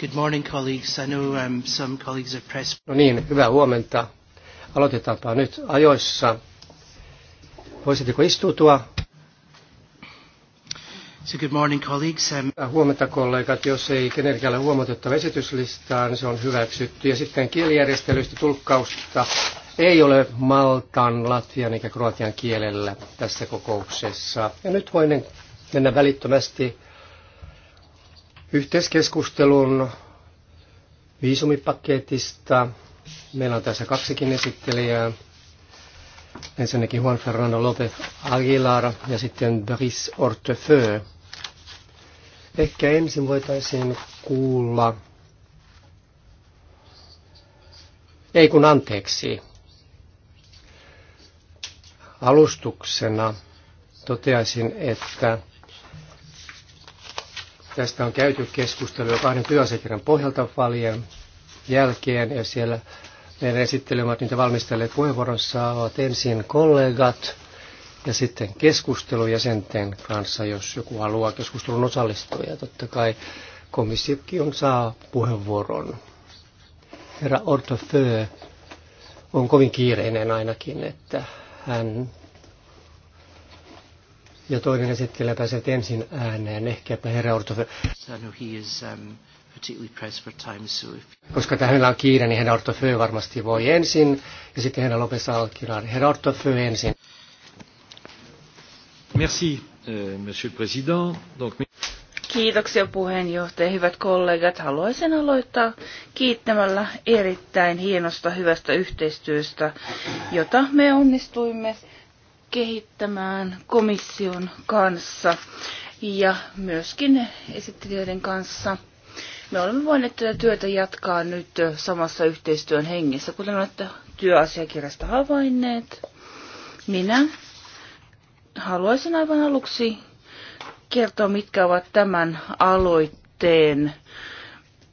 Good morning, colleagues. I know um, some colleagues are No niin, hyvää huomenta. Aloitetaanpa nyt ajoissa. Voisitteko istutua? So good morning, colleagues. Um... Hyvää huomenta, kollegat. Jos ei kenelläkään huomautettava niin se on hyväksytty. Ja sitten kielijärjestelyistä tulkkausta ei ole Maltan, Latvian eikä Kroatian kielellä tässä kokouksessa. Ja nyt voin mennä välittömästi yhteiskeskustelun viisumipaketista. Meillä on tässä kaksikin esittelijää. Ensinnäkin Juan Fernando López Aguilar ja sitten Brice Ortefeu. Ehkä ensin voitaisiin kuulla, ei kun anteeksi, alustuksena toteaisin, että Tästä on käyty keskustelua kahden työasiakirjan pohjalta valien jälkeen ja siellä meidän esittelemät niitä valmistelleet puheenvuoronsa ovat ensin kollegat ja sitten keskustelujäsenten kanssa, jos joku haluaa keskustelun osallistua. Ja totta kai komissiokin on saa puheenvuoron. Herra Ortofö on kovin kiireinen ainakin, että hän ja toinen esittelijä pääsee ensin ääneen, ehkäpä herra Ortofö. Um, Koska tähän on kiire, niin herra Ortofö varmasti voi ensin, ja sitten herra Lopes Alkiraan. Herra Ortofö ensin. Merci, euh, monsieur le président. Donc... Kiitoksia puheenjohtaja, hyvät kollegat. Haluaisin aloittaa kiittämällä erittäin hienosta hyvästä yhteistyöstä, jota me onnistuimme kehittämään komission kanssa ja myöskin esittelijöiden kanssa. Me olemme voineet tätä työtä jatkaa nyt samassa yhteistyön hengessä, kuten olette työasiakirjasta havainneet. Minä haluaisin aivan aluksi kertoa, mitkä ovat tämän aloitteen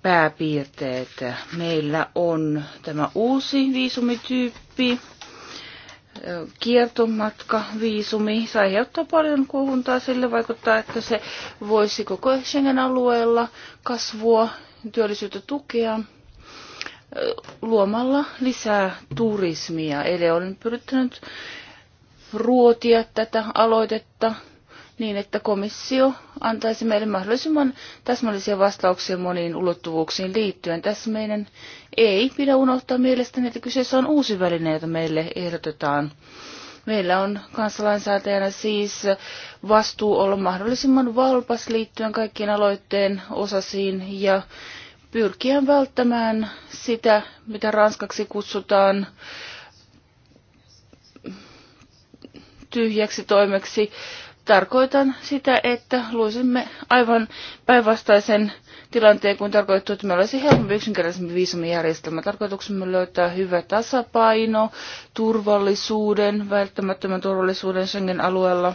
pääpiirteet. Meillä on tämä uusi viisumityyppi kiertomatka, viisumi, se aiheuttaa paljon kuohuntaa, sille vaikuttaa, että se voisi koko Schengen-alueella kasvua, työllisyyttä tukea luomalla lisää turismia. Eli olen pyrittänyt ruotia tätä aloitetta niin, että komissio antaisi meille mahdollisimman täsmällisiä vastauksia moniin ulottuvuuksiin liittyen. Tässä meidän ei pidä unohtaa mielestäni, että kyseessä on uusi väline, jota meille ehdotetaan. Meillä on kansalainsäätäjänä siis vastuu olla mahdollisimman valpas liittyen kaikkiin aloitteen osasiin ja pyrkiä välttämään sitä, mitä ranskaksi kutsutaan tyhjäksi toimeksi tarkoitan sitä, että luisimme aivan päinvastaisen tilanteen, kun tarkoitettu, että meillä olisi helpompi yksinkertaisempi viisumijärjestelmä. Tarkoituksemme löytää hyvä tasapaino turvallisuuden, välttämättömän turvallisuuden Schengen-alueella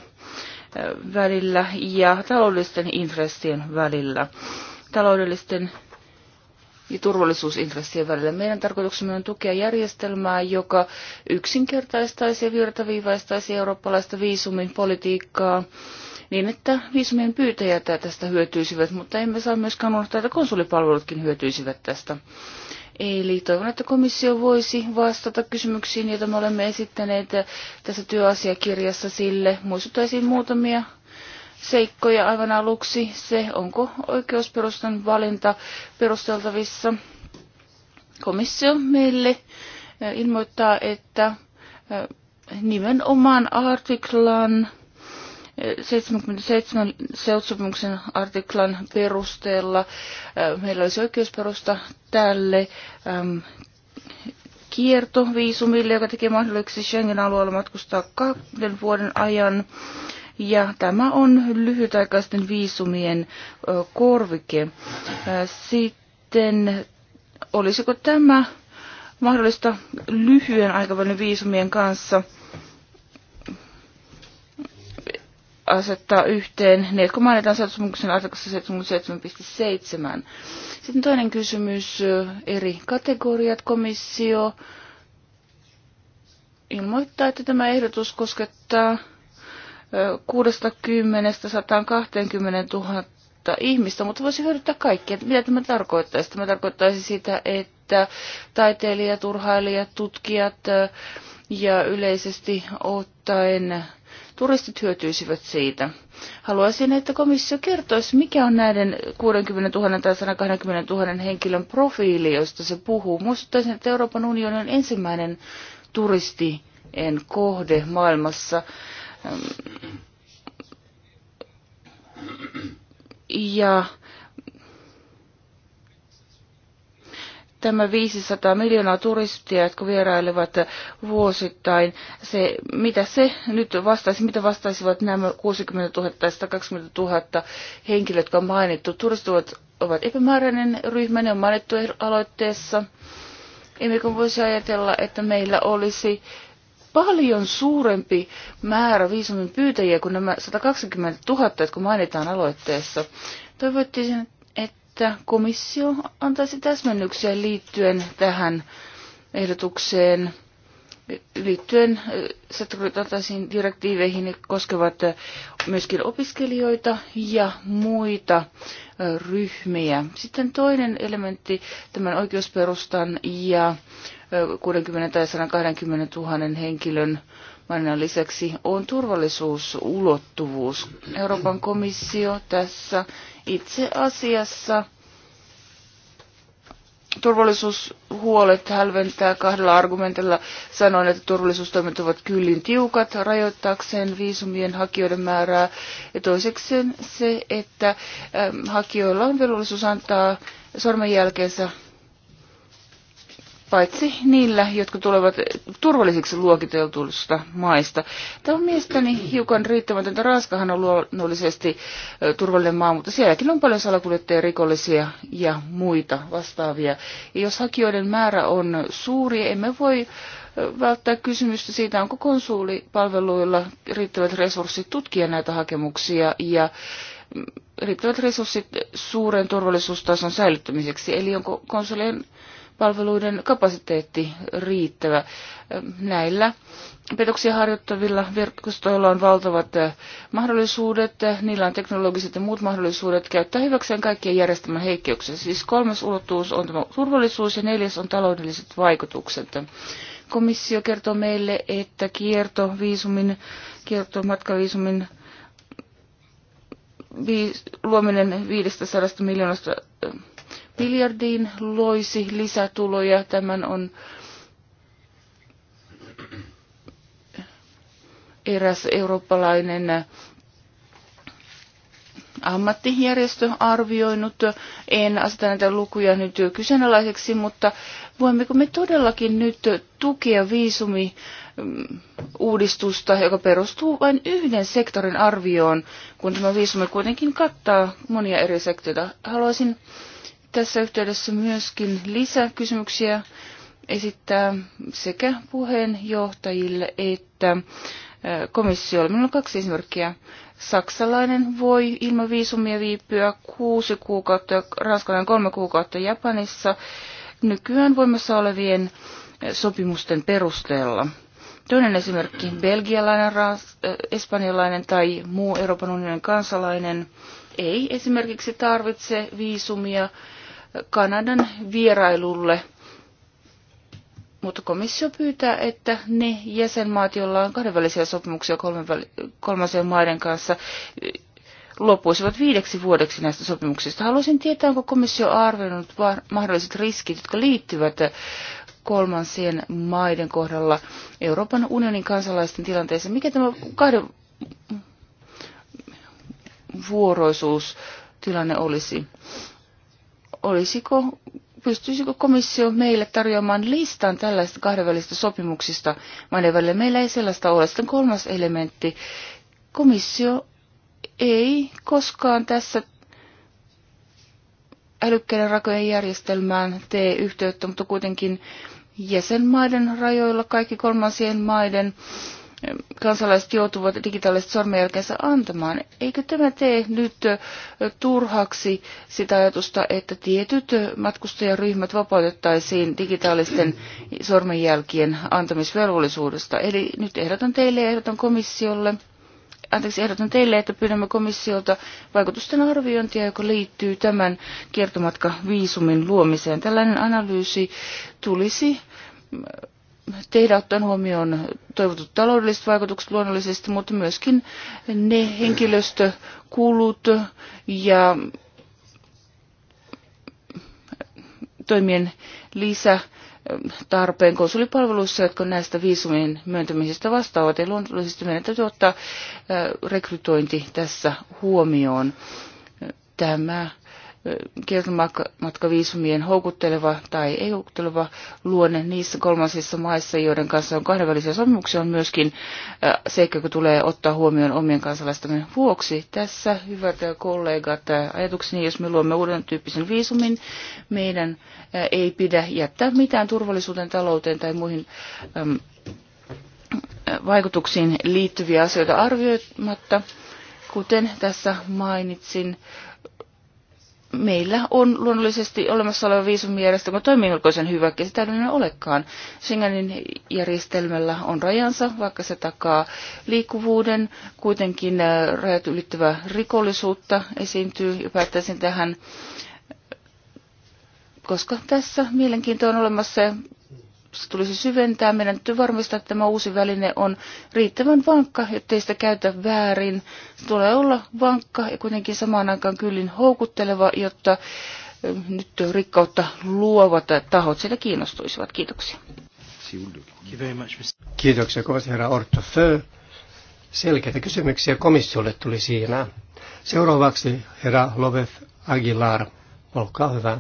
eh, välillä ja taloudellisten intressien välillä. Taloudellisten ja turvallisuusintressien välillä. Meidän tarkoituksemme on tukea järjestelmää, joka yksinkertaistaisi ja virtaviivaistaisi eurooppalaista viisumin politiikkaa niin, että viisumien pyytäjät tästä hyötyisivät, mutta emme saa myöskään unohtaa, että konsulipalvelutkin hyötyisivät tästä. Eli toivon, että komissio voisi vastata kysymyksiin, joita me olemme esittäneet tässä työasiakirjassa sille. Muistuttaisin muutamia seikkoja aivan aluksi. Se, onko oikeusperustan valinta perusteltavissa. Komissio meille ilmoittaa, että nimenomaan artiklan 77 seutsopimuksen artiklan perusteella meillä olisi oikeusperusta tälle kiertoviisumille, joka tekee mahdolliseksi Schengen-alueella matkustaa kahden vuoden ajan ja tämä on lyhytaikaisten viisumien korvike. Sitten olisiko tämä mahdollista lyhyen aikavälin viisumien kanssa asettaa yhteen ne, jotka mainitaan sopimuksen artikassa 77.7. Sitten toinen kysymys, eri kategoriat, komissio ilmoittaa, että tämä ehdotus koskettaa 60 120 000 ihmistä, mutta voisi hyödyttää kaikkia. Mitä tämä tarkoittaisi? Tämä tarkoittaisi sitä, että taiteilijat, urhailijat, tutkijat ja yleisesti ottaen turistit hyötyisivät siitä. Haluaisin, että komissio kertoisi, mikä on näiden 60 000 tai 120 000 henkilön profiili, josta se puhuu. Muistuttaisin, että Euroopan unioni on ensimmäinen turistien kohde maailmassa. Ja tämä 500 miljoonaa turistia, jotka vierailevat vuosittain, se, mitä se nyt vastaisi, mitä vastaisivat nämä 60 000 tai 120 000 henkilöt, jotka on mainittu. Turistit ovat, ovat epämääräinen ryhmä, ne on mainittu aloitteessa. Emmekö voisi ajatella, että meillä olisi paljon suurempi määrä viisumin pyytäjiä kuin nämä 120 000, jotka mainitaan aloitteessa. Toivottiin, että komissio antaisi täsmennyksiä liittyen tähän ehdotukseen liittyen sattukultataisiin direktiiveihin ne koskevat myöskin opiskelijoita ja muita ryhmiä. Sitten toinen elementti tämän oikeusperustan ja 60 tai 120 000 henkilön maininnan lisäksi on turvallisuusulottuvuus. Euroopan komissio tässä itse asiassa turvallisuushuolet hälventää kahdella argumentilla sanoen, että turvallisuustoimet ovat kyllin tiukat rajoittaakseen viisumien hakijoiden määrää. Ja toisekseen se, että hakijoilla on velvollisuus antaa sormenjälkeensä paitsi niillä, jotka tulevat turvallisiksi luokiteltuista maista. Tämä on mielestäni hiukan riittämätöntä. Ranskahan on luonnollisesti turvallinen maa, mutta sielläkin on paljon salakuljettajia, rikollisia ja muita vastaavia. Ja jos hakijoiden määrä on suuri, emme voi välttää kysymystä siitä, onko konsuulipalveluilla riittävät resurssit tutkia näitä hakemuksia ja mm, riittävät resurssit suuren turvallisuustason säilyttämiseksi. Eli onko konsulien palveluiden kapasiteetti riittävä. Näillä petoksia harjoittavilla verkostoilla on valtavat mahdollisuudet, niillä on teknologiset ja muut mahdollisuudet käyttää hyväkseen kaikkien järjestelmän heikkeyksiä. Siis kolmas ulottuvuus on tämä turvallisuus ja neljäs on taloudelliset vaikutukset. Komissio kertoo meille, että kierto, viisumin, kierto, matkaviisumin vi, luominen 500 miljoonasta miljardiin loisi lisätuloja. Tämän on eräs eurooppalainen ammattijärjestö arvioinut. En aseta näitä lukuja nyt kyseenalaiseksi, mutta voimmeko me todellakin nyt tukea viisumi mm, uudistusta, joka perustuu vain yhden sektorin arvioon, kun tämä viisumi kuitenkin kattaa monia eri sektoreita. Haluaisin tässä yhteydessä myöskin lisäkysymyksiä esittää sekä puheenjohtajille että komissiolle. Minulla on kaksi esimerkkiä. Saksalainen voi ilman viisumia viipyä kuusi kuukautta, ranskalainen kolme kuukautta Japanissa nykyään voimassa olevien sopimusten perusteella. Toinen esimerkki, belgialainen, äh, espanjalainen tai muu Euroopan unionin kansalainen ei esimerkiksi tarvitse viisumia Kanadan vierailulle. Mutta komissio pyytää, että ne jäsenmaat, joilla on kahdenvälisiä sopimuksia kolmansien maiden kanssa, luopuisivat viideksi vuodeksi näistä sopimuksista. Haluaisin tietää, onko komissio arvioinut mahdolliset riskit, jotka liittyvät kolmansien maiden kohdalla Euroopan unionin kansalaisten tilanteeseen. Mikä tämä kahden vuoroisuustilanne olisi? olisiko, pystyisikö komissio meille tarjoamaan listan tällaista kahdenvälistä sopimuksista maiden välillä? Meillä ei sellaista ole. Sitten kolmas elementti. Komissio ei koskaan tässä älykkäiden rakojen järjestelmään tee yhteyttä, mutta kuitenkin jäsenmaiden rajoilla kaikki kolmansien maiden kansalaiset joutuvat digitaaliset sormenjälkensä antamaan. Eikö tämä tee nyt turhaksi sitä ajatusta, että tietyt matkustajaryhmät vapautettaisiin digitaalisten sormenjälkien antamisvelvollisuudesta? Eli nyt ehdotan teille ja ehdotan komissiolle, anteeksi, ehdotan teille, että pyydämme komissiolta vaikutusten arviointia, joka liittyy tämän kiertomatkaviisumin luomiseen. Tällainen analyysi tulisi tehdä ottaen huomioon toivotut taloudelliset vaikutukset luonnollisesti, mutta myöskin ne henkilöstökulut ja toimien lisä tarpeen konsulipalveluissa, jotka näistä viisumien myöntämisestä vastaavat. Ja luonnollisesti meidän täytyy ottaa rekrytointi tässä huomioon. Tämä kiertomatkaviisumien houkutteleva tai ei houkutteleva luonne niissä kolmansissa maissa, joiden kanssa on kahdenvälisiä sopimuksia, on myöskin äh, seikka, joka tulee ottaa huomioon omien kansalaistamme vuoksi. Tässä, hyvät kollegat, äh, ajatukseni, jos me luomme uuden tyyppisen viisumin, meidän äh, ei pidä jättää mitään turvallisuuden talouteen tai muihin vaikutuksiin liittyviä asioita arvioimatta. Kuten tässä mainitsin, meillä on luonnollisesti olemassa oleva viisumijärjestelmä toimii ulkoisen hyvä, eikä sitä ei olekaan. Schengenin järjestelmällä on rajansa, vaikka se takaa liikkuvuuden, kuitenkin äh, rajat ylittävää rikollisuutta esiintyy, ja päättäisin tähän koska tässä mielenkiinto on olemassa tulisi syventää. Meidän täytyy varmistaa, että tämä uusi väline on riittävän vankka, ettei sitä käytä väärin. Se tulee olla vankka ja kuitenkin samaan aikaan kyllin houkutteleva, jotta nyt rikkautta luovat tahot sitä kiinnostuisivat. Kiitoksia. Kiitoksia kovasti herra Orto Fö. Selkeitä kysymyksiä komissiolle tuli siinä. Seuraavaksi herra Loveth Aguilar, olkaa hyvä.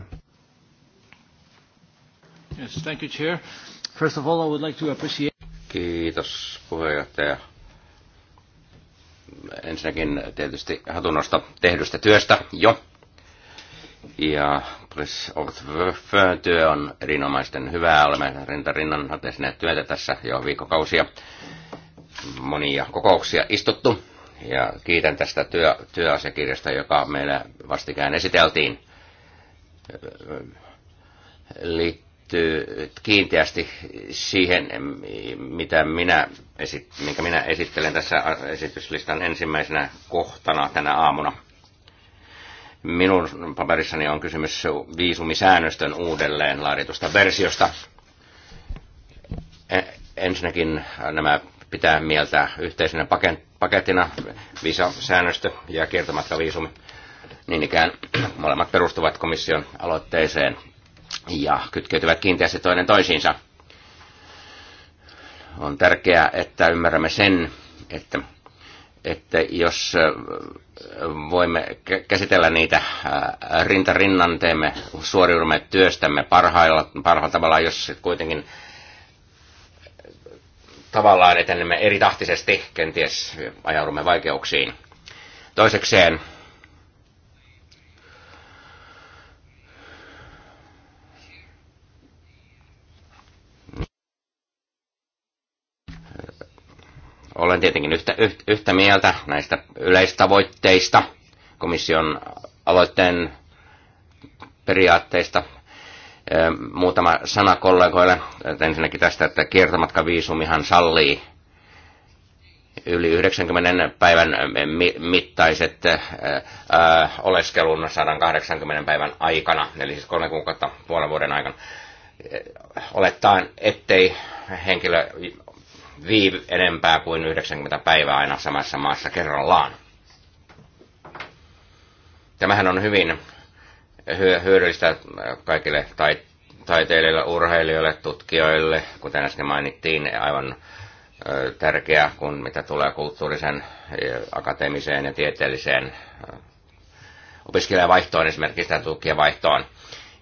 Yes, thank you, Chair. First of all, I would like to appreciate... Kiitos puheenjohtaja. Ensinnäkin tietysti hatunnosta tehdystä työstä jo. Ja Press työ on erinomaisten hyvää. Olemme rinnan tehneet työtä tässä jo viikokausia Monia kokouksia istuttu. Ja kiitän tästä työ, työasiakirjasta, joka meillä vastikään esiteltiin. Eli liittyy kiinteästi siihen, mitä minä, minkä minä esittelen tässä esityslistan ensimmäisenä kohtana tänä aamuna. Minun paperissani on kysymys viisumisäännöstön uudelleen laaditusta versiosta. E, ensinnäkin nämä pitää mieltää yhteisenä pakettina visasäännöstö ja kiertomatkaviisumi. Niin ikään molemmat perustuvat komission aloitteeseen ja kytkeytyvät kiinteästi toinen toisiinsa. On tärkeää, että ymmärrämme sen, että, että jos voimme käsitellä niitä rinta-rinnan teemme, suoriudumme työstämme parhailla, parhailla tavalla, jos kuitenkin tavallaan etenemme eritahtisesti, kenties ajaudumme vaikeuksiin. Toisekseen olen tietenkin yhtä, yhtä mieltä näistä yleistavoitteista, komission aloitteen periaatteista. Muutama sana kollegoille. Ensinnäkin tästä, että kiertomatkaviisumihan sallii yli 90 päivän mittaiset oleskelun 180 päivän aikana, eli siis kolme kuukautta puolen vuoden aikana, olettaen, ettei henkilö viivy enempää kuin 90 päivää aina samassa maassa kerrallaan. Tämähän on hyvin hyödyllistä kaikille tai, taiteilijoille, urheilijoille, tutkijoille, kuten äsken mainittiin, aivan tärkeä, kun mitä tulee kulttuurisen, akateemiseen ja tieteelliseen opiskelijavaihtoon, esimerkiksi sitä tutkijavaihtoon.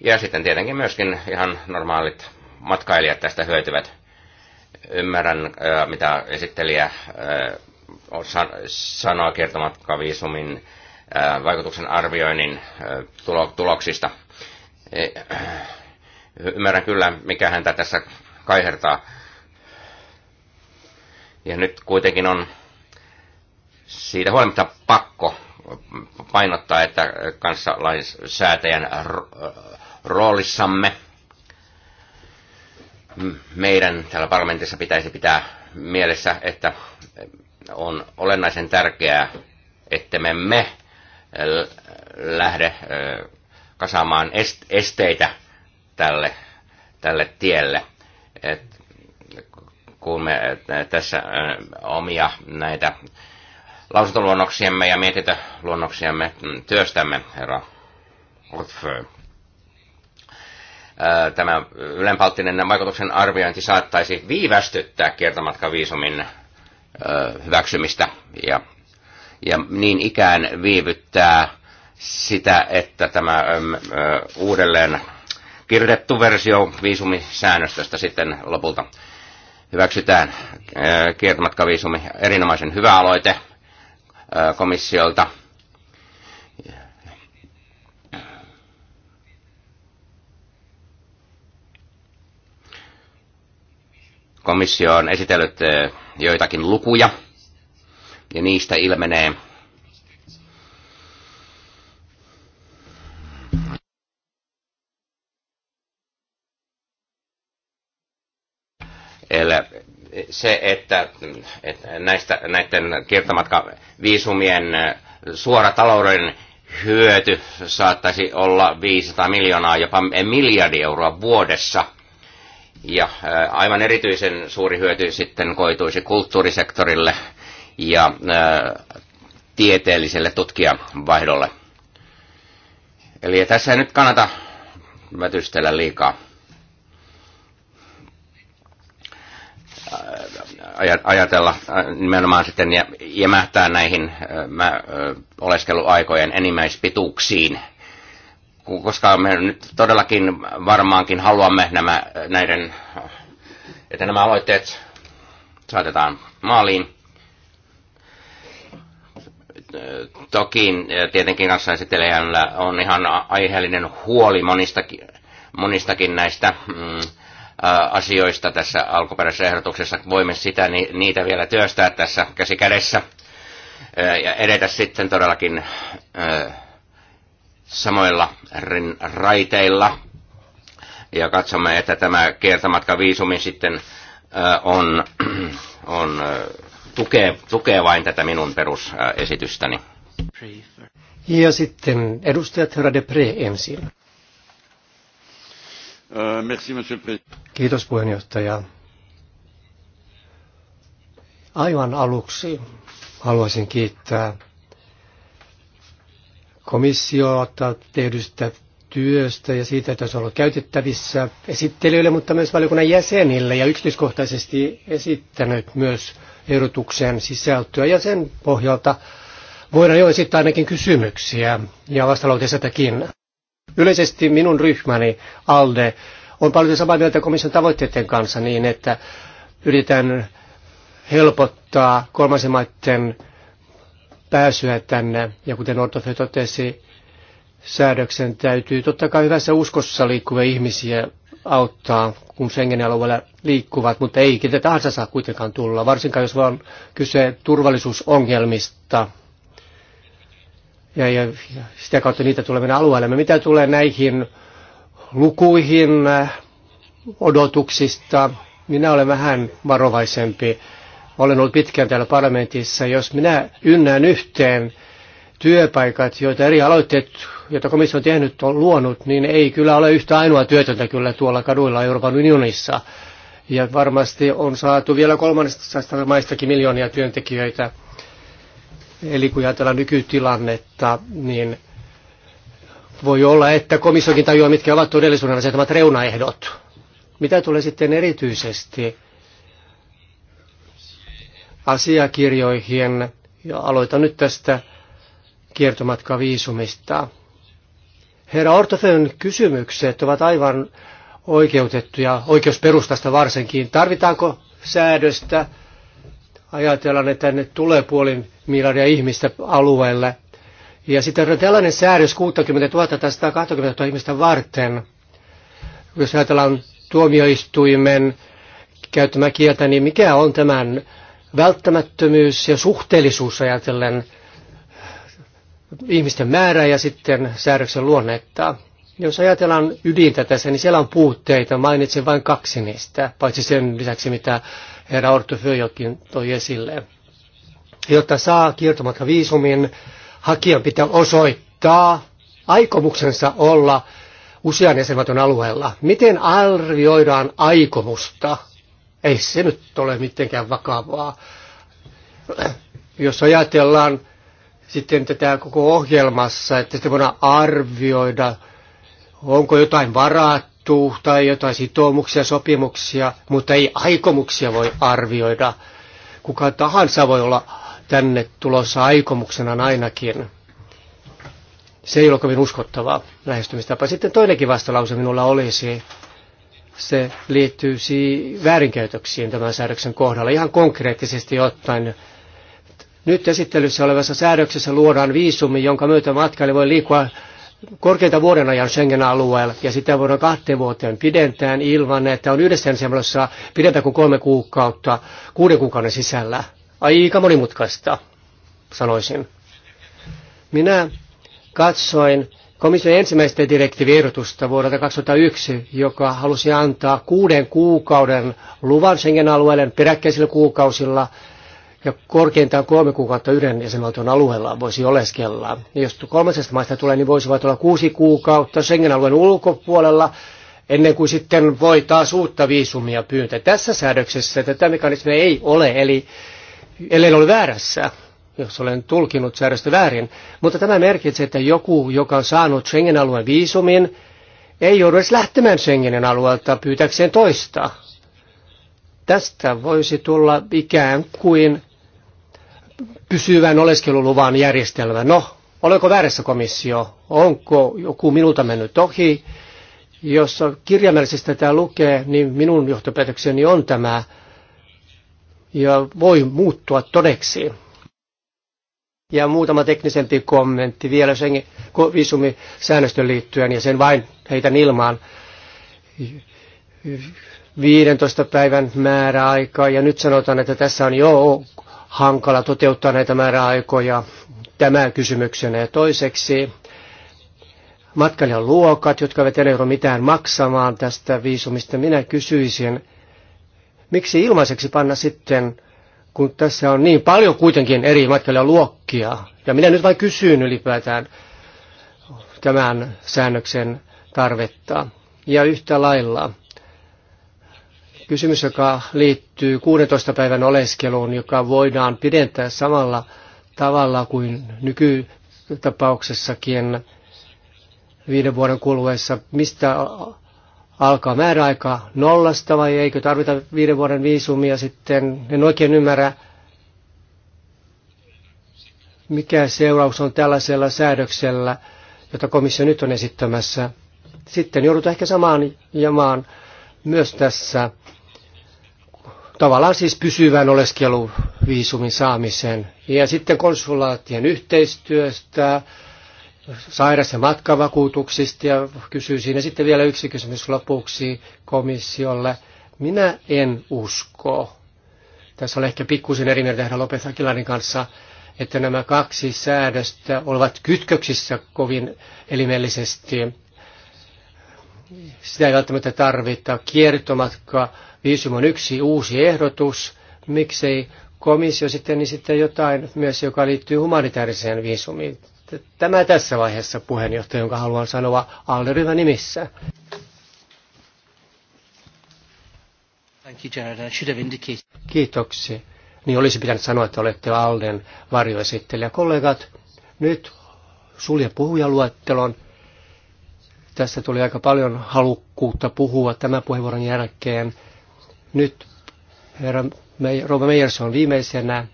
Ja sitten tietenkin myöskin ihan normaalit matkailijat tästä hyötyvät. Ymmärrän, äh, mitä esittelijä äh, kertomatka viisumin äh, vaikutuksen arvioinnin tuloksista. E-, ymmärrän kyllä, mikä häntä tässä kaihertaa. Ja nyt kuitenkin on siitä huolimatta pakko painottaa, että kanssalaisäätäjän roolissamme – meidän täällä parlamentissa pitäisi pitää mielessä, että on olennaisen tärkeää, että me, me lähde kasaamaan esteitä tälle, tälle tielle. Et kun me tässä omia näitä lausuntoluonnoksiamme ja mietintöluonnoksiamme mm, työstämme, herra Otfö tämä ylenpalttinen vaikutuksen arviointi saattaisi viivästyttää kiertomatkaviisumin hyväksymistä ja, ja niin ikään viivyttää sitä, että tämä uudelleen kirjoitettu versio viisumisäännöstöstä sitten lopulta hyväksytään kiertomatkaviisumi. Erinomaisen hyvä aloite komissiolta Komissio on esitellyt eh, joitakin lukuja, ja niistä ilmenee, se, että, että näistä, näiden kiertomatkaviisumien eh, suora talouden hyöty saattaisi olla 500 miljoonaa, jopa miljardi euroa vuodessa – ja aivan erityisen suuri hyöty sitten koituisi kulttuurisektorille ja tieteelliselle tutkijavaihdolle. Eli tässä ei nyt kannata mätystellä liikaa. ajatella nimenomaan sitten jämähtää näihin oleskeluaikojen enimmäispituuksiin – koska me nyt todellakin varmaankin haluamme nämä, näiden, että nämä aloitteet saatetaan maaliin. Toki tietenkin kanssa on ihan aiheellinen huoli monistakin, monistakin näistä mm, asioista tässä alkuperäisessä ehdotuksessa. Voimme sitä, niitä vielä työstää tässä käsi kädessä ja edetä sitten todellakin samoilla raiteilla ja katsomme, että tämä viisumi sitten on, on tukee, tukee vain tätä minun perusesitystäni. Ja sitten edustajat herra ensin. Kiitos puheenjohtaja. Aivan aluksi haluaisin kiittää Komissio ottaa tehdystä työstä ja siitä, että se on ollut käytettävissä esittelyille, mutta myös valiokunnan jäsenille ja yksityiskohtaisesti esittänyt myös ehdotuksen sisältöä ja sen pohjalta voidaan jo esittää ainakin kysymyksiä ja vastalauteessakin. Yleisesti minun ryhmäni ALDE on paljon samaa mieltä komission tavoitteiden kanssa niin, että yritetään helpottaa kolmansien maiden pääsyä tänne. Ja kuten Ortofe totesi, säädöksen täytyy totta kai hyvässä uskossa liikkuvia ihmisiä auttaa, kun Schengenin alueella liikkuvat, mutta ei ketä tahansa saa kuitenkaan tulla, varsinkaan jos vaan kyse turvallisuusongelmista. Ja, ja, ja sitä kautta niitä tulee mennä alueelle. Mitä tulee näihin lukuihin äh, odotuksista, minä olen vähän varovaisempi olen ollut pitkään täällä parlamentissa, jos minä ynnään yhteen työpaikat, joita eri aloitteet, joita komissio on tehnyt, on luonut, niin ei kyllä ole yhtä ainoa työtöntä kyllä tuolla kaduilla Euroopan unionissa. Ja varmasti on saatu vielä kolmannesta maistakin miljoonia työntekijöitä. Eli kun ajatellaan nykytilannetta, niin voi olla, että komissiokin tajuaa, mitkä ovat todellisuuden asettamat reunaehdot. Mitä tulee sitten erityisesti asiakirjoihin ja aloitan nyt tästä kiertomatkaviisumista. Herra Ortofön kysymykset ovat aivan oikeutettuja, oikeusperustasta varsinkin. Tarvitaanko säädöstä? Ajatellaan, että tänne tulee puoli miljardia ihmistä alueelle. Ja sitten on tällainen säädös 60 000 tai 120 000 ihmistä varten. Jos ajatellaan tuomioistuimen käyttämä kieltä, niin mikä on tämän välttämättömyys ja suhteellisuus ajatellen ihmisten määrää ja sitten säädöksen luonnetta. Jos ajatellaan ydintä tässä, niin siellä on puutteita. Mainitsin vain kaksi niistä, paitsi sen lisäksi, mitä herra Orto Föjokin toi esille. Jotta saa viisumin, hakijan pitää osoittaa aikomuksensa olla usean jäsenvaltion alueella. Miten arvioidaan aikomusta? Ei se nyt ole mitenkään vakavaa. Jos ajatellaan sitten tätä koko ohjelmassa, että sitten voidaan arvioida, onko jotain varattu tai jotain sitoumuksia, sopimuksia, mutta ei aikomuksia voi arvioida. Kuka tahansa voi olla tänne tulossa aikomuksena ainakin. Se ei ole kovin uskottavaa lähestymistapa. Sitten toinenkin vastalause minulla olisi, se liittyy väärinkäytöksiin tämän säädöksen kohdalla. Ihan konkreettisesti ottaen nyt esittelyssä olevassa säädöksessä luodaan viisumi, jonka myötä matkailija voi liikkua korkeinta vuoden ajan Schengen-alueella ja sitä voidaan kahteen vuoteen pidentää ilman, että on yhdessä ensimmäisessä pidentää kuin kolme kuukautta kuuden kuukauden sisällä. Aika monimutkaista, sanoisin. Minä katsoin komission ensimmäistä direktiiviehdotusta vuodelta 2001, joka halusi antaa kuuden kuukauden luvan Schengen-alueelle peräkkäisillä kuukausilla ja korkeintaan kolme kuukautta yhden jäsenvaltion alueella voisi oleskella. Ja jos kolmasesta maista tulee, niin voisivat olla kuusi kuukautta Schengen-alueen ulkopuolella, ennen kuin sitten voi taas uutta viisumia pyytää. Tässä säädöksessä tätä mekanismia ei ole, eli ellei ole väärässä, jos olen tulkinut säädöstä väärin. Mutta tämä merkitsee, että joku, joka on saanut Schengen-alueen viisumin, ei joudu edes lähtemään Schengenin alueelta pyytäkseen toista. Tästä voisi tulla ikään kuin pysyvän oleskeluluvan järjestelmä. No, oleko väärässä komissio? Onko joku minulta mennyt ohi? Jos kirjaimellisesti tämä lukee, niin minun johtopäätökseni on tämä ja voi muuttua todeksi. Ja muutama teknisempi kommentti vielä sen visumisäännöstön liittyen ja sen vain heitän ilmaan. 15 päivän määräaika ja nyt sanotaan, että tässä on jo hankala toteuttaa näitä määräaikoja tämä kysymyksenä. Ja toiseksi matkailijan luokat, jotka eivät euro mitään maksamaan tästä viisumista, minä kysyisin, miksi ilmaiseksi panna sitten kun tässä on niin paljon kuitenkin eri matkailijaluokkia. Ja minä nyt vain kysyn ylipäätään tämän säännöksen tarvetta. Ja yhtä lailla kysymys, joka liittyy 16 päivän oleskeluun, joka voidaan pidentää samalla tavalla kuin nykytapauksessakin viiden vuoden kuluessa, mistä alkaa määräaika nollasta vai eikö tarvita viiden vuoden viisumia sitten. En oikein ymmärrä, mikä seuraus on tällaisella säädöksellä, jota komissio nyt on esittämässä. Sitten joudutaan ehkä samaan jamaan myös tässä tavallaan siis pysyvän oleskeluviisumin saamisen. Ja sitten konsulaattien yhteistyöstä, sairas- ja matkavakuutuksista ja kysyy siinä sitten vielä yksi kysymys lopuksi komissiolle. Minä en usko, tässä on ehkä pikkusen eri mieltä herra Lopez kanssa, että nämä kaksi säädöstä olivat kytköksissä kovin elimellisesti. Sitä ei välttämättä tarvita. Kiertomatka viisum on yksi uusi ehdotus. Miksei komissio sitten niin sitten jotain myös, joka liittyy humanitaariseen viisumiin Tämä tässä vaiheessa puheenjohtaja, jonka haluan sanoa alderyhmän nimissä. Kiitoksia. Niin olisi pitänyt sanoa, että olette Alden varjoesittelijä. Kollegat, nyt sulje puhujaluettelon. Tässä tuli aika paljon halukkuutta puhua tämän puheenvuoron jälkeen. Nyt herra Rova on viimeisenä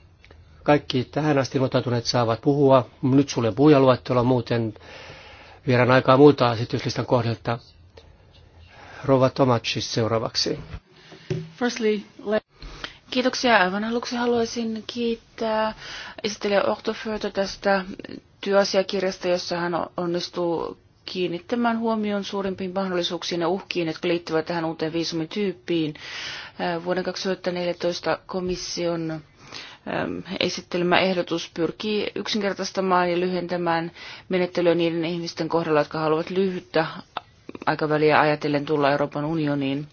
kaikki tähän asti ilmoittautuneet saavat puhua. Nyt sulle puhujaluettelo muuten vieraan aikaa muuta esityslistan kohdilta. Rova Tomacis seuraavaksi. Firstly, Kiitoksia. Aivan aluksi haluaisin kiittää esittelijä Ortoföötä tästä työasiakirjasta, jossa hän onnistuu kiinnittämään huomioon suurimpiin mahdollisuuksiin ja uhkiin, jotka liittyvät tähän uuteen viisumityyppiin. Vuoden 2014 komission Ähm, esittelemä ehdotus pyrkii yksinkertaistamaan ja lyhentämään menettelyä niiden ihmisten kohdalla, jotka haluavat lyhyttä aikaväliä ajatellen tulla Euroopan unioniin.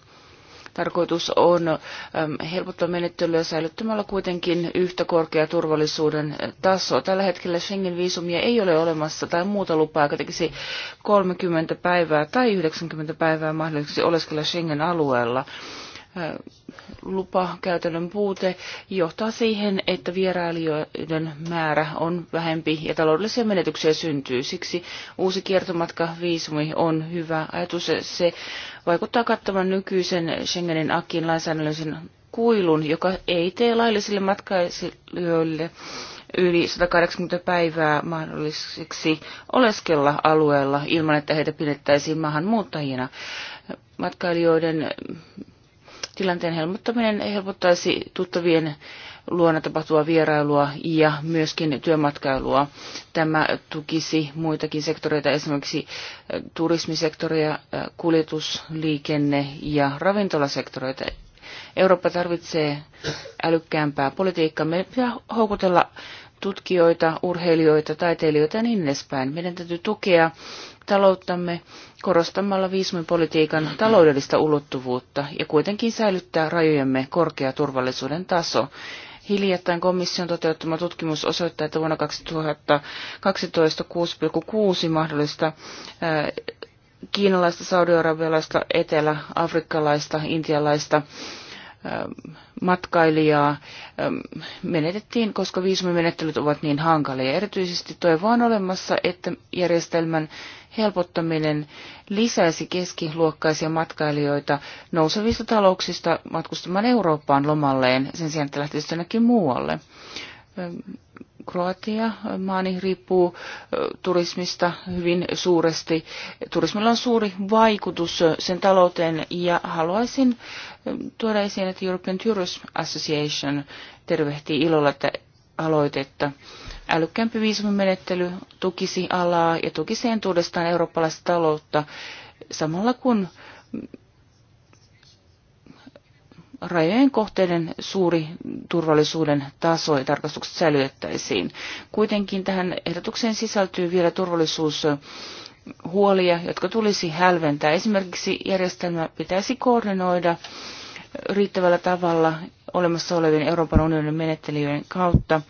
Tarkoitus on ähm, helpottaa menettelyä säilyttämällä kuitenkin yhtä korkea turvallisuuden taso. Tällä hetkellä Schengen-viisumia ei ole olemassa tai muuta lupaa, joka tekisi 30 päivää tai 90 päivää mahdollisesti oleskella Schengen-alueella lupakäytännön puute johtaa siihen, että vierailijoiden määrä on vähempi ja taloudellisia menetyksiä syntyy. Siksi uusi kiertomatka viisumi on hyvä ajatus. Se vaikuttaa kattavan nykyisen Schengenin akin lainsäädännöllisen kuilun, joka ei tee laillisille matkailijoille yli 180 päivää mahdolliseksi oleskella alueella ilman, että heitä pidettäisiin maahanmuuttajina. Matkailijoiden Tilanteen helpottaminen helpottaisi tuttavien luona tapahtuvaa vierailua ja myöskin työmatkailua. Tämä tukisi muitakin sektoreita, esimerkiksi äh, turismisektoria, äh, kuljetus, liikenne ja ravintolasektoreita. Eurooppa tarvitsee älykkäämpää politiikkaa. Meidän pitää houkutella tutkijoita, urheilijoita, taiteilijoita ja niin edespäin. Meidän täytyy tukea talouttamme korostamalla viisumipolitiikan taloudellista ulottuvuutta ja kuitenkin säilyttää rajojemme korkea turvallisuuden taso. Hiljattain komission toteuttama tutkimus osoittaa, että vuonna 2012 6,6 mahdollista äh, kiinalaista, saudiarabialaista etelä-afrikkalaista, intialaista äh, matkailijaa äh, menetettiin, koska viisumimenettelyt ovat niin hankalia. Erityisesti toivo on olemassa, että järjestelmän helpottaminen lisäisi keskiluokkaisia matkailijoita nousevista talouksista matkustamaan Eurooppaan lomalleen sen sijaan, että lähtisi jonnekin muualle. Kroatia, maani riippuu turismista hyvin suuresti. Turismilla on suuri vaikutus sen talouteen ja haluaisin tuoda esiin, että European Tourism Association tervehtii ilolla että aloitetta. Älykkäämpi viisumimenettely tukisi alaa ja tukisi entuudestaan eurooppalaista taloutta samalla kun rajojen kohteiden suuri turvallisuuden taso ja tarkastukset säilytettäisiin. Kuitenkin tähän ehdotukseen sisältyy vielä turvallisuus huolia, jotka tulisi hälventää. Esimerkiksi järjestelmä pitäisi koordinoida riittävällä tavalla olemassa olevien Euroopan unionin menettelyjen kautta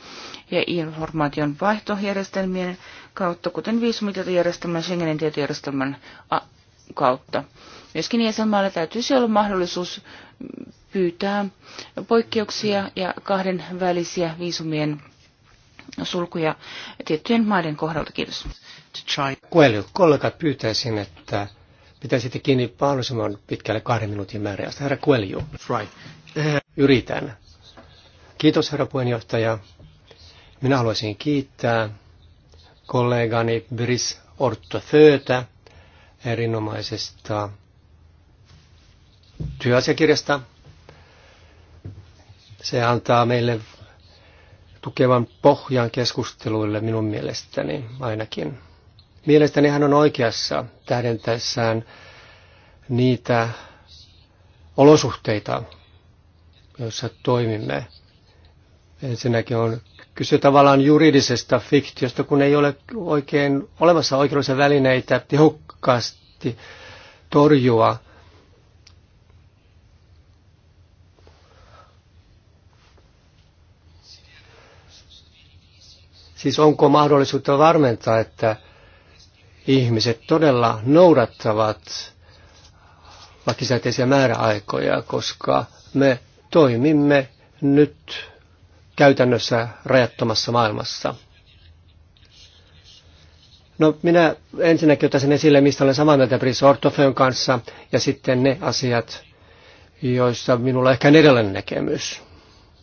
ja informaation vaihtojärjestelmien kautta, kuten viisumitietojärjestelmän, Schengenin tietojärjestelmän kautta. Myöskin jäsenmaalla täytyisi olla mahdollisuus pyytää poikkeuksia ja kahden välisiä viisumien sulkuja tiettyjen maiden kohdalta. Kiitos. Kuelio, kollegat pyytäisin, että pitäisitte kiinni mahdollisimman pitkälle kahden minuutin määräajasta. Herra Kuelju. Right. Yritän. Kiitos herra puheenjohtaja. Minä haluaisin kiittää kollegani Bris Föötä erinomaisesta työasiakirjasta. Se antaa meille tukevan pohjan keskusteluille minun mielestäni ainakin. Mielestäni hän on oikeassa tähdentäessään niitä olosuhteita, joissa toimimme. Ensinnäkin on kyse tavallaan juridisesta fiktiosta, kun ei ole oikein olemassa oikeudellisia välineitä tehokkaasti torjua Siis onko mahdollisuutta varmentaa, että ihmiset todella noudattavat lakisääteisiä määräaikoja, koska me toimimme nyt käytännössä rajattomassa maailmassa. No minä ensinnäkin otan esille, mistä olen samaa mieltä Brice Ortofeon kanssa, ja sitten ne asiat, joissa minulla ehkä on erilainen näkemys.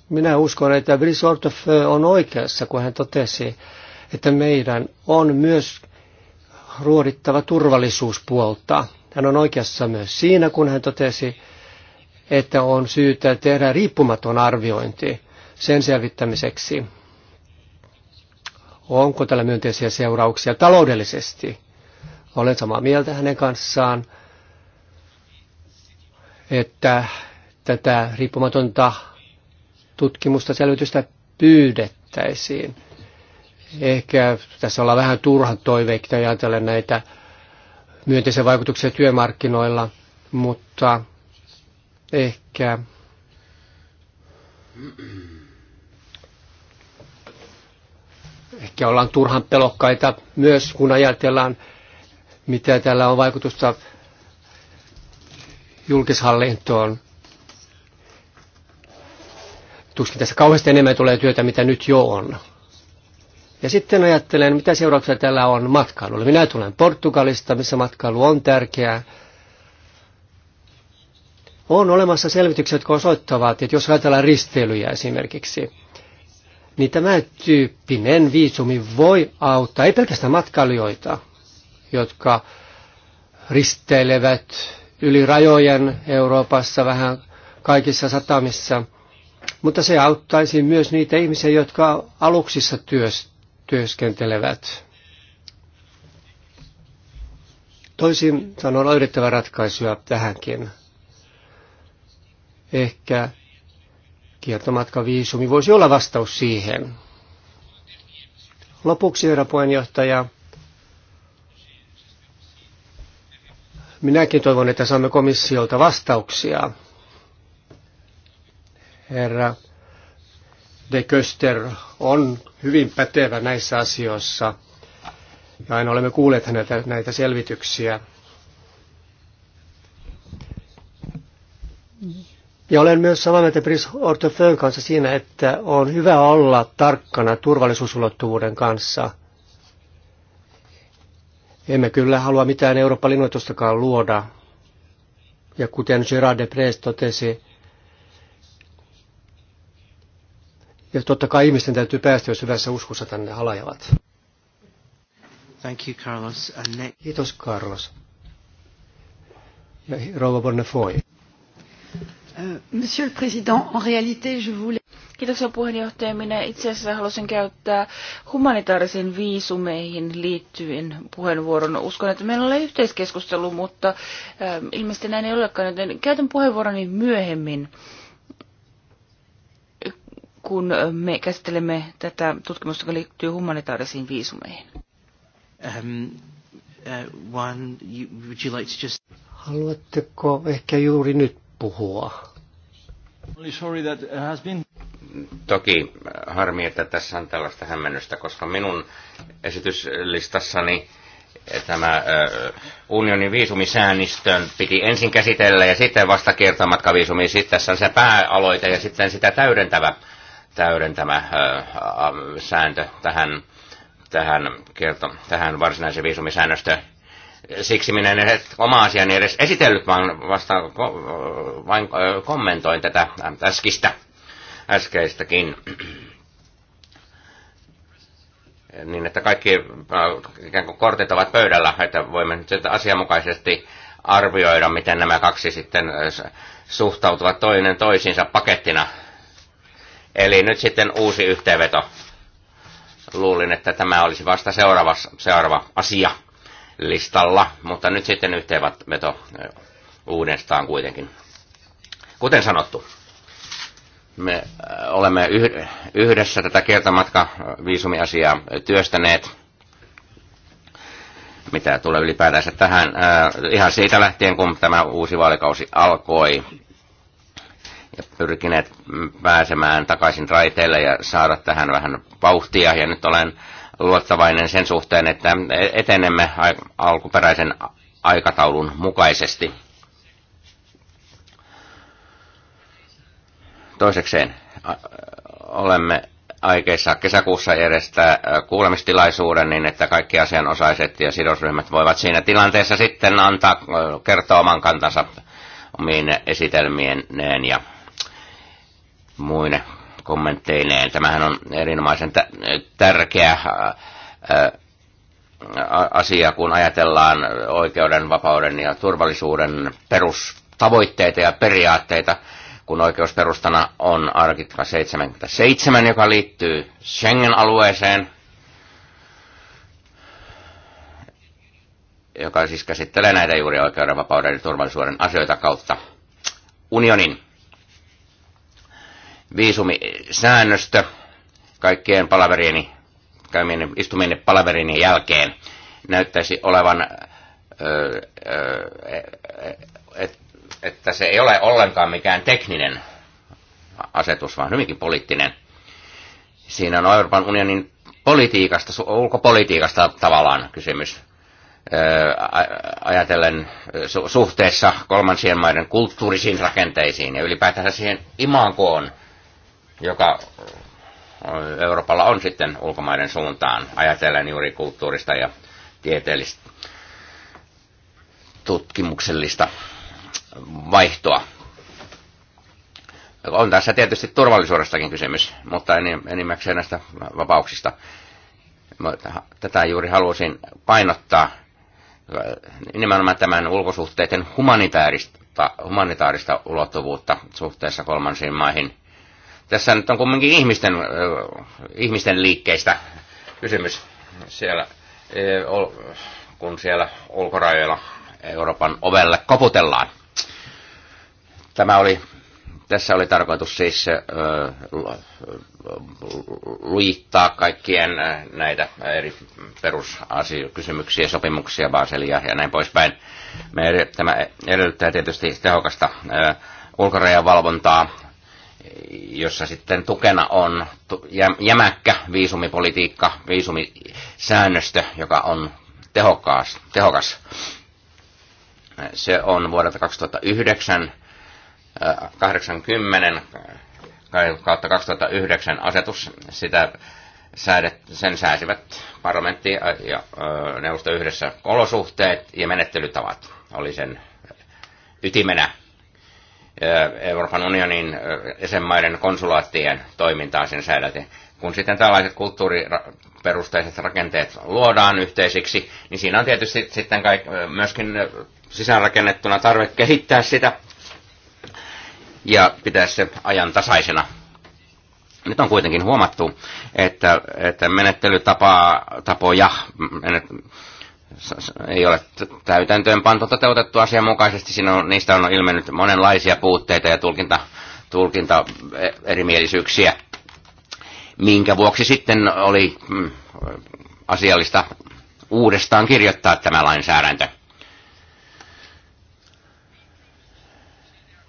Minä uskon, että Brice Ortofö on oikeassa, kun hän totesi, että meidän on myös ruodittava turvallisuuspuolta. Hän on oikeassa myös siinä, kun hän totesi, että on syytä tehdä riippumaton arviointi sen selvittämiseksi, onko tällä myönteisiä seurauksia taloudellisesti. Olen samaa mieltä hänen kanssaan, että tätä riippumatonta tutkimusta selvitystä pyydettäisiin – Ehkä tässä ollaan vähän turhan toiveikta ajatella näitä myönteisiä vaikutuksia työmarkkinoilla, mutta ehkä ehkä ollaan turhan pelokkaita myös, kun ajatellaan, mitä tällä on vaikutusta julkishallintoon. Tuskin tässä kauheasti enemmän tulee työtä, mitä nyt jo on. Ja sitten ajattelen, mitä seurauksia tällä on matkailulle. Minä tulen Portugalista, missä matkailu on tärkeää. On olemassa selvitykset, jotka osoittavat, että jos ajatellaan risteilyjä esimerkiksi, niin tämä tyyppinen viisumi voi auttaa ei pelkästään matkailijoita, jotka risteilevät yli rajojen Euroopassa vähän kaikissa satamissa, mutta se auttaisi myös niitä ihmisiä, jotka aluksissa työs, työskentelevät. Toisin sanoen löydettävä ratkaisuja tähänkin. Ehkä kiertomatkaviisumi voisi olla vastaus siihen. Lopuksi, herra puheenjohtaja, minäkin toivon, että saamme komissiolta vastauksia. Herra de Köster on hyvin pätevä näissä asioissa. Ja aina olemme kuulleet häneltä näitä selvityksiä. Ja olen myös samaa mieltä Pris Ortofön kanssa siinä, että on hyvä olla tarkkana turvallisuusulottuvuuden kanssa. Emme kyllä halua mitään Euroopan linnoitustakaan luoda. Ja kuten Gerard de Prez totesi, Ja totta kai ihmisten täytyy päästä, jos hyvässä uskossa tänne halajavat. Thank you, Carlos. And next... Kiitos, Carlos. Ja rouva Bonnefoy. Monsieur le Président, en réalité, je voulais... Kiitoksia puheenjohtaja. Minä itse asiassa halusin käyttää humanitaarisiin viisumeihin liittyen puheenvuoron. Uskon, että meillä on yhteiskeskustelu, mutta ilmeisesti näin ei olekaan, joten käytän puheenvuoroni myöhemmin kun me käsittelemme tätä tutkimusta, joka liittyy humanitaarisiin viisumeihin. Um, uh, one, you, would you like to just... Haluatteko ehkä juuri nyt puhua? Sorry that has been... Toki äh, harmi, että tässä on tällaista hämmennystä, koska minun esityslistassani eh, tämä äh, unionin viisumisäännistön piti ensin käsitellä ja sitten vasta kiertomatkaviisumi. Sitten tässä on se pääaloite ja sitten sitä täydentävä täydentämä sääntö tähän, tähän, kerto, tähän varsinaiseen viisumisäännöstöön. Siksi minä en edes oma asiani edes esitellyt, vaan vasta vain kommentoin tätä äskistä, äskeistäkin niin että kaikki ikään kuin kortit ovat pöydällä, että voimme nyt sitten asianmukaisesti arvioida, miten nämä kaksi sitten suhtautuvat toinen toisiinsa pakettina Eli nyt sitten uusi yhteenveto. Luulin, että tämä olisi vasta seuraava, seuraava asia listalla, mutta nyt sitten yhteenveto uudestaan kuitenkin. Kuten sanottu, me olemme yhdessä tätä kertamatka viisumiasiaa työstäneet, mitä tulee ylipäätänsä tähän, ihan siitä lähtien kun tämä uusi vaalikausi alkoi pyrkineet pääsemään takaisin raiteille ja saada tähän vähän vauhtia. Ja nyt olen luottavainen sen suhteen, että etenemme alkuperäisen aikataulun mukaisesti. Toisekseen olemme aikeissa kesäkuussa järjestää kuulemistilaisuuden niin, että kaikki asianosaiset ja sidosryhmät voivat siinä tilanteessa sitten antaa kertoa oman kantansa omiin esitelmienneen ja muine kommentteineen. Tämähän on erinomaisen tärkeä asia, kun ajatellaan oikeuden, vapauden ja turvallisuuden perustavoitteita ja periaatteita, kun oikeusperustana on artikla 77, joka liittyy Schengen-alueeseen, joka siis käsittelee näitä juuri oikeuden, vapauden ja turvallisuuden asioita kautta unionin viisumisäännöstö kaikkien palaverieni, käymien istuminen palaverini jälkeen näyttäisi olevan, e, että se ei ole ollenkaan mikään tekninen asetus, vaan hyvinkin poliittinen. Siinä on Euroopan unionin politiikasta, ulkopolitiikasta tavallaan kysymys ajatellen suhteessa kolmansien maiden kulttuurisiin rakenteisiin ja ylipäätään siihen imagoon, joka Euroopalla on sitten ulkomaiden suuntaan, ajatellen juuri kulttuurista ja tieteellistä tutkimuksellista vaihtoa. On tässä tietysti turvallisuudestakin kysymys, mutta enimmäkseen näistä vapauksista. Tätä juuri halusin painottaa nimenomaan tämän ulkosuhteiden humanitaarista, humanitaarista ulottuvuutta suhteessa kolmansiin maihin – tässä nyt on kumminkin ihmisten, ihmisten liikkeistä kysymys siellä, kun siellä ulkorajoilla Euroopan ovelle koputellaan. Tämä oli, tässä oli tarkoitus siis luittaa kaikkien näitä eri perusasiakysymyksiä, sopimuksia, Baselia ja näin poispäin. Me, tämä edellyttää tietysti tehokasta ulkorajavalvontaa, jossa sitten tukena on jämäkkä viisumipolitiikka, viisumisäännöstö, joka on tehokas. tehokas. Se on vuodelta 2009, 80 äh, kautta 2009 asetus. Sitä säädet, sen sääsivät parlamentti ja äh, neuvosto yhdessä olosuhteet ja menettelytavat oli sen ytimenä Euroopan unionin jäsenmaiden konsulaattien toimintaa sen säädätin. Kun sitten tällaiset kulttuuriperusteiset rakenteet luodaan yhteisiksi, niin siinä on tietysti sitten kaik, myöskin sisäänrakennettuna tarve kehittää sitä ja pitää se ajan tasaisena. Nyt on kuitenkin huomattu, että, että menettelytapoja, menet, mm, ei ole täytäntöön pantu toteutettu asianmukaisesti. Siinä on, niistä on ilmennyt monenlaisia puutteita ja tulkinta, tulkinta e- erimielisyyksiä, minkä vuoksi sitten oli mm, asiallista uudestaan kirjoittaa tämä lainsäädäntö.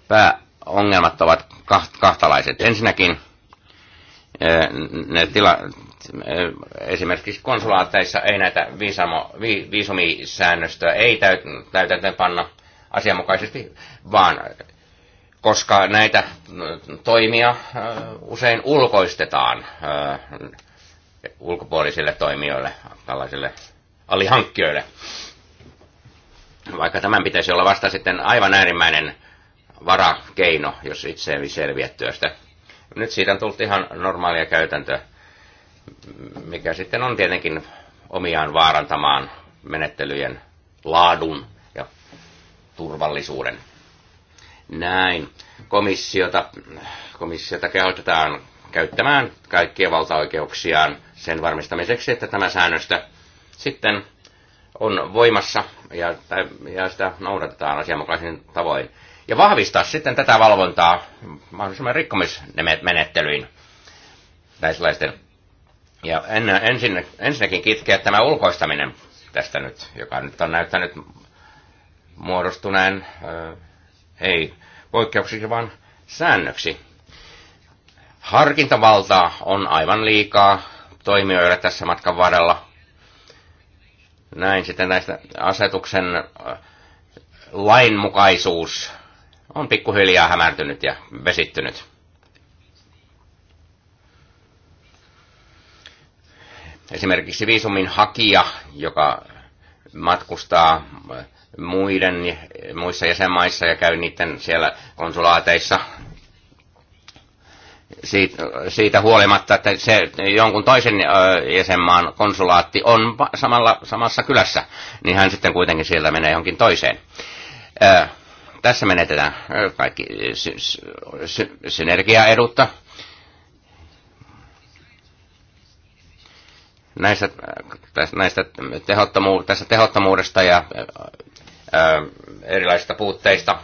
Pääongelmat ovat kahtalaiset. Ensinnäkin e, ne tila, esimerkiksi konsulaateissa ei näitä viisamo, vi, viisumisäännöstöä ei täyt, täytäntöön panna asianmukaisesti, vaan koska näitä toimia usein ulkoistetaan ulkopuolisille toimijoille, tällaisille alihankkijoille. Vaikka tämän pitäisi olla vasta sitten aivan äärimmäinen varakeino, jos itse ei selviä työstä. Nyt siitä on tullut ihan normaalia käytäntöä mikä sitten on tietenkin omiaan vaarantamaan menettelyjen laadun ja turvallisuuden. Näin. Komissiota, komissiota kehotetaan käyttämään kaikkia valtaoikeuksiaan sen varmistamiseksi, että tämä säännöstä sitten on voimassa ja, ja sitä noudatetaan asianmukaisin tavoin. Ja vahvistaa sitten tätä valvontaa mahdollisimman rikkomismenettelyin näislaisten ja en, ensin, ensinnäkin kitkeä tämä ulkoistaminen tästä nyt, joka nyt on näyttänyt muodostuneen, äh, ei poikkeuksiksi, vaan säännöksi. Harkintavaltaa on aivan liikaa toimijoille tässä matkan varrella. Näin sitten näistä asetuksen lainmukaisuus on pikkuhiljaa hämärtynyt ja vesittynyt. Esimerkiksi viisumin hakija, joka matkustaa muiden, muissa jäsenmaissa ja käy niiden siellä konsulaateissa siitä, siitä huolimatta, että se jonkun toisen jäsenmaan konsulaatti on samalla, samassa kylässä, niin hän sitten kuitenkin sieltä menee johonkin toiseen. Tässä menetetään kaikki sy- sy- synergiaedutta. Sy näistä, näistä tehottomu, tässä tehottomuudesta ja erilaisista puutteista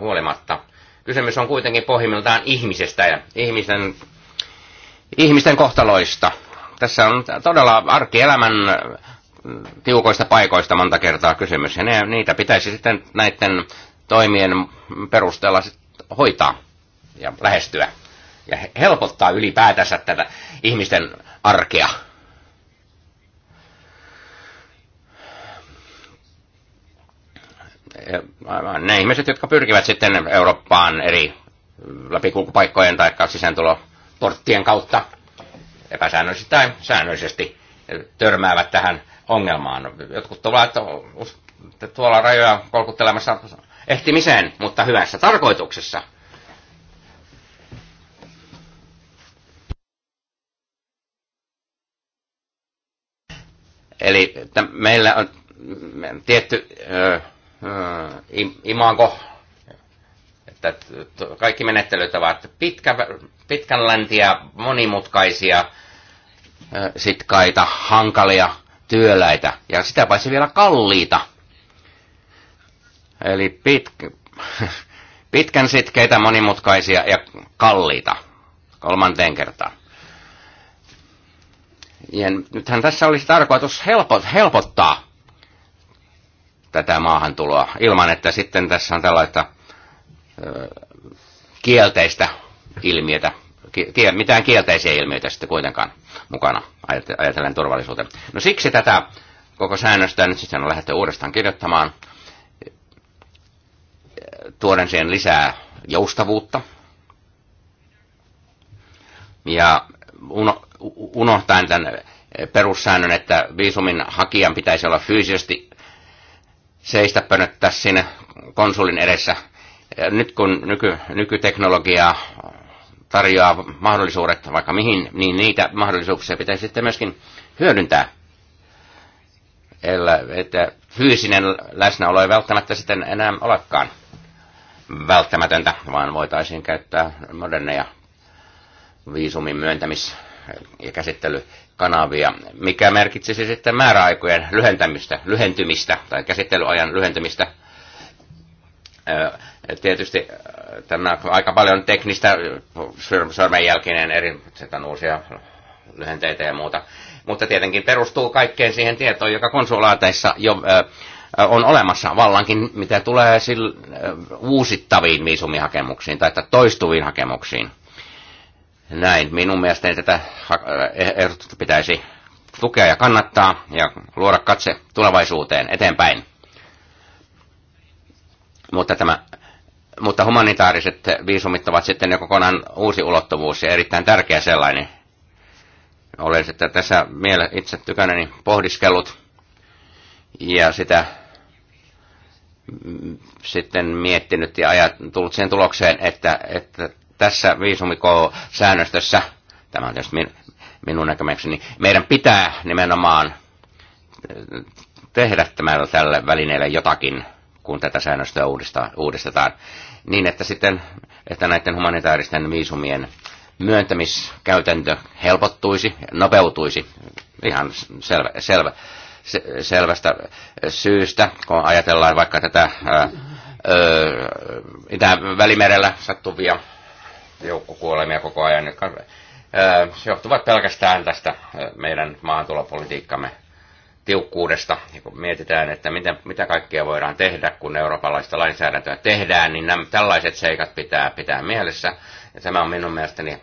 huolimatta. Kysymys on kuitenkin pohjimmiltaan ihmisestä ja ihmisten, ihmisten kohtaloista. Tässä on todella arkielämän tiukoista paikoista monta kertaa kysymys, ja ne, niitä pitäisi sitten näiden toimien perusteella sit hoitaa ja lähestyä ja helpottaa ylipäätänsä tätä ihmisten arkea. ne ihmiset, jotka pyrkivät sitten Eurooppaan eri läpikulkupaikkojen tai sisääntuloporttien kautta epäsäännöllisesti tai säännöllisesti törmäävät tähän ongelmaan. Jotkut että tuolla rajoja kolkuttelemassa ehtimiseen, mutta hyvässä tarkoituksessa. Eli meillä on mm, tietty imago, että kaikki menettelyt ovat pitkä, pitkän läntiä, monimutkaisia, sitkaita, hankalia, työläitä ja sitä paitsi vielä kalliita. Eli pit, pitkän sitkeitä, monimutkaisia ja kalliita kolmanteen kertaan. Ja nythän tässä olisi tarkoitus helpot, helpottaa tätä maahantuloa ilman, että sitten tässä on tällaista kielteistä ilmiötä, mitään kielteisiä ilmiöitä sitten kuitenkaan mukana ajatellen turvallisuuteen. No siksi tätä koko säännöstä nyt sitten on lähdetty uudestaan kirjoittamaan, tuoden siihen lisää joustavuutta ja unohtaen tämän perussäännön, että viisumin hakijan pitäisi olla fyysisesti seistä pönöttää siinä konsulin edessä. Nyt kun nyky, nykyteknologiaa tarjoaa mahdollisuudet vaikka mihin, niin niitä mahdollisuuksia pitäisi sitten myöskin hyödyntää. Ellä, että fyysinen läsnäolo ei välttämättä sitten enää olekaan välttämätöntä, vaan voitaisiin käyttää moderneja viisumin myöntämis- ja käsittely- kanavia, mikä merkitsisi sitten määräaikojen lyhentämistä, lyhentymistä tai käsittelyajan lyhentymistä. Tietysti tämä on aika paljon teknistä sormenjälkinen eri uusia lyhenteitä ja muuta, mutta tietenkin perustuu kaikkeen siihen tietoon, joka konsulaateissa jo on olemassa vallankin, mitä tulee sille, uusittaviin viisumihakemuksiin tai toistuviin hakemuksiin – näin, minun mielestäni tätä äh, ehdotusta pitäisi tukea ja kannattaa ja luoda katse tulevaisuuteen eteenpäin. Mutta, tämä, mutta humanitaariset viisumit ovat sitten jo kokonaan uusi ulottuvuus ja erittäin tärkeä sellainen. Olen sitten tässä miele itse tykänäni pohdiskellut ja sitä sitten miettinyt ja ajat, tullut siihen tulokseen, että, että tässä viisumikoo-säännöstössä, tämä on tietysti minun näkemykseni, meidän pitää nimenomaan eh, tehdä tämällä tälle välineelle jotakin, kun tätä säännöstöä uudistetaan, niin että sitten että näiden humanitaaristen viisumien myöntämiskäytäntö helpottuisi, nopeutuisi ihan selvä, selvä, selvästä syystä, kun ajatellaan vaikka tätä ää, ää, Itä-Välimerellä sattuvia joukkokuolemia koko ajan, johtuvat pelkästään tästä meidän maahantulopolitiikkamme tiukkuudesta. Ja kun mietitään, että miten, mitä kaikkea voidaan tehdä, kun eurooppalaista lainsäädäntöä tehdään, niin nämä, tällaiset seikat pitää pitää mielessä. Ja tämä on minun mielestäni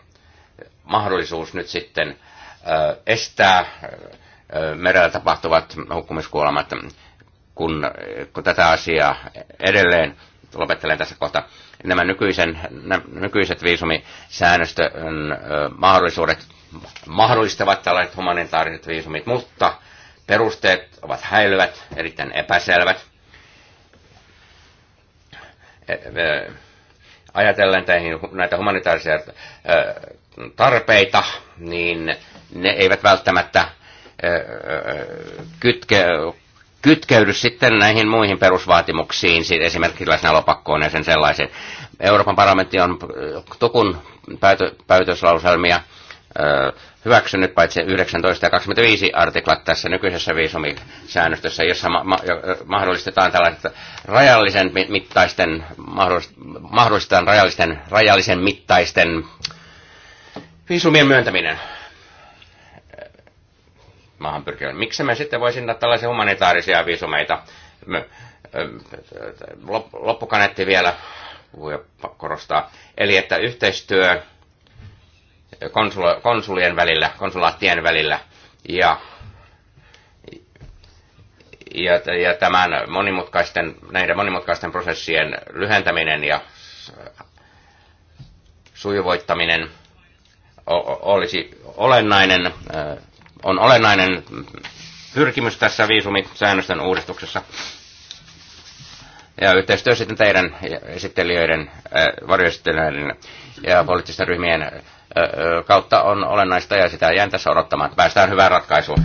mahdollisuus nyt sitten ö, estää ö, merellä tapahtuvat hukkumiskuolemat, kun, kun tätä asiaa edelleen lopettelen tässä kohtaa nämä nykyisen, nämä nykyiset viisumisäännöstön mahdollisuudet mahdollistavat tällaiset humanitaariset viisumit, mutta perusteet ovat häilyvät, erittäin epäselvät. E, e, ajatellen näitä humanitaarisia tarpeita, niin ne eivät välttämättä kytke, kytkeydy sitten näihin muihin perusvaatimuksiin, esimerkiksi läsnäolopakkoon ja sen sellaisen. Euroopan parlamentti on äh, Tukun päätöslauselmia äh, hyväksynyt paitsi 19 ja 25 artiklat tässä nykyisessä viisumisäännöstössä, jossa ma- ma- mahdollistetaan tällaiset rajallisen mittaisten, mahdollistetaan rajallisten, rajallisen mittaisten viisumien myöntäminen maahan pyrkivät. Miksi me sitten voisimme tällaisia humanitaarisia viisumeita? Loppukanetti vielä voi korostaa. Eli että yhteistyö konsulien välillä, konsulaattien välillä ja, ja, ja tämän monimutkaisten, näiden monimutkaisten prosessien lyhentäminen ja sujuvoittaminen olisi olennainen on olennainen pyrkimys tässä viisumisäännösten uudistuksessa. Ja yhteistyö sitten teidän esittelijöiden, varjoesittelijöiden ja poliittisten ryhmien kautta on olennaista ja sitä jään tässä odottamaan, että päästään hyvään ratkaisuun.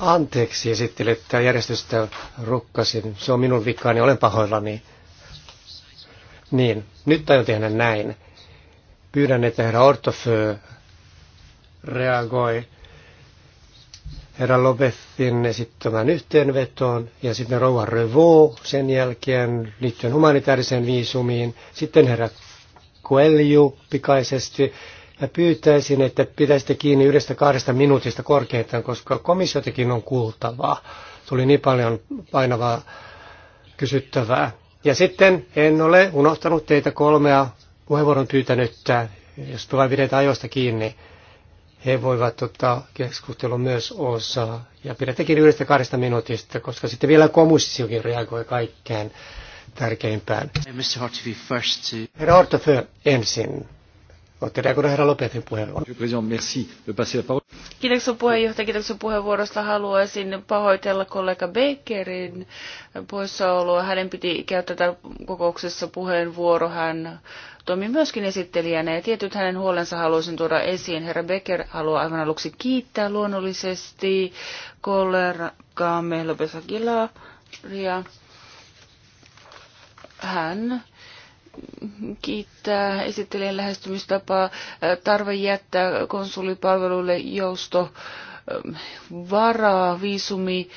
Anteeksi esittely, että järjestystä rukkasin. Se on minun vikaani, olen pahoillani. Niin, nyt aion tehdä näin. Pyydän, että herra Ortofö reagoi herra Lopezin esittämään yhteenvetoon ja sitten rouva Revo sen jälkeen liittyen humanitaariseen viisumiin, sitten herra Coelho pikaisesti ja pyytäisin, että pitäisitte kiinni yhdestä kahdesta minuutista korkeintaan, koska komissiotakin on kuultavaa. Tuli niin paljon painavaa kysyttävää. Ja sitten en ole unohtanut teitä kolmea puheenvuoron pyytänyttä, jos tulee pidetään ajoista kiinni he voivat ottaa keskustelun myös osaa. Ja pidättekin yhdestä kahdesta minuutista, koska sitten vielä komissiokin reagoi kaikkeen tärkeimpään. Mr. Herra Ortofö ensin. Kiitoksia puheenjohtaja, kiitoksia puheenvuorosta. Haluaisin pahoitella kollega Bakerin poissaoloa. Hänen piti käyttää kokouksessa puheenvuoro. Hän toimi myöskin esittelijänä ja tietyt hänen huolensa haluaisin tuoda esiin. Herra Becker haluaa aivan aluksi kiittää luonnollisesti kollegaamme Lopes Aguilaria. Hän kiittää esittelijän lähestymistapaa. Tarve jättää konsulipalveluille jousto varaa viisumi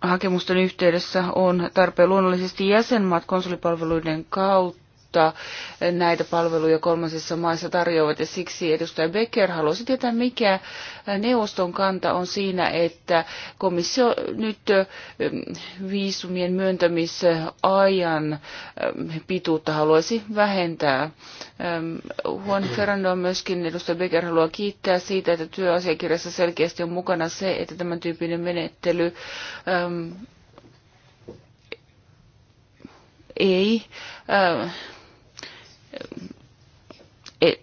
hakemusten yhteydessä on tarpeen luonnollisesti jäsenmaat konsulipalveluiden kautta mutta näitä palveluja kolmansissa maissa tarjoavat. Ja siksi edustaja Becker halusi tietää, mikä neuvoston kanta on siinä, että komissio nyt ähm, viisumien myöntämisajan ähm, pituutta haluaisi vähentää. Ähm, Juan Ferrando myöskin edustaja Becker haluaa kiittää siitä, että työasiakirjassa selkeästi on mukana se, että tämän tyyppinen menettely ei äh,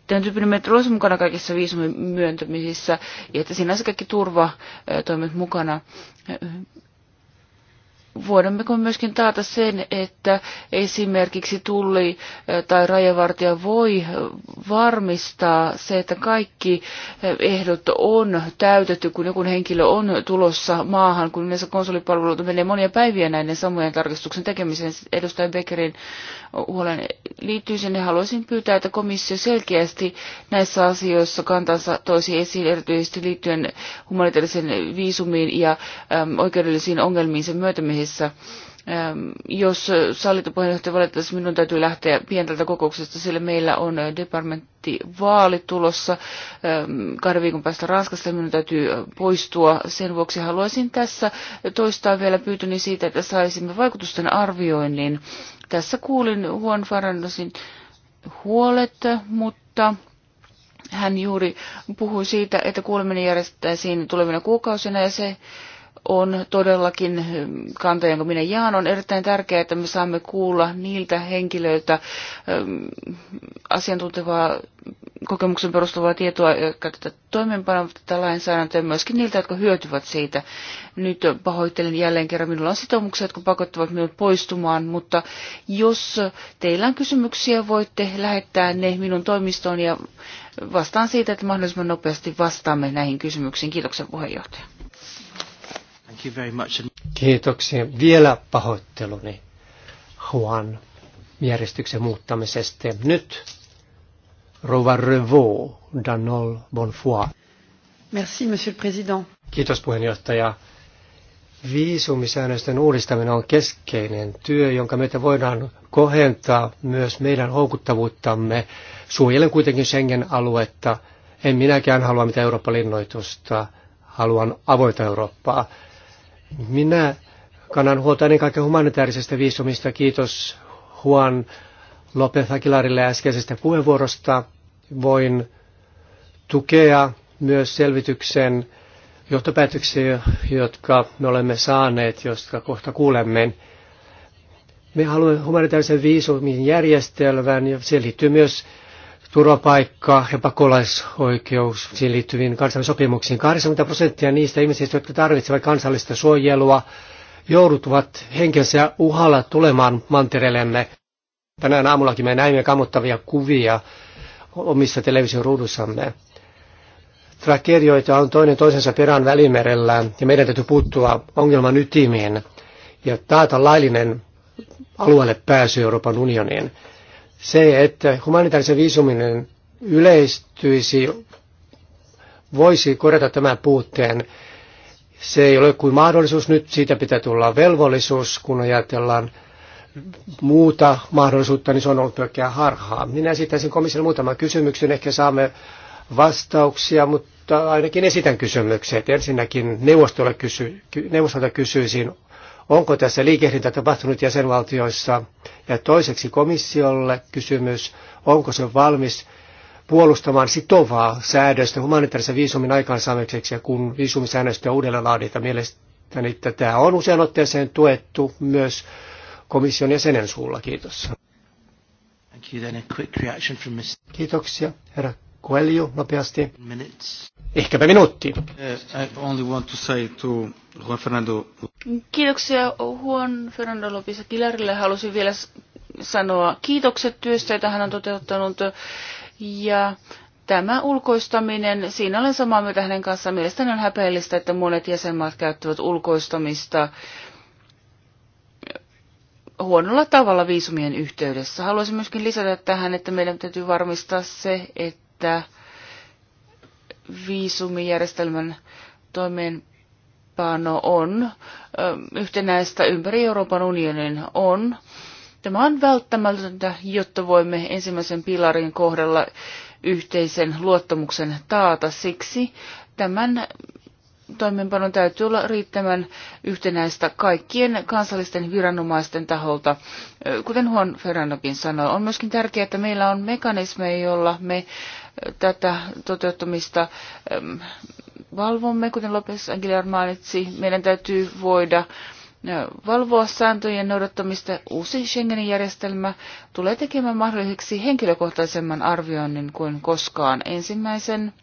tämän tyyppinen metro olisi mukana kaikissa viisumien myöntämisissä ja että siinä olisi kaikki turvatoimet mukana voidammeko myöskin taata sen, että esimerkiksi tulli eh, tai rajavartija voi eh, varmistaa se, että kaikki eh, ehdot on täytetty, kun joku henkilö on tulossa maahan, kun yleensä konsolipalveluita menee monia päiviä näiden samojen tarkistuksen tekemiseen. Edustaja Beckerin huolen liittyy ja Haluaisin pyytää, että komissio selkeästi näissä asioissa kantansa toisi esiin erityisesti liittyen humanitaarisen viisumiin ja äm, oikeudellisiin ongelmiin sen myötämiehen vaiheessa. Ähm, jos sallittu puheenjohtaja valitettavasti minun täytyy lähteä pieneltä kokouksesta, sillä meillä on äh, departmenttivaali tulossa ähm, kahden viikon päästä Ranskasta. Minun täytyy äh, poistua. Sen vuoksi haluaisin tässä toistaa vielä pyytöni siitä, että saisimme vaikutusten arvioinnin. Tässä kuulin Juan Farandosin huolet, mutta hän juuri puhui siitä, että kuuleminen järjestettäisiin tulevina kuukausina ja se on todellakin kanta, jonka minä jaan. On erittäin tärkeää, että me saamme kuulla niiltä henkilöiltä ähm, asiantuntevaa kokemuksen perustuvaa tietoa, jotka tätä toimeenpanevat tätä lainsäädäntöä, myöskin niiltä, jotka hyötyvät siitä. Nyt pahoittelen jälleen kerran, minulla on sitoumuksia, jotka pakottavat minut poistumaan, mutta jos teillä on kysymyksiä, voitte lähettää ne minun toimistoon ja vastaan siitä, että mahdollisimman nopeasti vastaamme näihin kysymyksiin. Kiitoksia puheenjohtaja. Thank you very much. Kiitoksia. Vielä pahoitteluni Juan järjestyksen muuttamisesta. Nyt Rova Revo Danol Bonfoy. Merci, monsieur le président. Kiitos puheenjohtaja. Viisumisäännösten uudistaminen on keskeinen työ, jonka meitä voidaan kohentaa myös meidän houkuttavuuttamme. Suojelen kuitenkin Schengen-aluetta. En minäkään halua mitään Eurooppa-linnoitusta. Haluan avoita Eurooppaa. Minä kannan huolta ennen kaikkea humanitaarisesta viisumista. Kiitos Juan Lopez Aguilarille äskeisestä puheenvuorosta. Voin tukea myös selvityksen johtopäätöksiä, jotka me olemme saaneet, jotka kohta kuulemme. Me haluamme humanitaarisen viisumin järjestelmän ja se liittyy myös turvapaikka- ja pakolaisoikeuksiin liittyviin kansainvälisiin sopimuksiin. 80 prosenttia niistä ihmisistä, jotka tarvitsevat kansallista suojelua, joudutuvat henkensä uhalla tulemaan mantereellemme. Tänään aamullakin me näimme kammottavia kuvia omissa televisioruudussamme. Tragedioita on toinen toisensa perään välimerellä ja meidän täytyy puuttua ongelman ytimiin ja taata laillinen alueelle pääsy Euroopan unioniin. Se, että humanitaarisen viisuminen yleistyisi, voisi korjata tämän puutteen. Se ei ole kuin mahdollisuus nyt, siitä pitää tulla velvollisuus, kun ajatellaan muuta mahdollisuutta, niin se on ollut pelkkää harhaa. Minä esittäisin komissiolle muutaman kysymyksen, ehkä saamme vastauksia, mutta ainakin esitän kysymykset. Ensinnäkin neuvostolle kysy, neuvostolta kysyisin, onko tässä liikehdintä tapahtunut jäsenvaltioissa. Ja toiseksi komissiolle kysymys, onko se valmis puolustamaan sitovaa säädöstä humanitaarisen viisumin aikaansaamiseksi ja kun viisumisäännöstä uudelleen laaditaan mielestäni tätä on usein otteeseen tuettu myös komission jäsenen suulla. Kiitos. Kiitoksia. Herra Coelho, nopeasti. Minutes ehkäpä minuutti. Eh, Kiitoksia Juan Fernando Lopisa Kilarille. Halusin vielä sanoa kiitokset työstä, jota hän on toteuttanut. Ja tämä ulkoistaminen, siinä olen samaa mieltä hänen kanssaan. Mielestäni on häpeellistä, että monet jäsenmaat käyttävät ulkoistamista huonolla tavalla viisumien yhteydessä. Haluaisin myöskin lisätä tähän, että meidän täytyy varmistaa se, että viisumijärjestelmän toimeenpano on yhtenäistä ympäri Euroopan unionin on. Tämä on välttämätöntä, jotta voimme ensimmäisen pilarin kohdalla yhteisen luottamuksen taata. Siksi tämän toimeenpanon täytyy olla riittävän yhtenäistä kaikkien kansallisten viranomaisten taholta. Kuten Juan Ferranokin sanoi, on myöskin tärkeää, että meillä on mekanismeja, joilla me tätä toteuttamista valvomme, kuten Lopes Aguilar mainitsi. Meidän täytyy voida valvoa sääntöjen noudattamista. Uusi Schengenin järjestelmä tulee tekemään mahdolliseksi henkilökohtaisemman arvioinnin kuin koskaan. Ensimmäisen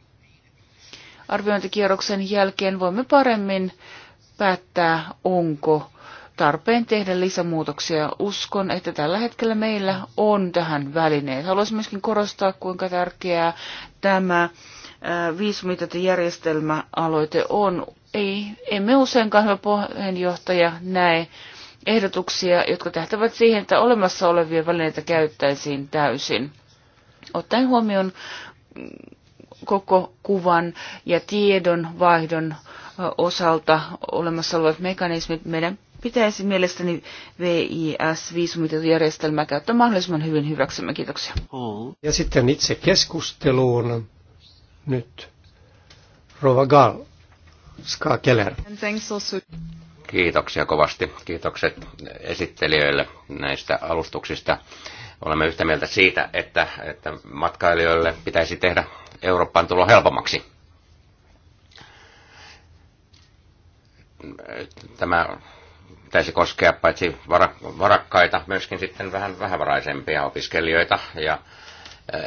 arviointikierroksen jälkeen voimme paremmin päättää, onko tarpeen tehdä lisämuutoksia. Uskon, että tällä hetkellä meillä on tähän välineet. Haluaisin myöskin korostaa, kuinka tärkeää tämä äh, viisumitätijärjestelmäaloite on. Ei, emme useinkaan, hyvä puheenjohtaja, näe ehdotuksia, jotka tähtävät siihen, että olemassa olevia välineitä käyttäisiin täysin. Ottaen huomioon koko kuvan ja tiedon vaihdon osalta olemassa olevat mekanismit, meidän pitäisi mielestäni VIS-viisumitietojärjestelmää käyttää mahdollisimman hyvin hyväksymme. Kiitoksia. Ja sitten itse keskusteluun nyt Rova Gal, Ska Keller. Kiitoksia kovasti. Kiitokset esittelijöille näistä alustuksista. Olemme yhtä mieltä siitä, että, että matkailijoille pitäisi tehdä Euroopan tulo helpommaksi. Tämä pitäisi koskea paitsi varakkaita, myöskin sitten vähän vähävaraisempia opiskelijoita ja eh,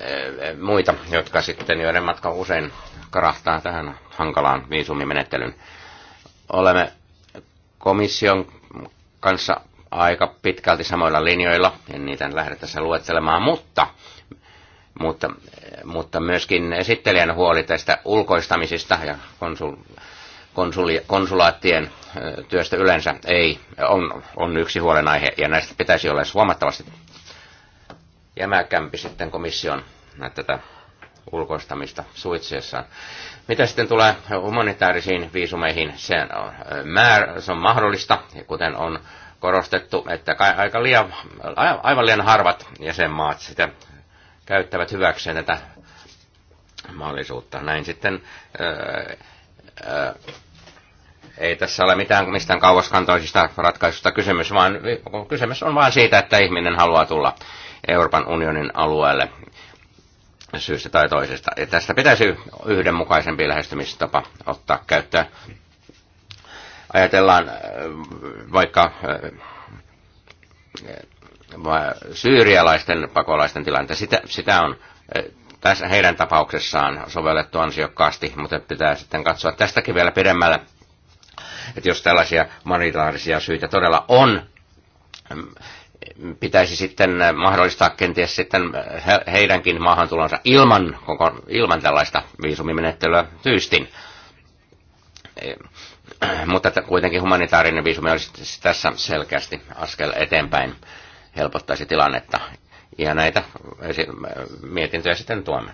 eh, muita, jotka sitten, joiden matka usein karahtaa tähän hankalaan viisumimenettelyyn. Olemme komission kanssa aika pitkälti samoilla linjoilla, en niitä lähde tässä luettelemaan, mutta, mutta, eh, mutta myöskin esittelijän huoli tästä ulkoistamisista ja konsul, konsuli, konsulaattien työstä yleensä ei, on, on yksi huolenaihe, ja näistä pitäisi olla huomattavasti jämäkämpi sitten komission tätä ulkoistamista suitsiessaan. Mitä sitten tulee humanitaarisiin viisumeihin, se on, määr, se on mahdollista, kuten on korostettu, että aika liian, aivan liian harvat jäsenmaat sitä käyttävät hyväkseen tätä mahdollisuutta. Näin sitten ei tässä ole mitään mistään kauaskantoisista ratkaisusta kysymys, vaan kysymys on vain siitä, että ihminen haluaa tulla Euroopan unionin alueelle syystä tai toisesta. Ja tästä pitäisi yhdenmukaisempi lähestymistapa ottaa käyttöön. Ajatellaan äh, vaikka äh, äh, syyrialaisten pakolaisten tilannetta. Sitä, sitä on tässä heidän tapauksessaan sovellettu ansiokkaasti, mutta pitää sitten katsoa tästäkin vielä pidemmälle että jos tällaisia monitaarisia syitä todella on, pitäisi sitten mahdollistaa kenties sitten heidänkin maahantulonsa ilman, koko, ilman tällaista viisumimenettelyä tyystin. Mutta kuitenkin humanitaarinen viisumi olisi tässä selkeästi askel eteenpäin, helpottaisi tilannetta. Ja näitä mietintöjä sitten tuemme,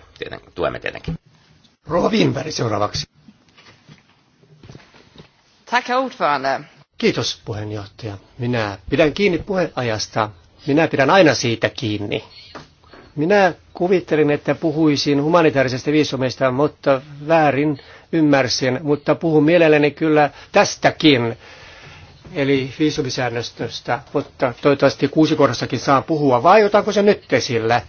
tuemme tietenkin. Rova Wimberg seuraavaksi. Tack, ordförande. Kiitos puheenjohtaja. Minä pidän kiinni puheajasta. Minä pidän aina siitä kiinni. Minä kuvittelin, että puhuisin humanitaarisesta viisumista, mutta väärin ymmärsin. Mutta puhun mielelläni kyllä tästäkin, eli viisumisäännöstöstä. Mutta toivottavasti kuusikohdassakin saan puhua. Vai otanko se nyt esillä?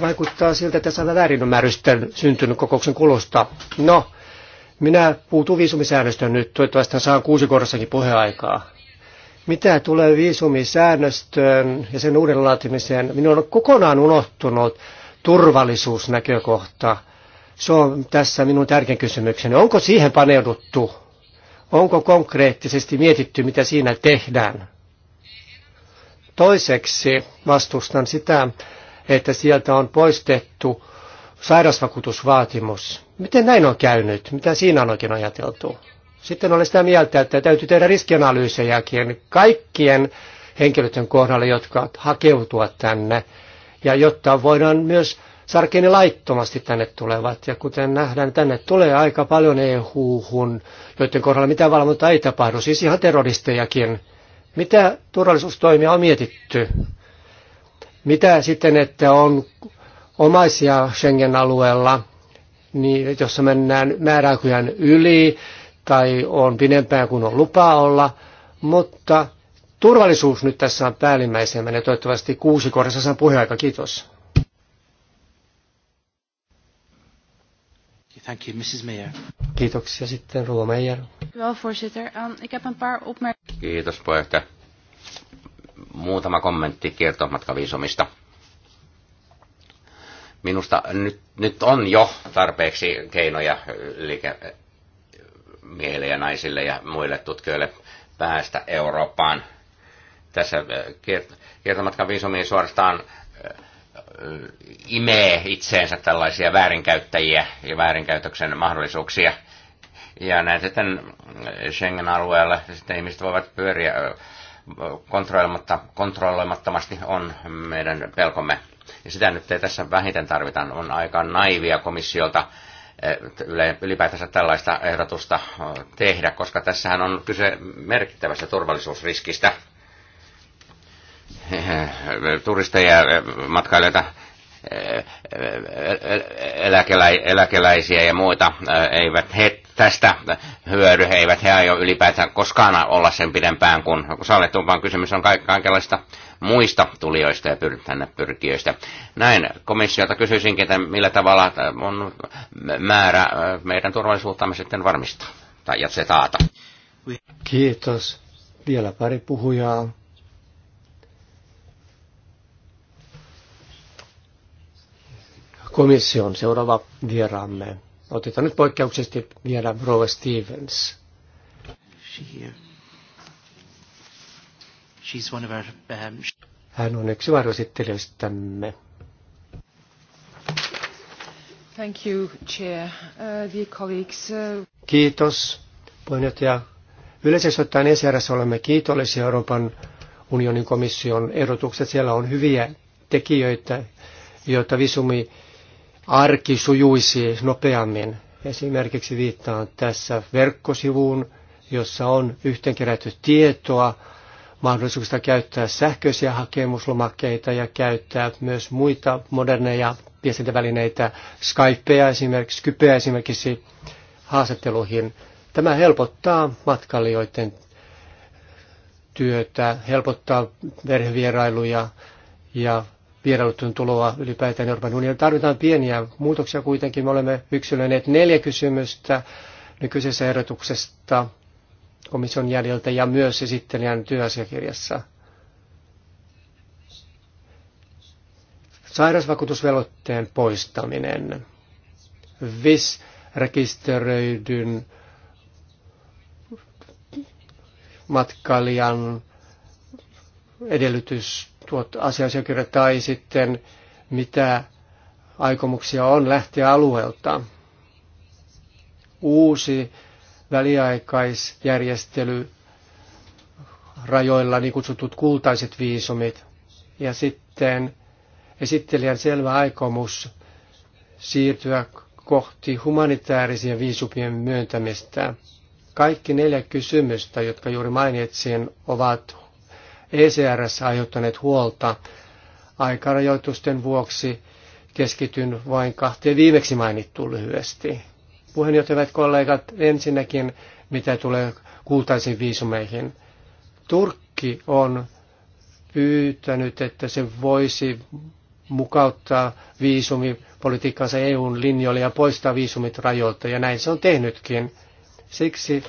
Vaikuttaa siltä, että saadaan väärinymmärrystä syntynyt kokouksen kulusta. No, minä puutun viisumisäännöstön nyt, toivottavasti saan kuusi korossakin puheaikaa. Mitä tulee viisumisäännöstöön ja sen uuden laatimiseen, minun on kokonaan unohtunut turvallisuusnäkökohta. Se on tässä minun tärkein kysymykseni. Onko siihen paneuduttu? Onko konkreettisesti mietitty, mitä siinä tehdään? Toiseksi vastustan sitä, että sieltä on poistettu sairausvakuutusvaatimus. Miten näin on käynyt? Mitä siinä on oikein ajateltu? Sitten olen sitä mieltä, että täytyy tehdä riskianalyysejäkin kaikkien henkilöiden kohdalla, jotka hakeutua tänne, ja jotta voidaan myös sarkeni laittomasti tänne tulevat. Ja kuten nähdään, tänne tulee aika paljon EU-hun, joiden kohdalla mitään valvonta ei tapahdu, siis ihan terroristejakin. Mitä turvallisuustoimia on mietitty? Mitä sitten, että on omaisia Schengen-alueella, niin jossa mennään määräaikojen yli tai on pidempään kuin on lupa olla, mutta turvallisuus nyt tässä on päällimmäisenä ja toivottavasti kuusi kohdassa saan puheaika. Kiitos. Thank you, Mrs. Mayor. Kiitoksia sitten Ruo Meijer. Ehm, Kiitos puheenjohtaja. Muutama kommentti kiertomatkaviisumista. Minusta nyt, nyt on jo tarpeeksi keinoja liike, miehille ja naisille ja muille tutkijoille päästä Eurooppaan. Tässä kiertomatkan viisumiin suorastaan imee itseensä tällaisia väärinkäyttäjiä ja väärinkäytöksen mahdollisuuksia. Ja näin sitten Schengen-alueella sitten ihmiset voivat pyöriä kontrolloimatta, kontrolloimattomasti on meidän pelkomme ja sitä nyt ei tässä vähiten tarvitaan, on aika naivia komissiolta ylipäätänsä tällaista ehdotusta tehdä, koska tässähän on kyse merkittävästä turvallisuusriskistä. Turisteja matkailijoita eläkeläisiä ja muita eivät he tästä hyödy, eivät he aio ylipäätään koskaan olla sen pidempään kuin sallittu, vaan kysymys on kaikenlaista muista tulijoista ja pyr- tänne pyrkiöistä. Näin komissiota kysyisinkin, että millä tavalla on määrä meidän turvallisuuttamme sitten varmistaa tai ja se taata. Kiitos. Vielä pari puhujaa. komission seuraava vieraamme. Otetaan nyt poikkeuksesti vielä Rova Stevens. Yeah. She's one of our, um... Hän on yksi varjoesittelijöistämme. Thank you, Chair. Uh, dear colleagues, uh... Kiitos, puheenjohtaja. Yleisesti ottaen ECRS olemme kiitollisia Euroopan unionin komission ehdotukset. Siellä on hyviä tekijöitä, joita visumi arki sujuisi nopeammin. Esimerkiksi viittaan tässä verkkosivuun, jossa on yhteenkerätty tietoa mahdollisuuksista käyttää sähköisiä hakemuslomakkeita ja käyttää myös muita moderneja viestintävälineitä, Skypea esimerkiksi, Skypeä esimerkiksi haastatteluihin. Tämä helpottaa matkailijoiden työtä, helpottaa perhevierailuja ja vierailutun tuloa ylipäätään Euroopan unionin. Tarvitaan pieniä muutoksia kuitenkin. Me olemme yksilöineet neljä kysymystä nykyisestä ehdotuksesta komission jäljiltä ja myös esittelijän työasiakirjassa. Sairausvakuutusvelvoitteen poistaminen. VIS rekisteröidyn matkailijan edellytys tuot asiasiakirja tai sitten mitä aikomuksia on lähteä alueelta. Uusi väliaikaisjärjestely rajoilla, niin kutsutut kultaiset viisumit, ja sitten esittelijän selvä aikomus siirtyä kohti humanitaarisia viisumien myöntämistä. Kaikki neljä kysymystä, jotka juuri mainitsin, ovat ECRS aiheuttaneet huolta. Aikarajoitusten vuoksi keskityn vain kahteen viimeksi mainittuun lyhyesti puheenjohtaja, hyvät kollegat, ensinnäkin mitä tulee kultaisiin viisumeihin. Turkki on pyytänyt, että se voisi mukauttaa viisumipolitiikkansa EUn linjoille ja poistaa viisumit rajoilta, ja näin se on tehnytkin. Siksi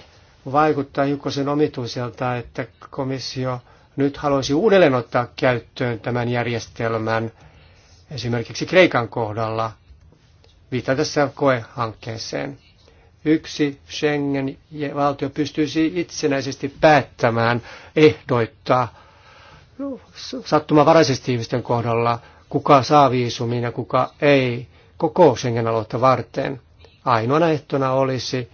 vaikuttaa hiukkasen omituiselta, että komissio nyt haluaisi uudelleen ottaa käyttöön tämän järjestelmän esimerkiksi Kreikan kohdalla, Viittaan tässä koehankkeeseen. Yksi Schengen-valtio pystyisi itsenäisesti päättämään ehdoittaa sattumavaraisesti ihmisten kohdalla, kuka saa viisumin ja kuka ei, koko Schengen-aluetta varten. Ainoana ehtona olisi,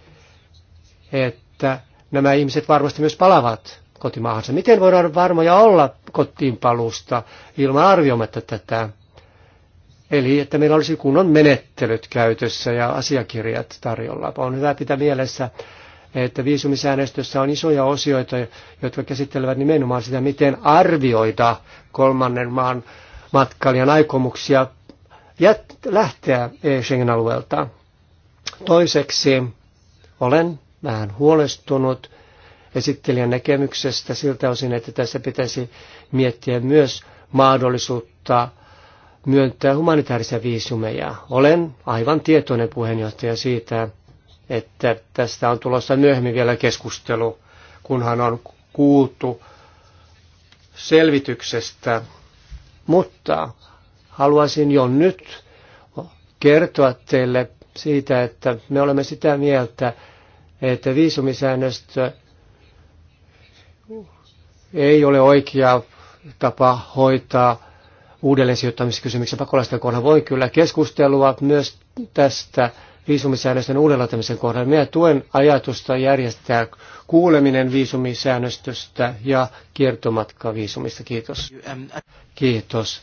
että nämä ihmiset varmasti myös palavat kotimaahansa. Miten voidaan varmoja olla kotiinpalusta ilman arvioimatta tätä? Eli että meillä olisi kunnon menettelyt käytössä ja asiakirjat tarjolla. On hyvä pitää mielessä, että viisumisäännöstössä on isoja osioita, jotka käsittelevät nimenomaan sitä, miten arvioida kolmannen maan matkailijan aikomuksia jät- lähteä Schengen-alueelta. Toiseksi olen vähän huolestunut esittelijän näkemyksestä siltä osin, että tässä pitäisi miettiä myös mahdollisuutta myöntää humanitaarisia viisumeja. Olen aivan tietoinen puheenjohtaja siitä, että tästä on tulossa myöhemmin vielä keskustelu, kunhan on kuultu selvityksestä. Mutta haluaisin jo nyt kertoa teille siitä, että me olemme sitä mieltä, että viisumisäännöstö ei ole oikea tapa hoitaa uudelleen sijoittamiskysymyksen pakolaisten kohdalla voi kyllä keskustelua myös tästä viisumisäännösten uudenlaitamisen kohdalla. Minä tuen ajatusta järjestää kuuleminen viisumisäännöstöstä ja kiertomatka viisumista. Kiitos. Kiitos.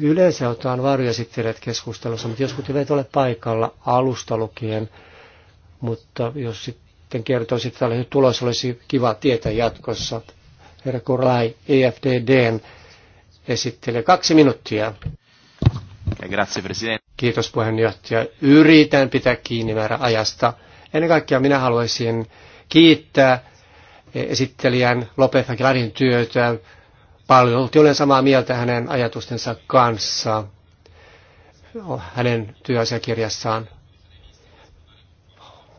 Yleensä otetaan varjoesittelijät keskustelussa, mutta joskus eivät ole paikalla alusta lukien. Mutta jos sitten kertoisi, että tulos olisi kiva tietää jatkossa. Herra Kurai, EFDDn esittelee kaksi minuuttia. Grazie, Kiitos puheenjohtaja. Yritän pitää kiinni määrä ajasta. Ennen kaikkea minä haluaisin kiittää esittelijän Lopez Aguilarin työtä. Paljon olen samaa mieltä hänen ajatustensa kanssa hänen työasiakirjassaan.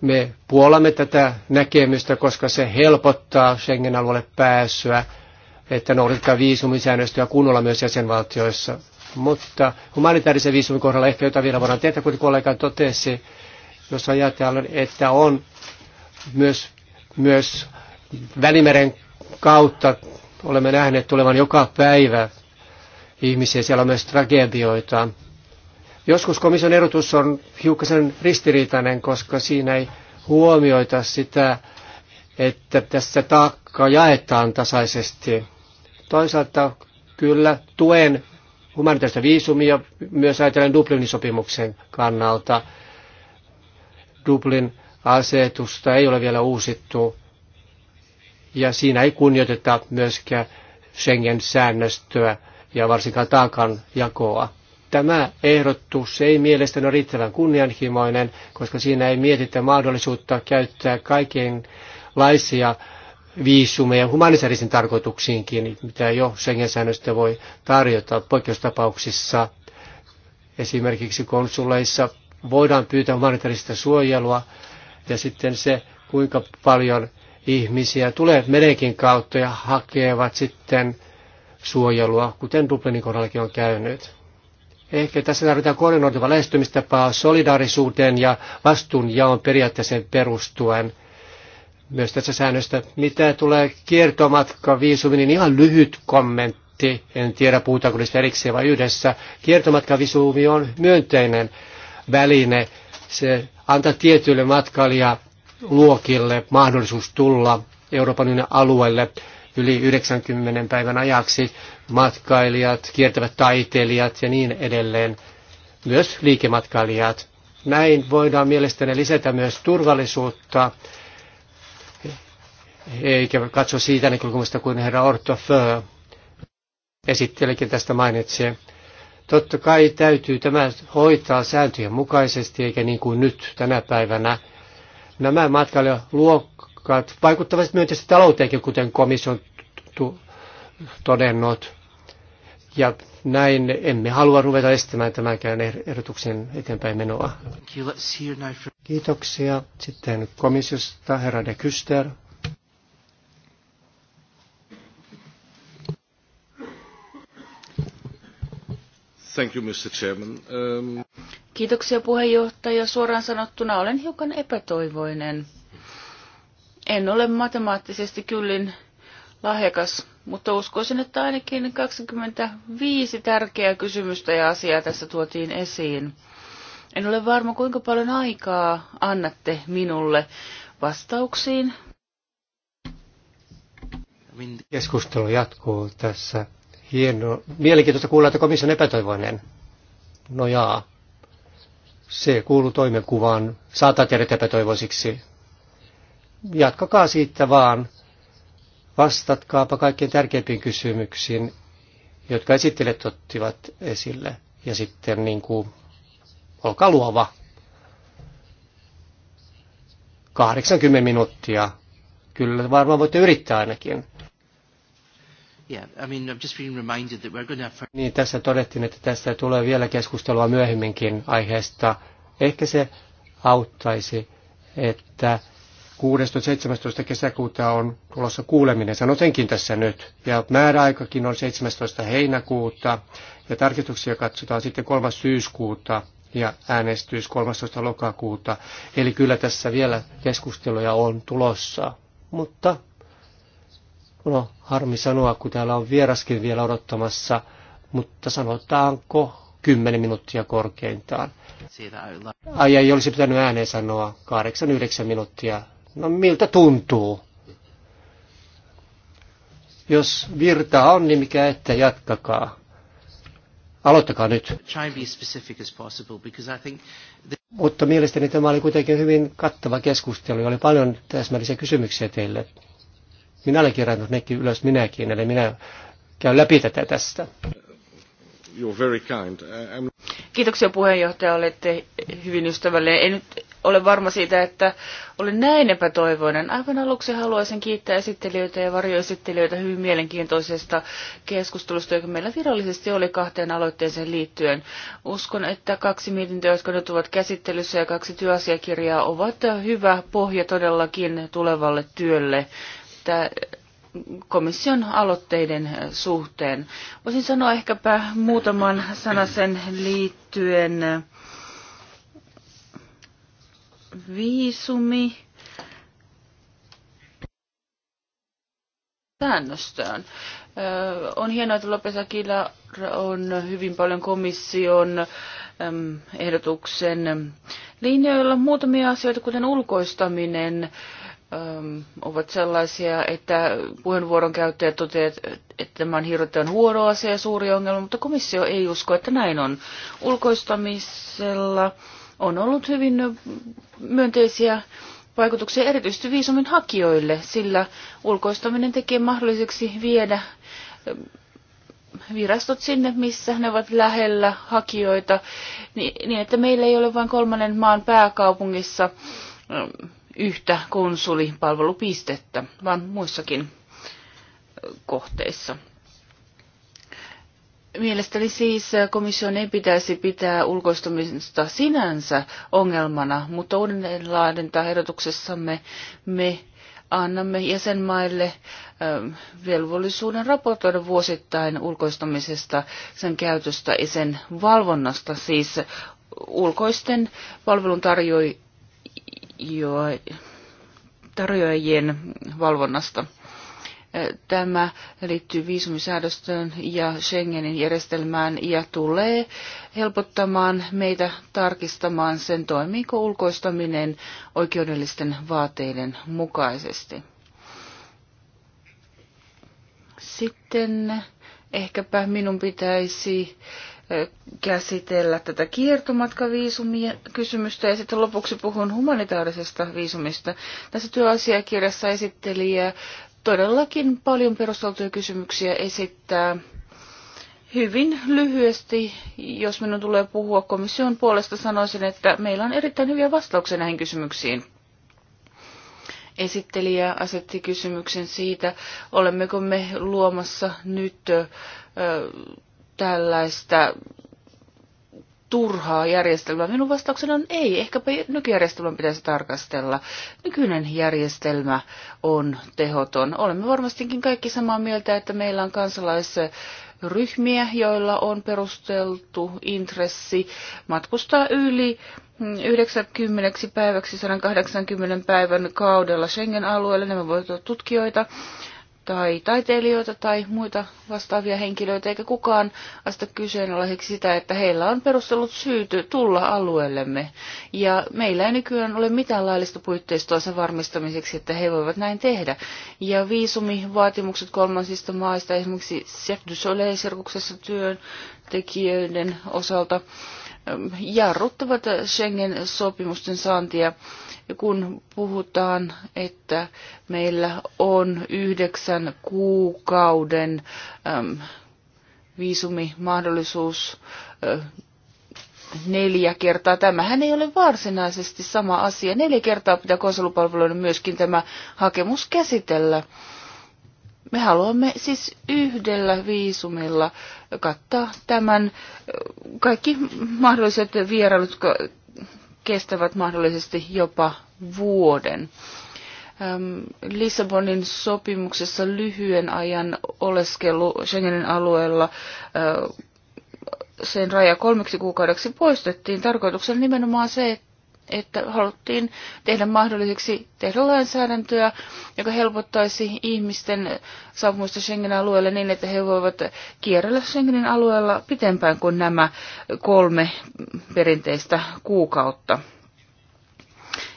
Me puolamme tätä näkemystä, koska se helpottaa Schengen-alueelle pääsyä että noudatetaan viisumisäännöstöä kunnolla myös jäsenvaltioissa. Mutta humanitaarisen viisumin kohdalla ehkä jotain vielä voidaan tehdä, kuten kollega totesi, jos ajatellaan, että on myös, myös Välimeren kautta olemme nähneet tulevan joka päivä ihmisiä, siellä on myös tragedioita. Joskus komission erotus on hiukkasen ristiriitainen, koska siinä ei huomioita sitä, että tässä taakka jaetaan tasaisesti. Toisaalta kyllä tuen humanitaarista viisumia myös ajatellen Dublinin sopimuksen kannalta. Dublin asetusta ei ole vielä uusittu ja siinä ei kunnioiteta myöskään Schengen-säännöstöä ja varsinkaan taakan jakoa. Tämä ehdotus ei mielestäni ole riittävän kunnianhimoinen, koska siinä ei mietitä mahdollisuutta käyttää kaikenlaisia viisumeja humanitaarisiin tarkoituksiinkin, mitä jo Schengen-säännöstä voi tarjota poikkeustapauksissa. Esimerkiksi konsuleissa voidaan pyytää humanitaarista suojelua ja sitten se, kuinka paljon ihmisiä tulee menekin kautta ja hakevat sitten suojelua, kuten Dublinin kohdallakin on käynyt. Ehkä tässä tarvitaan koordinoitua lähestymistapaa solidaarisuuteen ja vastuunjaon periaatteeseen perustuen – myös tässä säännöstä. Mitä tulee kiertomatka viisumi, niin ihan lyhyt kommentti. En tiedä, puhutaanko niistä erikseen vai yhdessä. Kiertomatka viisumi on myönteinen väline. Se antaa tietyille matkailijaluokille mahdollisuus tulla Euroopan unionin alueelle yli 90 päivän ajaksi. Matkailijat, kiertävät taiteilijat ja niin edelleen. Myös liikematkailijat. Näin voidaan mielestäni lisätä myös turvallisuutta eikä katso siitä näkökulmasta kuin herra Ortofö äh, esittelikin tästä mainitsee. Totta kai täytyy tämä hoitaa sääntöjen mukaisesti, eikä niin kuin nyt tänä päivänä. Nämä matkailijaluokat vaikuttavat myönteisesti talouteenkin, kuten komission todennut. Ja näin emme halua ruveta estämään tämänkään er- ehdotuksen eteenpäin menoa. Kiitoksia. Sitten komissiosta herra de Kyster. Um, Kiitoksia puheenjohtaja. Suoraan sanottuna olen hiukan epätoivoinen. En ole matemaattisesti kyllin lahjakas, mutta uskoisin, että ainakin 25 tärkeää kysymystä ja asiaa tässä tuotiin esiin. En ole varma, kuinka paljon aikaa annatte minulle vastauksiin. Keskustelu jatkuu tässä Hieno. Mielenkiintoista kuulla, että on epätoivoinen. No jaa. Se kuuluu toimenkuvaan. Saattaa tehdä epätoivoisiksi. Jatkakaa siitä vaan. Vastatkaapa kaikkien tärkeimpiin kysymyksiin, jotka esittelijät ottivat esille. Ja sitten niin kuin, olkaa luova. 80 minuuttia. Kyllä varmaan voitte yrittää ainakin. Niin, tässä todettiin, että tässä tulee vielä keskustelua myöhemminkin aiheesta. Ehkä se auttaisi, että 16.17. kesäkuuta on tulossa kuuleminen, sanotenkin tässä nyt. Ja määräaikakin on 17. heinäkuuta ja tarkistuksia katsotaan sitten 3. syyskuuta ja äänestys 13. lokakuuta. Eli kyllä tässä vielä keskusteluja on tulossa. Mutta No, harmi sanoa, kun täällä on vieraskin vielä odottamassa, mutta sanotaanko 10 minuuttia korkeintaan. Ai ei olisi pitänyt ääneen sanoa 8-9 minuuttia. No miltä tuntuu? Jos virta on, niin mikä ette jatkakaa. Aloittakaa nyt. Mutta mielestäni tämä oli kuitenkin hyvin kattava keskustelu. Oli paljon täsmällisiä kysymyksiä teille. Minä olen nekin ylös minäkin, eli minä käyn läpi tätä tästä. You're very kind. Uh, I'm... Kiitoksia puheenjohtaja, olette hyvin ystävällinen. En nyt ole varma siitä, että olen näin epätoivoinen. Aivan aluksi haluaisin kiittää esittelijöitä ja varjoesittelijöitä hyvin mielenkiintoisesta keskustelusta, joka meillä virallisesti oli kahteen aloitteeseen liittyen. Uskon, että kaksi mietintöä, jotka nyt ovat käsittelyssä ja kaksi työasiakirjaa ovat hyvä pohja todellakin tulevalle työlle että komission aloitteiden suhteen. Voisin sanoa ehkäpä muutaman sen liittyen viisumi säännöstöön. On hienoa, että Lopes on hyvin paljon komission ehdotuksen linjoilla. Muutamia asioita, kuten ulkoistaminen, Ähm, ovat sellaisia, että puheenvuoron käyttäjät toteavat, että tämä on hirveän huono asia ja suuri ongelma, mutta komissio ei usko, että näin on. Ulkoistamisella on ollut hyvin myönteisiä vaikutuksia erityisesti viisumin hakijoille, sillä ulkoistaminen tekee mahdolliseksi viedä ähm, virastot sinne, missä ne ovat lähellä hakijoita, niin, niin että meillä ei ole vain kolmannen maan pääkaupungissa ähm, yhtä konsulipalvelupistettä, vaan muissakin kohteissa. Mielestäni siis komission ei pitäisi pitää ulkoistumista sinänsä ongelmana, mutta uudelleenlaadintaehdotuksessamme me annamme jäsenmaille velvollisuuden raportoida vuosittain ulkoistamisesta, sen käytöstä ja sen valvonnasta, siis ulkoisten palveluntarjoajien jo tarjoajien valvonnasta. Tämä liittyy viisumisäädöstöön ja Schengenin järjestelmään ja tulee helpottamaan meitä tarkistamaan sen toimiiko ulkoistaminen oikeudellisten vaateiden mukaisesti. Sitten ehkäpä minun pitäisi äh, käsitellä tätä kiertomatkaviisumia kysymystä ja sitten lopuksi puhun humanitaarisesta viisumista. Tässä työasiakirjassa esittelijä todellakin paljon perusteltuja kysymyksiä esittää. Hyvin lyhyesti, jos minun tulee puhua komission puolesta, sanoisin, että meillä on erittäin hyviä vastauksia näihin kysymyksiin. Esittelijä asetti kysymyksen siitä, olemmeko me luomassa nyt tällaista turhaa järjestelmää? Minun vastaukseni on ei. Ehkäpä nykyjärjestelmän pitäisi tarkastella. Nykyinen järjestelmä on tehoton. Olemme varmastikin kaikki samaa mieltä, että meillä on kansalaisryhmiä, joilla on perusteltu intressi matkustaa yli 90 päiväksi 180 päivän kaudella Schengen-alueelle. Nämä voivat olla tutkijoita, tai taiteilijoita tai muita vastaavia henkilöitä, eikä kukaan asta kyseenalaiseksi sitä, että heillä on perustellut syyt tulla alueellemme. Ja meillä ei nykyään ole mitään laillista puitteistoa sen varmistamiseksi, että he voivat näin tehdä. Ja viisumivaatimukset kolmansista maista, esimerkiksi Cirque du Soleil-serkuksessa työntekijöiden osalta, jarruttavat Schengen-sopimusten saantia kun puhutaan, että meillä on yhdeksän kuukauden äm, viisumimahdollisuus äh, neljä kertaa. Tämähän ei ole varsinaisesti sama asia. Neljä kertaa pitää konsulipalveluiden myöskin tämä hakemus käsitellä. Me haluamme siis yhdellä viisumilla kattaa tämän kaikki mahdolliset vierailut, kestävät mahdollisesti jopa vuoden. Lissabonin sopimuksessa lyhyen ajan oleskelu Schengenin alueella sen raja kolmeksi kuukaudeksi poistettiin. Tarkoituksena nimenomaan se, että että haluttiin tehdä mahdolliseksi tehdä lainsäädäntöä, joka helpottaisi ihmisten saapumista Schengen-alueelle niin, että he voivat kierrellä Schengenin alueella pitempään kuin nämä kolme perinteistä kuukautta.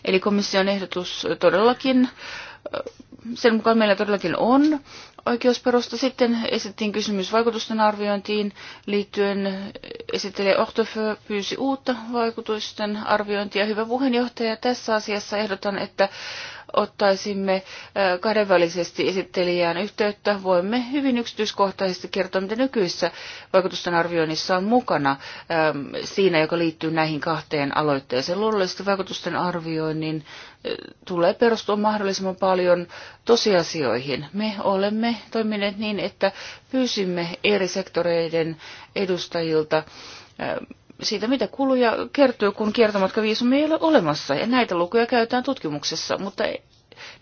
Eli komission ehdotus todellakin, sen mukaan meillä todellakin on oikeusperusta. Sitten esitettiin kysymys vaikutusten arviointiin liittyen. Esittelijä Ortofö pyysi uutta vaikutusten arviointia. Hyvä puheenjohtaja, tässä asiassa ehdotan, että ottaisimme kahdenvälisesti esittelijään yhteyttä, voimme hyvin yksityiskohtaisesti kertoa, mitä nykyisessä vaikutusten arvioinnissa on mukana siinä, joka liittyy näihin kahteen aloitteeseen. Luonnollisesti vaikutusten arvioinnin tulee perustua mahdollisimman paljon tosiasioihin. Me olemme toimineet niin, että pyysimme eri sektoreiden edustajilta siitä, mitä kuluja kertyy, kun kiertomatkaviisumi ei ole olemassa. Ja näitä lukuja käytetään tutkimuksessa, mutta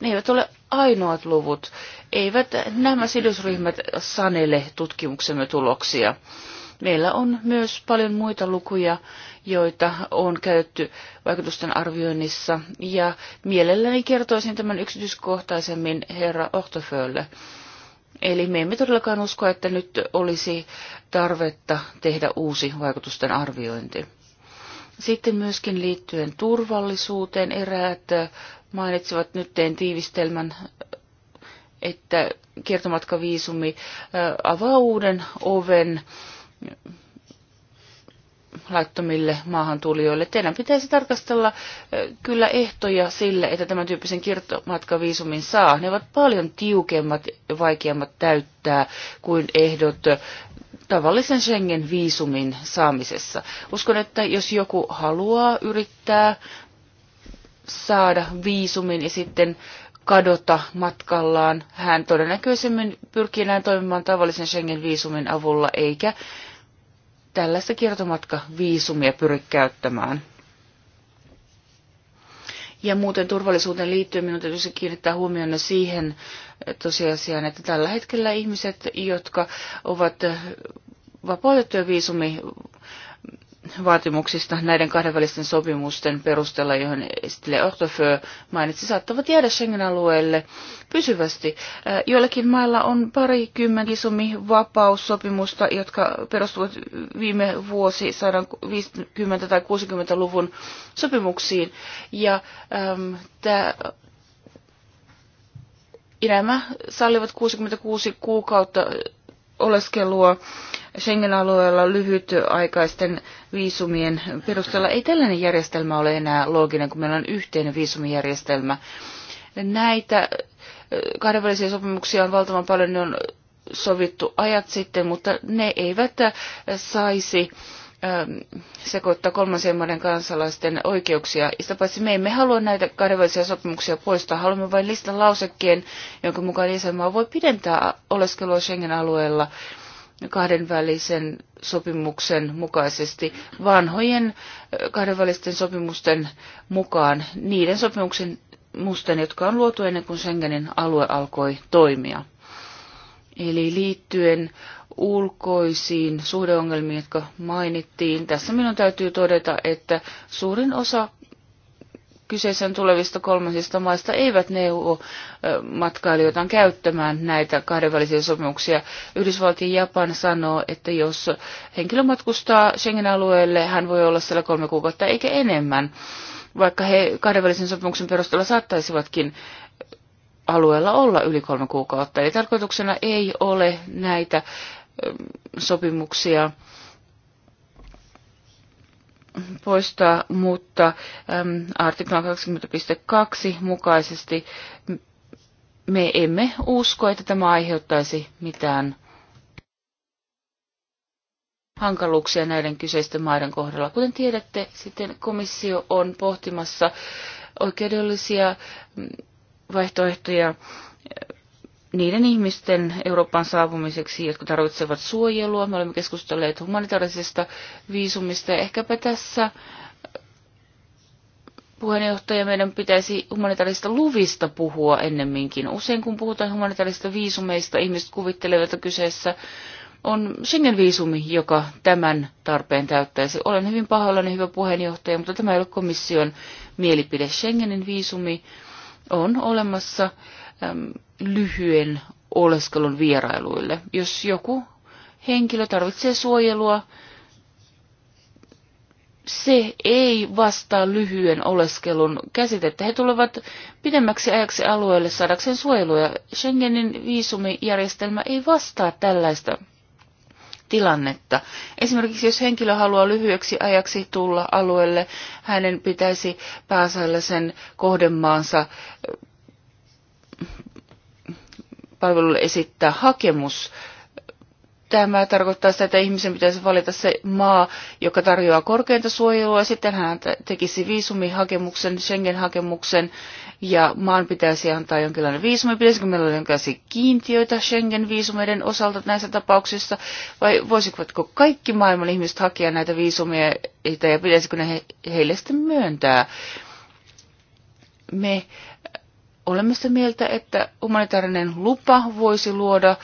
ne eivät ole ainoat luvut. Eivät nämä sidosryhmät sanele tutkimuksemme tuloksia. Meillä on myös paljon muita lukuja, joita on käytetty vaikutusten arvioinnissa, ja mielelläni kertoisin tämän yksityiskohtaisemmin herra Ohtofölle. Eli me emme todellakaan usko, että nyt olisi tarvetta tehdä uusi vaikutusten arviointi. Sitten myöskin liittyen turvallisuuteen eräät mainitsivat nyt teen tiivistelmän, että kiertomatkaviisumi avaa uuden oven laittomille maahantulijoille. Teidän pitäisi tarkastella kyllä ehtoja sille, että tämän tyyppisen kiertomatkaviisumin saa. Ne ovat paljon tiukemmat ja vaikeammat täyttää kuin ehdot tavallisen Schengen-viisumin saamisessa. Uskon, että jos joku haluaa yrittää saada viisumin ja sitten kadota matkallaan, hän todennäköisemmin pyrkii näin toimimaan tavallisen Schengen-viisumin avulla, eikä tällaista kiertomatkaviisumia pyri käyttämään. Ja muuten turvallisuuteen liittyen minun täytyisi kiinnittää huomioon siihen tosiasiaan, että tällä hetkellä ihmiset, jotka ovat vapautettuja viisumi vaatimuksista näiden kahdenvälisten sopimusten perusteella, johon Stille Ortofö mainitsi, saattavat jäädä Schengen-alueelle pysyvästi. Äh, joillakin mailla on parikymmentä vapaussopimusta, jotka perustuvat viime vuosi 150 tai 60-luvun sopimuksiin. Ja äm, tämä nämä sallivat 66 kuukautta oleskelua Schengen-alueella lyhytaikaisten viisumien perusteella. Ei tällainen järjestelmä ole enää looginen, kun meillä on yhteinen viisumijärjestelmä. Näitä kahdenvälisiä sopimuksia on valtavan paljon, ne on sovittu ajat sitten, mutta ne eivät saisi sekoittaa kolmansien maiden kansalaisten oikeuksia. Sitä paitsi me emme halua näitä kahdenvälisiä sopimuksia poistaa, haluamme vain listan lausekkeen, jonka mukaan jäsenmaa voi pidentää oleskelua Schengen-alueella kahdenvälisen sopimuksen mukaisesti vanhojen kahdenvälisten sopimusten mukaan niiden sopimuksen musten, jotka on luotu ennen kuin Schengenin alue alkoi toimia. Eli liittyen ulkoisiin suhdeongelmiin, jotka mainittiin, tässä minun täytyy todeta, että suurin osa kyseisen tulevista kolmansista maista eivät neuvo matkailijoitaan käyttämään näitä kahdenvälisiä sopimuksia. Yhdysvaltien Japan sanoo, että jos henkilö matkustaa Schengen-alueelle, hän voi olla siellä kolme kuukautta eikä enemmän, vaikka he kahdenvälisen sopimuksen perusteella saattaisivatkin alueella olla yli kolme kuukautta. Eli tarkoituksena ei ole näitä sopimuksia poistaa, mutta äm, artiklan 20.2 mukaisesti me emme usko, että tämä aiheuttaisi mitään hankaluuksia näiden kyseisten maiden kohdalla. Kuten tiedätte, sitten komissio on pohtimassa oikeudellisia mm, vaihtoehtoja niiden ihmisten Eurooppaan saapumiseksi, jotka tarvitsevat suojelua. Me olemme keskustelleet humanitaarisesta viisumista ja ehkäpä tässä puheenjohtaja, meidän pitäisi humanitaarisista luvista puhua ennemminkin. Usein kun puhutaan humanitaarisista viisumeista, ihmiset kuvittelevat, että kyseessä on Schengen-viisumi, joka tämän tarpeen täyttäisi. Olen hyvin pahoillani, hyvä puheenjohtaja, mutta tämä ei ole komission mielipide. Schengenin viisumi on olemassa lyhyen oleskelun vierailuille. Jos joku henkilö tarvitsee suojelua, se ei vastaa lyhyen oleskelun käsitettä. He tulevat pidemmäksi ajaksi alueelle saadakseen suojelua. Schengenin viisumijärjestelmä ei vastaa tällaista tilannetta. Esimerkiksi jos henkilö haluaa lyhyeksi ajaksi tulla alueelle, hänen pitäisi pääsäillä sen kohdemaansa palvelulle esittää hakemus. Tämä tarkoittaa sitä, että ihmisen pitäisi valita se maa, joka tarjoaa korkeinta suojelua, ja sitten hän tekisi viisumihakemuksen, Schengen-hakemuksen, ja maan pitäisi antaa jonkinlainen viisumi. Pitäisikö meillä olla jonkinlaisia kiintiöitä Schengen-viisumeiden osalta näissä tapauksissa, vai voisiko kaikki maailman ihmiset hakea näitä viisumia, ja pitäisikö ne heille sitten myöntää? Me olemme sitä mieltä, että humanitaarinen lupa voisi luoda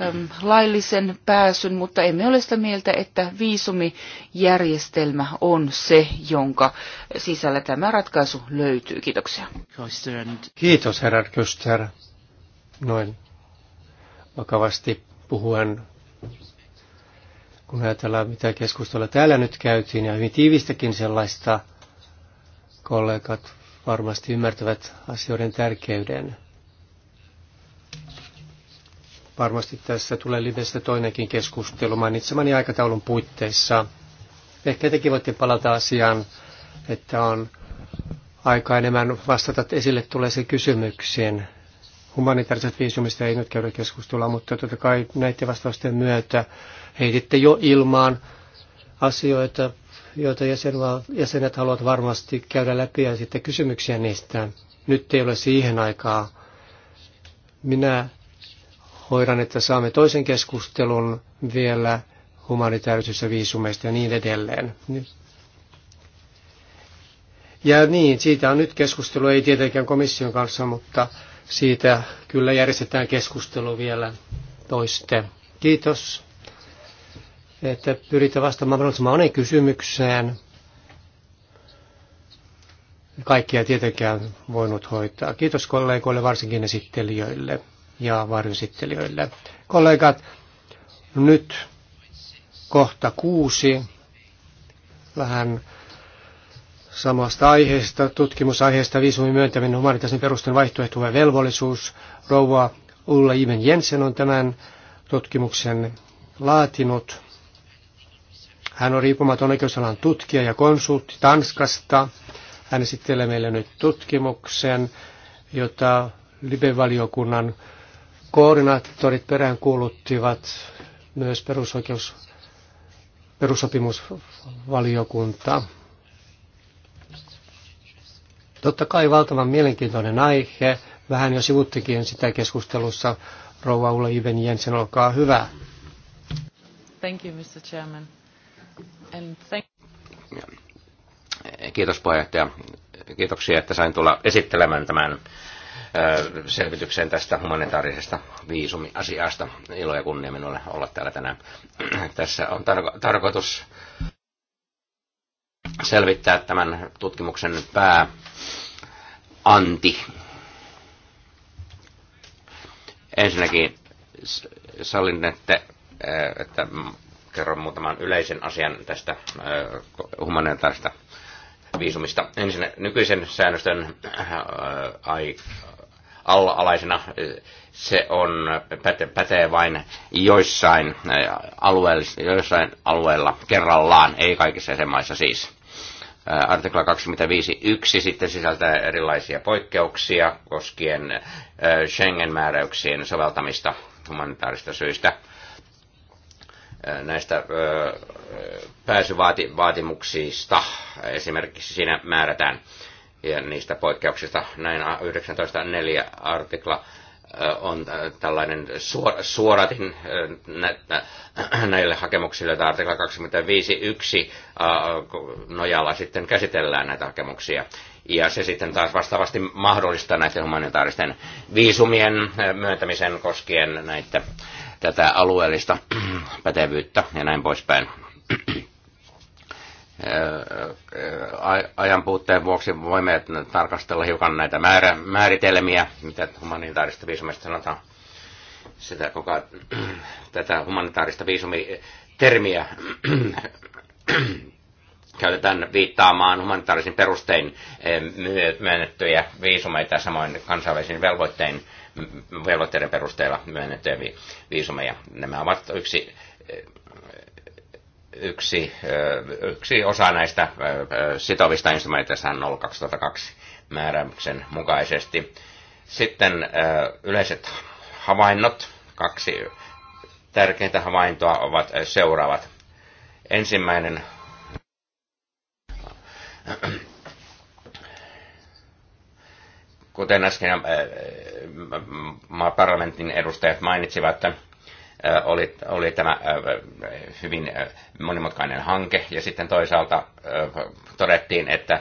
äm, laillisen pääsyn, mutta emme ole sitä mieltä, että viisumijärjestelmä on se, jonka sisällä tämä ratkaisu löytyy. Kiitoksia. Kiitos, herra Köster. Noin vakavasti puhuen, kun ajatellaan, mitä keskustelua täällä nyt käytiin, ja hyvin tiivistäkin sellaista, kollegat varmasti ymmärtävät asioiden tärkeyden. Varmasti tässä tulee livestä toinenkin keskustelu mainitsemani aikataulun puitteissa. Ehkä tekin voitte palata asiaan, että on aika enemmän vastata esille tuleeseen kysymyksiin. Humanitaariset viisumista ei nyt käydä keskustelua, mutta totta kai näiden vastausten myötä heititte jo ilmaan asioita, joita jäsenet haluavat varmasti käydä läpi ja sitten kysymyksiä niistä. Nyt ei ole siihen aikaa. Minä hoidan, että saamme toisen keskustelun vielä humanitaarisissa viisumeista ja niin edelleen. Ja niin, siitä on nyt keskustelu, ei tietenkään komission kanssa, mutta siitä kyllä järjestetään keskustelu vielä toiste. Kiitos että pyritään vastaamaan mahdollisimman moneen kysymykseen. Kaikkia tietenkään voinut hoitaa. Kiitos kollegoille, varsinkin esittelijöille ja varjoesittelijöille. Kollegat, nyt kohta kuusi. Vähän samasta aiheesta, tutkimusaiheesta viisumin myöntäminen humanitaisen perusten vaihtoehto ja velvollisuus. Rouva Ulla Imen Jensen on tämän tutkimuksen laatinut. Hän on riippumaton oikeusalan tutkija ja konsultti Tanskasta. Hän esittelee meille nyt tutkimuksen, jota Libevaliokunnan koordinaattorit peräänkuuluttivat myös perusoikeus, perusopimusvaliokunta. Totta kai valtavan mielenkiintoinen aihe. Vähän jo sivuttikin sitä keskustelussa. Rouva Ulla Iven Jensen, olkaa hyvä. Thank you, Mr. Chairman. Kiitos puheenjohtaja. Kiitoksia, että sain tulla esittelemään tämän selvityksen tästä humanitaarisesta viisumiasiasta. Ilo ja kunnia minulle olla täällä tänään. Tässä on tarko- tarkoitus selvittää tämän tutkimuksen pääanti. Ensinnäkin sallin, että kerron muutaman yleisen asian tästä humanitaarista viisumista. Ensin nykyisen säännöstön ai, alla-alaisena se on, päte, pätee vain joissain, alueellis, joissain alueilla kerrallaan, ei kaikissa jäsenmaissa siis. Artikla 25.1 sitten sisältää erilaisia poikkeuksia koskien Schengen-määräyksien soveltamista humanitaarista syistä Äh, näistä äh, pääsyvaatimuksista esimerkiksi siinä määrätään ja niistä poikkeuksista. Näin 19.4 artikla äh, on tällainen suor, suoratin näille hakemuksille, että artikla 25.1 nojalla sitten käsitellään näitä hakemuksia ja se sitten taas vastaavasti mahdollistaa näiden humanitaaristen viisumien eh, myöntämisen koskien näitä, tätä alueellista pätevyyttä ja näin poispäin. Eh, eh, ajan puutteen vuoksi voimme tarkastella hiukan näitä määrä, määritelmiä, mitä humanitaarista viisumista sanotaan. Sitä koko tätä humanitaarista viisumitermiä käytetään viittaamaan humanitaarisin perustein eh, myönnettyjä viisumeita, samoin kansainvälisiin velvoitteen velvoitteiden perusteella myönnettyjä viisumeja. Nämä ovat yksi, eh, yksi, eh, yksi osa näistä sitovista instrumenteista 022 määräyksen mukaisesti. Sitten yleiset havainnot, kaksi tärkeintä havaintoa ovat seuraavat. Ensimmäinen Kuten äsken äh, äh, parlamentin edustajat mainitsivat, äh, oli, oli tämä hyvin monimutkainen hanke. Ja sitten toisaalta todettiin, että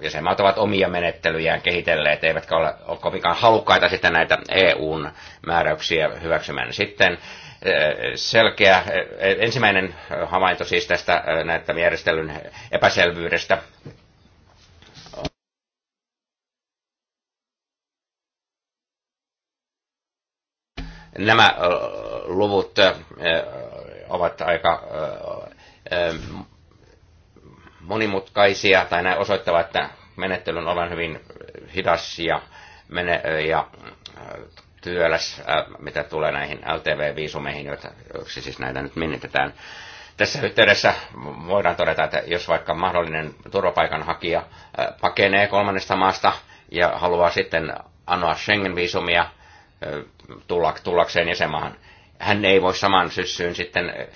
jäsenmaat ovat omia menettelyjään kehitelleet, eivätkä ole, ole kovinkaan halukkaita sitten näitä EUn määräyksiä hyväksymään. Sitten selkeä ensimmäinen havainto siis tästä äh, näiden järjestelyn epäselvyydestä nämä äh, luvut äh, ovat aika monimutkaisia, tai nämä osoittavat, että menettelyn olen hyvin hidas ja, mene, ja työläs, äh, mitä tulee näihin LTV-viisumeihin, joita siis näitä nyt minnitetään. Tässä yhteydessä voidaan todeta, että jos vaikka mahdollinen turvapaikanhakija äh, pakenee kolmannesta maasta ja haluaa sitten anoa Schengen-viisumia äh, tullakseen jäsenmaahan, hän ei voi saman syssyyn sitten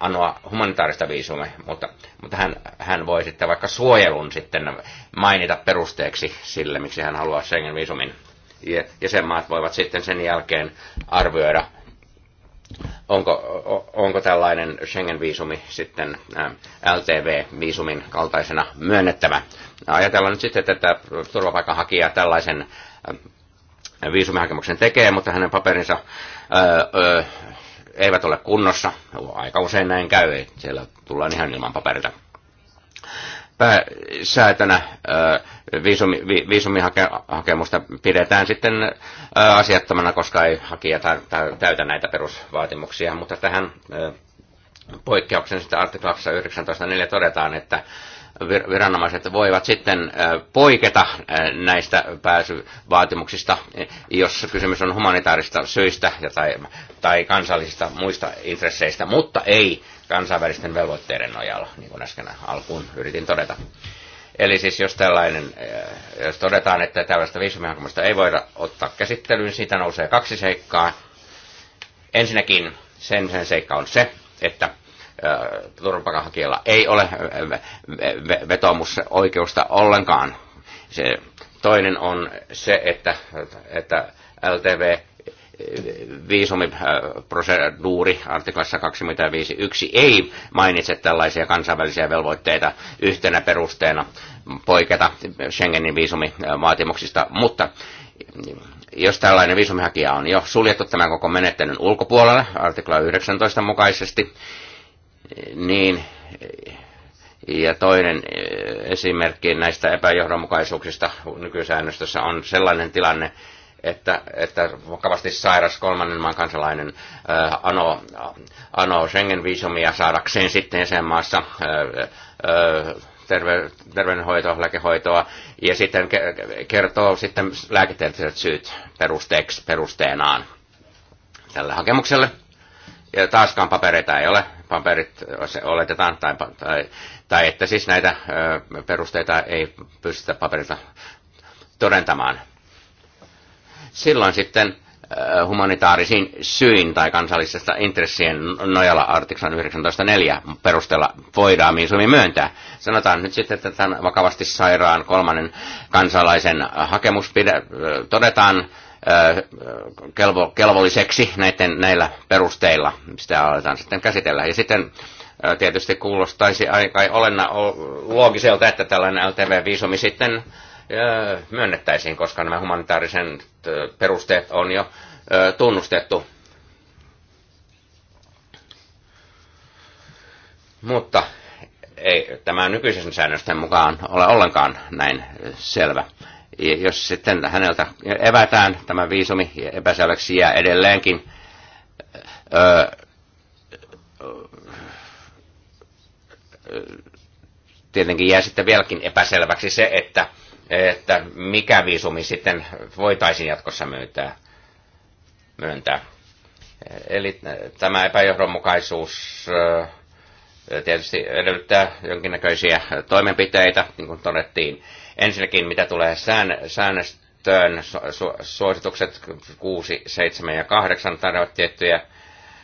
anoa humanitaarista viisumia, mutta, mutta hän, hän voi sitten vaikka suojelun sitten mainita perusteeksi sille, miksi hän haluaa Schengen-viisumin jäsenmaat voivat sitten sen jälkeen arvioida, onko, onko tällainen Schengen-viisumi sitten LTV-viisumin kaltaisena myönnettävä. Ajatellaan nyt sitten, että turvapaikanhakija tällaisen viisumihakemuksen tekee, mutta hänen paperinsa öö, eivät ole kunnossa. Aika usein näin käy, siellä tullaan ihan ilman paperita pääsäätönä viisumi, viisumihakemusta pidetään sitten asiattomana, koska ei hakija täytä näitä perusvaatimuksia, mutta tähän poikkeuksen sitten artiklassa 19.4 todetaan, että viranomaiset voivat sitten poiketa näistä pääsyvaatimuksista, jos kysymys on humanitaarista syistä tai, tai kansallisista muista intresseistä, mutta ei kansainvälisten velvoitteiden nojalla, niin kuin äsken alkuun yritin todeta. Eli siis jos tällainen, eh, jos todetaan, että tällaista viisumihankkumusta ei voida ottaa käsittelyyn, siitä nousee kaksi seikkaa. Ensinnäkin sen, sen seikka on se, että eh, turvapaikanhakijalla ei ole eh, vetomusoikeusta ollenkaan. Se toinen on se, että, että LTV viisumiproseduuri äh, artiklassa 25.1 ei mainitse tällaisia kansainvälisiä velvoitteita yhtenä perusteena poiketa Schengenin viisumivaatimuksista, mutta jos tällainen viisumihakija on jo suljettu tämän koko menettelyn ulkopuolelle, artikla 19 mukaisesti, niin ja toinen äh, esimerkki näistä epäjohdonmukaisuuksista nykysäännöstössä on sellainen tilanne, että, että vakavasti sairas kolmannen maan kansalainen ää, äh, anoo, ano Schengen-viisumia saadakseen sitten jäsenmaassa ää, äh, äh, terve, terveydenhoitoa, lääkehoitoa, ja sitten kertoo sitten lääketieteelliset syyt perusteeksi, perusteenaan tälle hakemukselle. Ja taaskaan papereita ei ole, paperit oletetaan, tai, tai, tai että siis näitä perusteita ei pystytä paperilta todentamaan silloin sitten äh, humanitaarisiin syin tai kansallisesta intressien nojalla artiklan 19.4 perusteella voidaan miisumi myöntää. Sanotaan nyt sitten, että tämän vakavasti sairaan kolmannen kansalaisen hakemus pide, äh, todetaan äh, kelvo, kelvolliseksi näiden, näillä perusteilla. Sitä aletaan sitten käsitellä. Ja sitten tietysti kuulostaisi aika olenna loogiselta, että tällainen LTV-viisumi sitten myönnettäisiin, koska nämä humanitaarisen perusteet on jo tunnustettu. Mutta ei tämä nykyisen säännösten mukaan ole ollenkaan näin selvä. Jos sitten häneltä evätään tämä viisumi, epäselväksi jää edelleenkin, öö, tietenkin jää sitten vieläkin epäselväksi se, että että mikä viisumi sitten voitaisiin jatkossa myöntää. myöntää. Eli äh, tämä epäjohdonmukaisuus äh, tietysti edellyttää jonkinnäköisiä toimenpiteitä, niin kuin todettiin. Ensinnäkin, mitä tulee sään, säännöstöön, su, suositukset 6, 7 ja 8 tarjoavat tiettyjä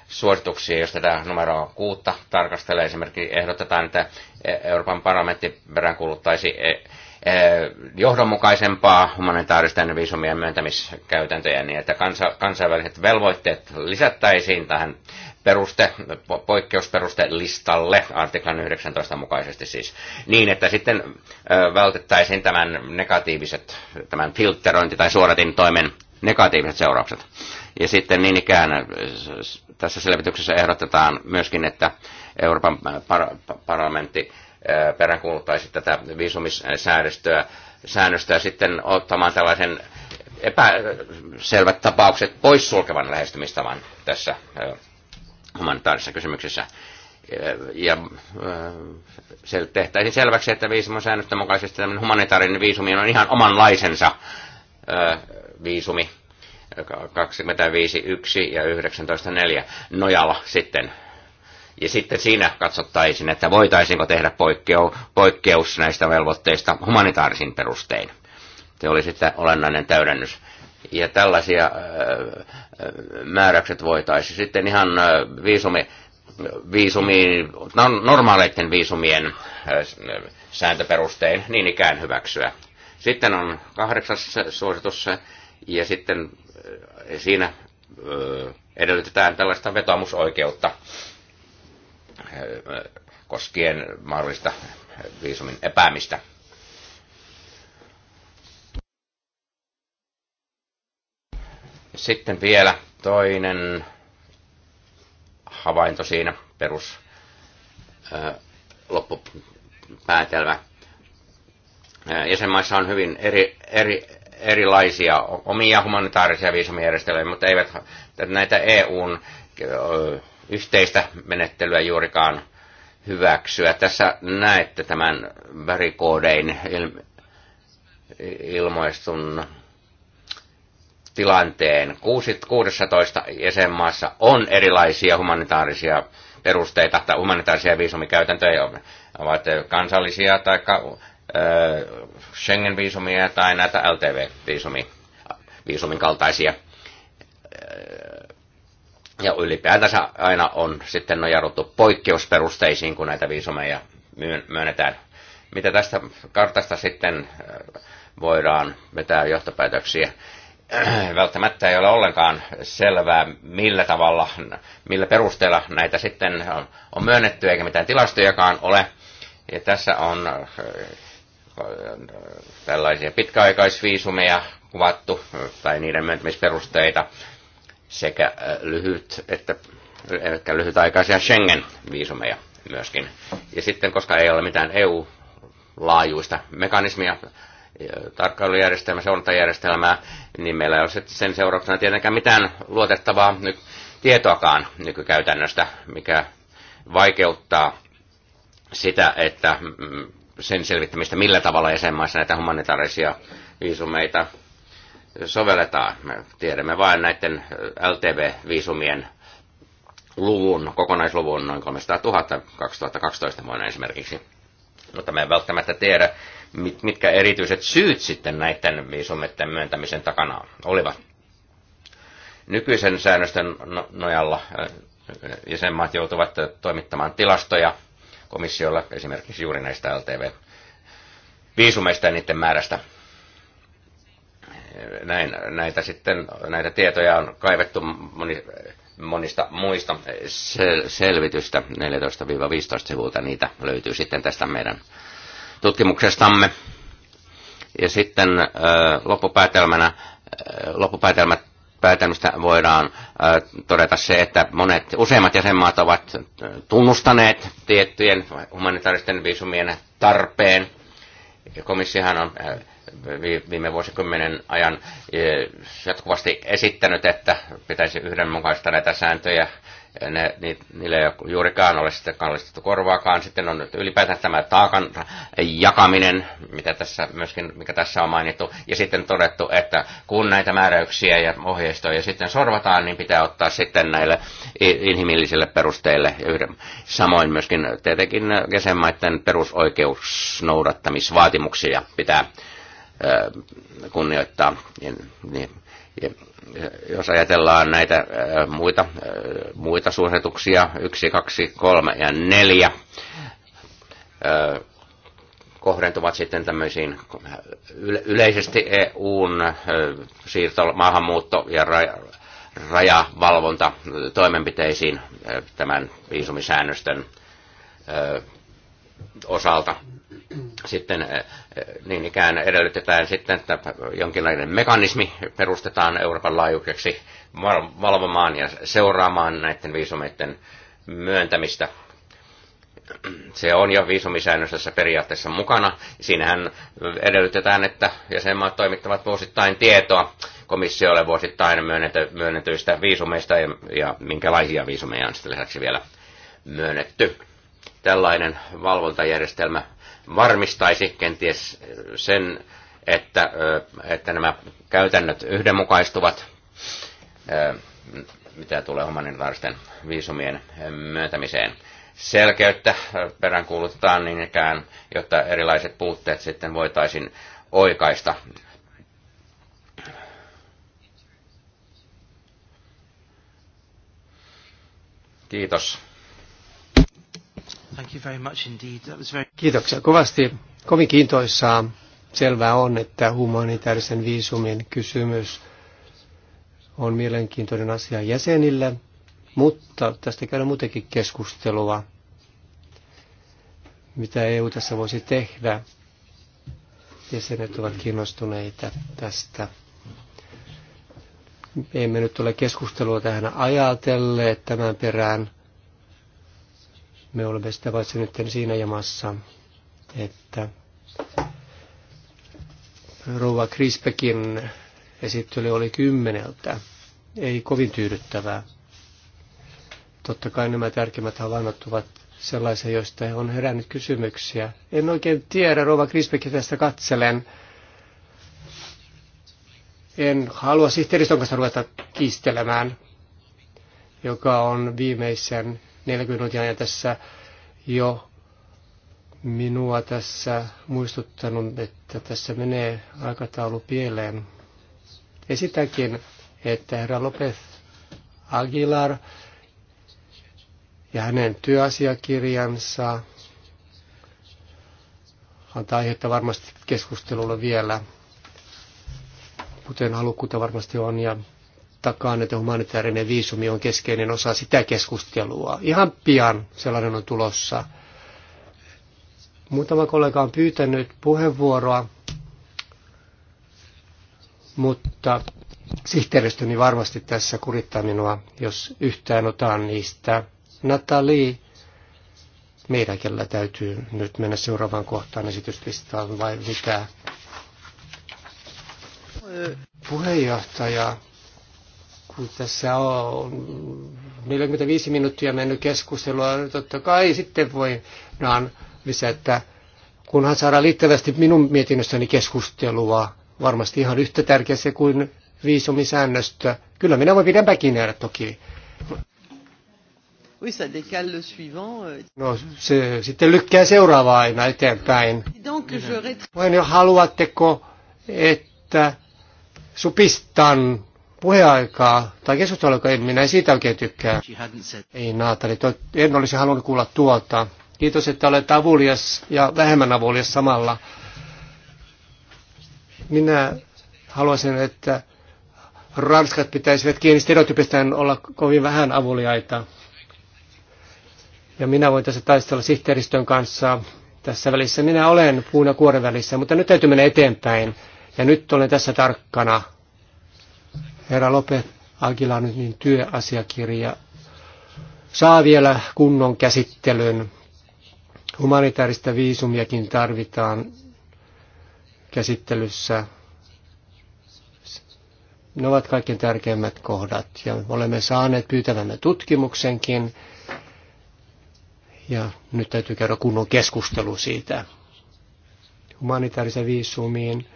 suosituksia, jos tätä numeroa kuutta tarkastelee. Esimerkiksi ehdotetaan, että e-, Euroopan parlamentti peräänkuuluttaisi e- Eh, johdonmukaisempaa humanitaaristen viisumien myöntämiskäytäntöjä niin, että kansainväliset velvoitteet lisättäisiin tähän peruste, poikkeusperustelistalle artiklan 19 mukaisesti siis, niin että sitten eh, vältettäisiin tämän negatiiviset, tämän filterointi tai suoratin toimen negatiiviset seuraukset. Ja sitten niin ikään eh, tässä selvityksessä ehdotetaan myöskin, että Euroopan par- parlamentti peräänkuuluttaisi tätä viisumisäädöstöä säännöstöä sitten ottamaan tällaisen epäselvät tapaukset poissulkevan lähestymistavan tässä humanitaarisessa kysymyksessä. Ja se tehtäisiin selväksi, että viisumin mukaisesti tämmöinen humanitaarinen viisumi on ihan omanlaisensa viisumi 25.1 ja 19.4 nojalla sitten ja sitten siinä katsottaisiin, että voitaisiinko tehdä poikkeus näistä velvoitteista humanitaarisin perustein. Se oli sitten olennainen täydennys. Ja tällaisia määräykset voitaisiin sitten ihan viisumi, viisumiin, no, normaaleiden viisumien sääntöperustein niin ikään hyväksyä. Sitten on kahdeksas suositus, ja sitten siinä edellytetään tällaista vetoomusoikeutta. Eh, koskien mahdollista viisumin epäämistä. Sitten vielä toinen havainto siinä perus eh, loppupäätelmä. Eh, jäsenmaissa on hyvin eri, eri, erilaisia omia humanitaarisia viisumijärjestelmiä, mutta eivät näitä EUn yhteistä menettelyä juurikaan hyväksyä. Tässä näette tämän värikoodein ilmoistun tilanteen. 16 jäsenmaassa on erilaisia humanitaarisia perusteita tai humanitaarisia viisumikäytäntöjä, ovat kansallisia tai äh, Schengen-viisumia tai näitä LTV-viisumin kaltaisia äh, ja ylipäätänsä aina on sitten nojaruttu poikkeusperusteisiin, kun näitä viisumeja myönnetään. Mitä tästä kartasta sitten äh, voidaan vetää johtopäätöksiä? Äh, välttämättä ei ole ollenkaan selvää, millä tavalla, millä perusteella näitä sitten on myönnetty, eikä mitään tilastojakaan ole. Ja tässä on äh, tällaisia pitkäaikaisviisumeja kuvattu, tai niiden myöntämisperusteita sekä äh, lyhyt että ehkä lyhytaikaisia Schengen-viisumeja myöskin. Ja sitten, koska ei ole mitään EU-laajuista mekanismia, äh, tarkkailujärjestelmää, seurantajärjestelmää, niin meillä ei ole sen seurauksena tietenkään mitään luotettavaa nyt tietoakaan nykykäytännöstä, mikä vaikeuttaa sitä, että mm, sen selvittämistä, millä tavalla jäsenmaissa näitä humanitaarisia viisumeita sovelletaan. Me tiedämme vain näiden äh, LTV-viisumien luvun, kokonaisluvun noin 300 000 2012 vuonna esimerkiksi. Mutta me ei välttämättä tiedä, mit, mitkä erityiset syyt sitten näiden viisumien myöntämisen takana olivat. Nykyisen säännösten no, nojalla äh, äh, jäsenmaat joutuvat toimittamaan tilastoja komissiolla esimerkiksi juuri näistä LTV-viisumeista ja niiden määrästä näin, näitä, sitten, näitä tietoja on kaivettu moni, monista muista sel- selvitystä, 14-15 sivulta niitä löytyy sitten tästä meidän tutkimuksestamme. Ja sitten loppupäätelmänä, loppupäätelmät päätelmistä voidaan todeta se, että monet, useimmat jäsenmaat ovat tunnustaneet tiettyjen humanitaaristen viisumien tarpeen. Komissiohan on viime vuosikymmenen ajan e, jatkuvasti esittänyt, että pitäisi yhdenmukaista näitä sääntöjä. Ne, ni, niille ei juurikaan ole sitten kallistettu korvaakaan. Sitten on nyt ylipäätään tämä taakan jakaminen, mitä tässä myöskin, mikä tässä on mainittu. Ja sitten todettu, että kun näitä määräyksiä ja ohjeistoja sitten sorvataan, niin pitää ottaa sitten näille inhimillisille perusteille yhden. Samoin myöskin tietenkin jäsenmaiden perusoikeusnoudattamisvaatimuksia pitää kunnioittaa. Niin, niin jos ajatellaan näitä muita, muita suosituksia, yksi, kaksi, kolme ja neljä, kohdentuvat sitten tämmöisiin yleisesti EUn siirto, maahanmuutto ja rajavalvonta toimenpiteisiin tämän viisumisäännösten osalta sitten eh, eh, niin ikään edellytetään sitten, että jonkinlainen mekanismi perustetaan Euroopan laajuiseksi valvomaan ja seuraamaan näiden viisumeiden myöntämistä se on jo viisumisäännössä periaatteessa mukana. Siinähän edellytetään, että jäsenmaat toimittavat vuosittain tietoa komissiolle vuosittain myönnetyistä viisumeista ja, ja minkälaisia viisumeja on sitten lisäksi vielä myönnetty. Tällainen valvontajärjestelmä varmistaisi kenties sen, että, että nämä käytännöt yhdenmukaistuvat, mitä tulee humanitaaristen viisumien myöntämiseen. Selkeyttä peräänkuulutetaan niin ikään, jotta erilaiset puutteet sitten voitaisiin oikaista. Kiitos Thank you very much indeed. That was very... Kiitoksia kovasti. Kovin kiintoisaa. Selvää on, että humanitaarisen viisumin kysymys on mielenkiintoinen asia jäsenille, mutta tästä käydään muutenkin keskustelua, mitä EU tässä voisi tehdä. Jäsenet ovat kiinnostuneita tästä. Emme nyt ole keskustelua tähän ajatelleet tämän perään, me olemme sitä paitsi nyt siinä jamassa, että rouva Krispekin esittely oli kymmeneltä. Ei kovin tyydyttävää. Totta kai nämä tärkeimmät havainnot ovat sellaisia, joista on herännyt kysymyksiä. En oikein tiedä, rouva Krispekin tästä katselen. En halua sihteeristön kanssa ruveta kiistelemään, joka on viimeisen 40 minuutin ajan tässä jo minua tässä muistuttanut, että tässä menee aikataulu pieleen. Esitänkin, että herra Lopez Aguilar ja hänen työasiakirjansa antaa aihetta varmasti keskustelulla vielä, kuten halukkuutta varmasti on, ja takaan, että humanitaarinen viisumi on keskeinen osa sitä keskustelua. Ihan pian sellainen on tulossa. Muutama kollega on pyytänyt puheenvuoroa, mutta sihteeristöni varmasti tässä kurittaa minua, jos yhtään otan niistä. Natali, meidän kellä täytyy nyt mennä seuraavaan kohtaan esityslistaan vai mitä? Puheenjohtaja, tässä on 45 minuuttia mennyt keskustelua, niin totta kai sitten voidaan lisätä, kunhan saadaan liittävästi minun mietinnössäni keskustelua, varmasti ihan yhtä tärkeä se kuin viisumisäännöstä. Kyllä minä voin pidempäkin jäädä toki. Oui, ça décale le suivant. Euh. No, se sitten lykkää seuraavaa aina eteenpäin. Donc, je... Voin, haluatteko, että supistan puheaikaa tai keskustelua, en minä siitä oikein tykkää. Ei Naatali, en olisi halunnut kuulla tuolta. Kiitos, että olet avulias ja vähemmän avulias samalla. Minä haluaisin, että ranskat pitäisivät kiinni stereotypistään olla kovin vähän avuliaita. Ja minä voin tässä taistella sihteeristön kanssa tässä välissä. Minä olen puun ja kuoren välissä, mutta nyt täytyy mennä eteenpäin. Ja nyt olen tässä tarkkana herra Lope nyt niin työasiakirja saa vielä kunnon käsittelyn. Humanitaarista viisumiakin tarvitaan käsittelyssä. Ne ovat kaikkein tärkeimmät kohdat ja olemme saaneet pyytävämme tutkimuksenkin ja nyt täytyy käydä kunnon keskustelu siitä. Humanitaarisen viisumiin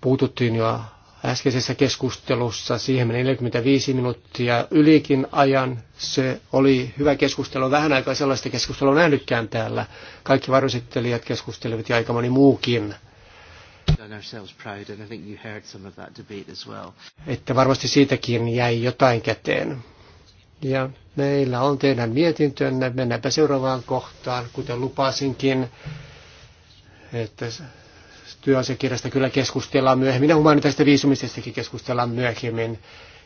puututtiin jo äskeisessä keskustelussa. Siihen meni 45 minuuttia ylikin ajan. Se oli hyvä keskustelu. Vähän aikaa sellaista keskustelua nähnytkään täällä. Kaikki varjosittelijat keskustelivat ja aika moni muukin. Että varmasti siitäkin jäi jotain käteen. Ja meillä on teidän mietintönne. Mennäänpä seuraavaan kohtaan, kuten lupasinkin, että työasiakirjasta kyllä keskustellaan myöhemmin ja humanitaarista viisumisestakin keskustellaan myöhemmin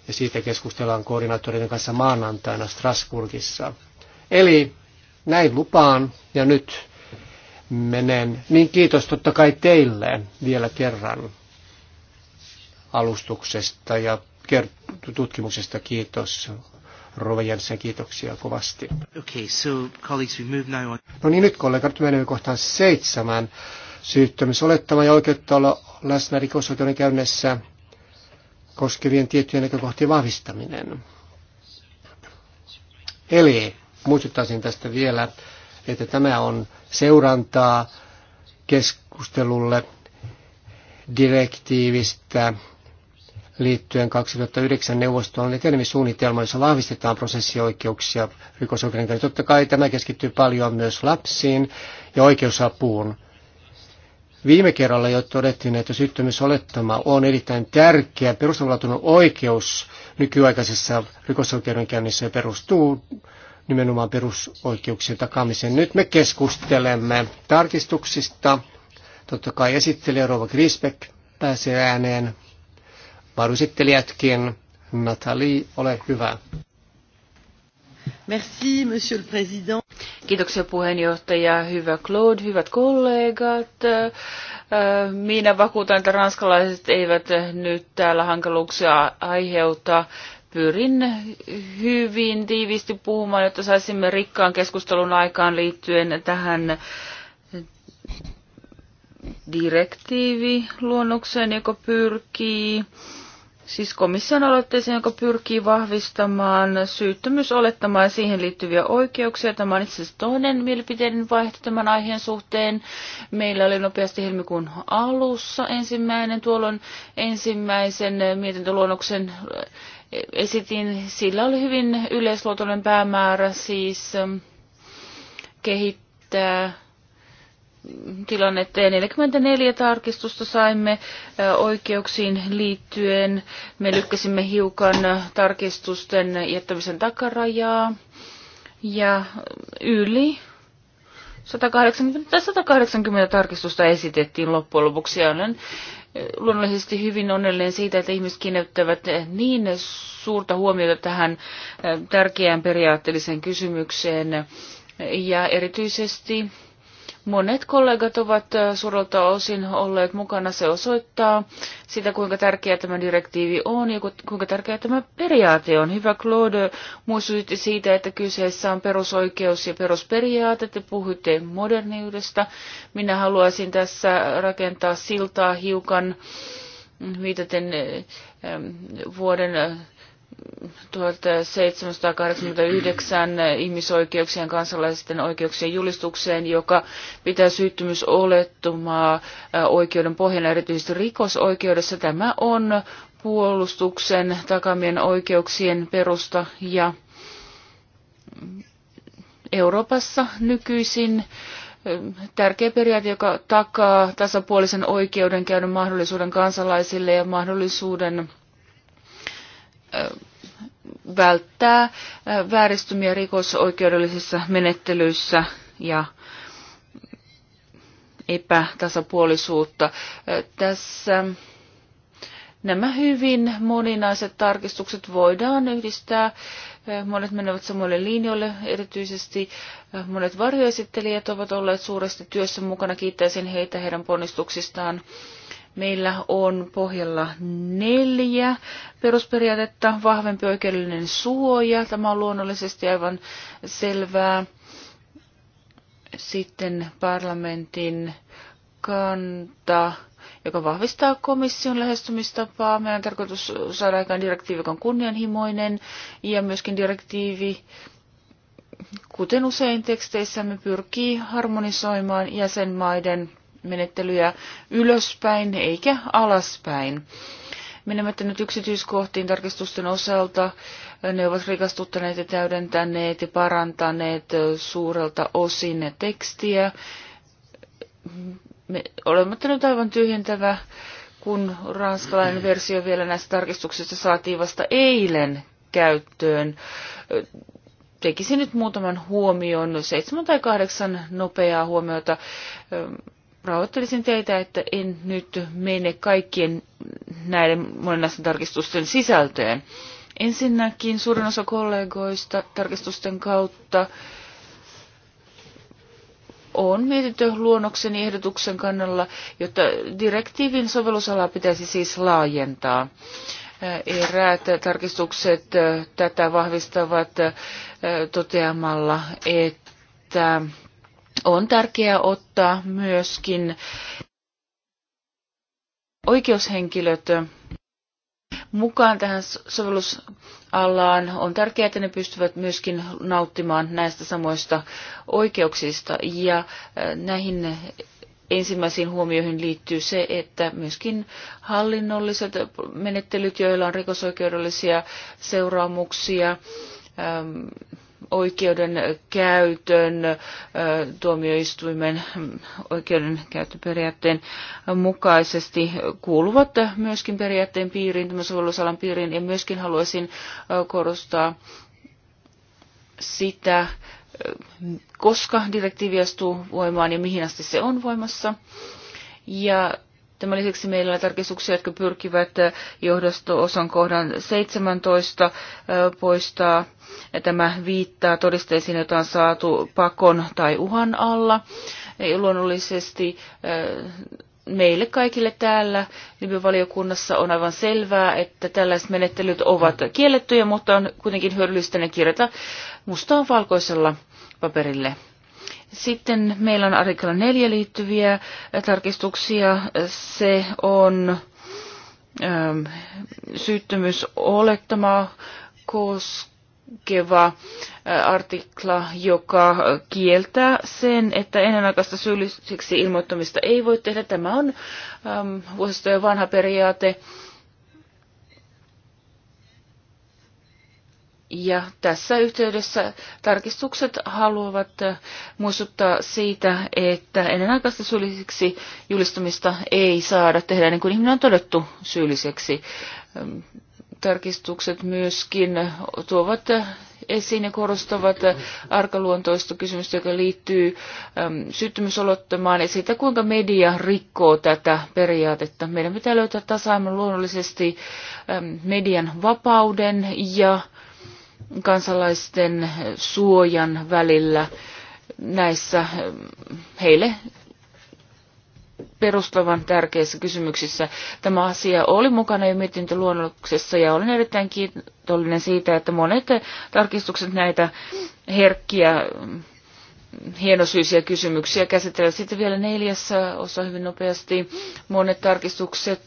ja siitä keskustellaan koordinaattoreiden kanssa maanantaina Strasburgissa. Eli näin lupaan ja nyt menen. Niin kiitos totta kai teille vielä kerran alustuksesta ja tutkimuksesta kiitos. Rova Jensen, kiitoksia kovasti. Okay, so colleagues, we move now on. No niin, nyt kollegat, menemme kohtaan seitsemän syyttämisolettama ja oikeutta olla läsnä rikosoikeuden käynnissä koskevien tiettyjen näkökohtien vahvistaminen. Eli muistuttaisin tästä vielä, että tämä on seurantaa keskustelulle direktiivistä liittyen 2009 neuvoston etenemissuunnitelma, jossa vahvistetaan prosessioikeuksia rikosoikeuden Totta kai tämä keskittyy paljon myös lapsiin ja oikeusapuun. Viime kerralla jo todettiin, että syyttömyysolettama on erittäin tärkeä perustavanlaatuinen oikeus nykyaikaisessa rikosoikeudenkäynnissä ja perustuu nimenomaan perusoikeuksien takaamiseen. Nyt me keskustelemme tarkistuksista. Totta kai esittelijä Rova Grisbeck pääsee ääneen. Varusittelijätkin. Nathalie, ole hyvä. Merci, monsieur le président. Kiitoksia puheenjohtaja, hyvä Claude, hyvät kollegat. Äh, minä vakuutan, että ranskalaiset eivät nyt täällä hankaluuksia aiheuta. Pyrin hyvin tiivisti puhumaan, jotta saisimme rikkaan keskustelun aikaan liittyen tähän direktiiviluonnokseen, joka pyrkii siis komission aloitteeseen, joka pyrkii vahvistamaan syyttömyysolettamaa ja siihen liittyviä oikeuksia. Tämä on itse asiassa toinen mielipiteiden vaihto tämän aiheen suhteen. Meillä oli nopeasti helmikuun alussa ensimmäinen, tuolloin ensimmäisen mietintöluonnoksen eh, esitin. Sillä oli hyvin yleisluotollinen päämäärä siis eh, kehittää tilannetta ja 44 tarkistusta saimme oikeuksiin liittyen. Me lykkäsimme hiukan tarkistusten jättämisen takarajaa ja yli 180 180 tarkistusta esitettiin loppujen lopuksi ja olen luonnollisesti hyvin onnellinen siitä, että ihmiset kiinnittävät niin suurta huomiota tähän tärkeään periaatteelliseen kysymykseen ja erityisesti Monet kollegat ovat surolta osin olleet mukana. Se osoittaa sitä, kuinka tärkeä tämä direktiivi on ja kuinka tärkeä tämä periaate on. Hyvä Claude muistutti siitä, että kyseessä on perusoikeus ja perusperiaate. Te puhutte moderniudesta. Minä haluaisin tässä rakentaa siltaa hiukan viitaten vuoden 1789 ihmisoikeuksien kansalaisten oikeuksien julistukseen, joka pitää syyttymysolettumaa oikeuden pohjana erityisesti rikosoikeudessa. Tämä on puolustuksen takamien oikeuksien perusta ja Euroopassa nykyisin tärkeä periaate, joka takaa tasapuolisen oikeudenkäynnin mahdollisuuden kansalaisille ja mahdollisuuden välttää äh, vääristymiä rikosoikeudellisissa menettelyissä ja epätasapuolisuutta. Äh, tässä nämä hyvin moninaiset tarkistukset voidaan yhdistää. Äh, monet menevät samoille linjoille, erityisesti monet varjoesittelijät ovat olleet suuresti työssä mukana. Kiittäisin heitä heidän ponnistuksistaan Meillä on pohjalla neljä perusperiaatetta, vahvempi oikeudellinen suoja, tämä on luonnollisesti aivan selvää. Sitten parlamentin kanta, joka vahvistaa komission lähestymistapaa. Meidän tarkoitus saada aikaan direktiivi, joka on kunnianhimoinen, ja myöskin direktiivi, kuten usein teksteissämme, pyrkii harmonisoimaan jäsenmaiden menettelyjä ylöspäin eikä alaspäin. Menemättä nyt yksityiskohtiin tarkistusten osalta, ne ovat rikastuttaneet ja täydentäneet ja parantaneet suurelta osin tekstiä. Me olemme nyt aivan tyhjentävä, kun ranskalainen versio vielä näistä tarkistuksista saatiin vasta eilen käyttöön. Tekisin nyt muutaman huomion, seitsemän tai kahdeksan nopeaa huomiota rauhoittelisin teitä, että en nyt mene kaikkien näiden monenlaisten tarkistusten sisältöön. Ensinnäkin suurin osa kollegoista tarkistusten kautta on mietitty luonnoksen ehdotuksen kannalla, jotta direktiivin sovellusalaa pitäisi siis laajentaa. Eräät tarkistukset tätä vahvistavat toteamalla, että on tärkeää ottaa myöskin oikeushenkilöt mukaan tähän sovellusalaan. On tärkeää, että ne pystyvät myöskin nauttimaan näistä samoista oikeuksista. Ja äh, näihin ensimmäisiin huomioihin liittyy se, että myöskin hallinnolliset menettelyt, joilla on rikosoikeudellisia seuraamuksia, ähm, oikeuden käytön, tuomioistuimen oikeuden käyttöperiaatteen mukaisesti kuuluvat myöskin periaatteen piiriin, tämän sovellusalan piiriin, ja myöskin haluaisin korostaa sitä, koska direktiivi astuu voimaan ja mihin asti se on voimassa. Ja Tämän lisäksi meillä on tarkistuksia, jotka pyrkivät äh, johdosto-osan kohdan 17 äh, poistaa. Tämä viittaa todisteisiin, joita on saatu pakon tai uhan alla. Luonnollisesti äh, meille kaikille täällä Libyvaliokunnassa on aivan selvää, että tällaiset menettelyt ovat kiellettyjä, mutta on kuitenkin hyödyllistä ne kirjata mustaan valkoisella paperille. Sitten meillä on artikla 4 liittyviä tarkistuksia. Se on ähm, syyttömyysolettama koskeva äh, artikla, joka kieltää sen, että ennenaikaista syylliseksi ilmoittamista ei voi tehdä. Tämä on ähm, vuosistojen vanha periaate. Ja tässä yhteydessä tarkistukset haluavat äh, muistuttaa siitä, että ennenaikaista syylliseksi julistumista ei saada tehdä ennen niin kuin ihminen on todettu syylliseksi. Ähm, tarkistukset myöskin tuovat äh, esiin ja korostavat äh, arkaluontoista kysymystä, joka liittyy ähm, syyttömyysolottamaan ja siitä, kuinka media rikkoo tätä periaatetta. Meidän pitää löytää tasaimman luonnollisesti ähm, median vapauden ja kansalaisten suojan välillä näissä heille perustavan tärkeissä kysymyksissä. Tämä asia oli mukana jo mietintöluonnoksessa ja olen erittäin kiitollinen siitä, että monet tarkistukset näitä herkkiä hienosyisiä kysymyksiä käsitellään Sitten vielä neljässä osa hyvin nopeasti. Monet tarkistukset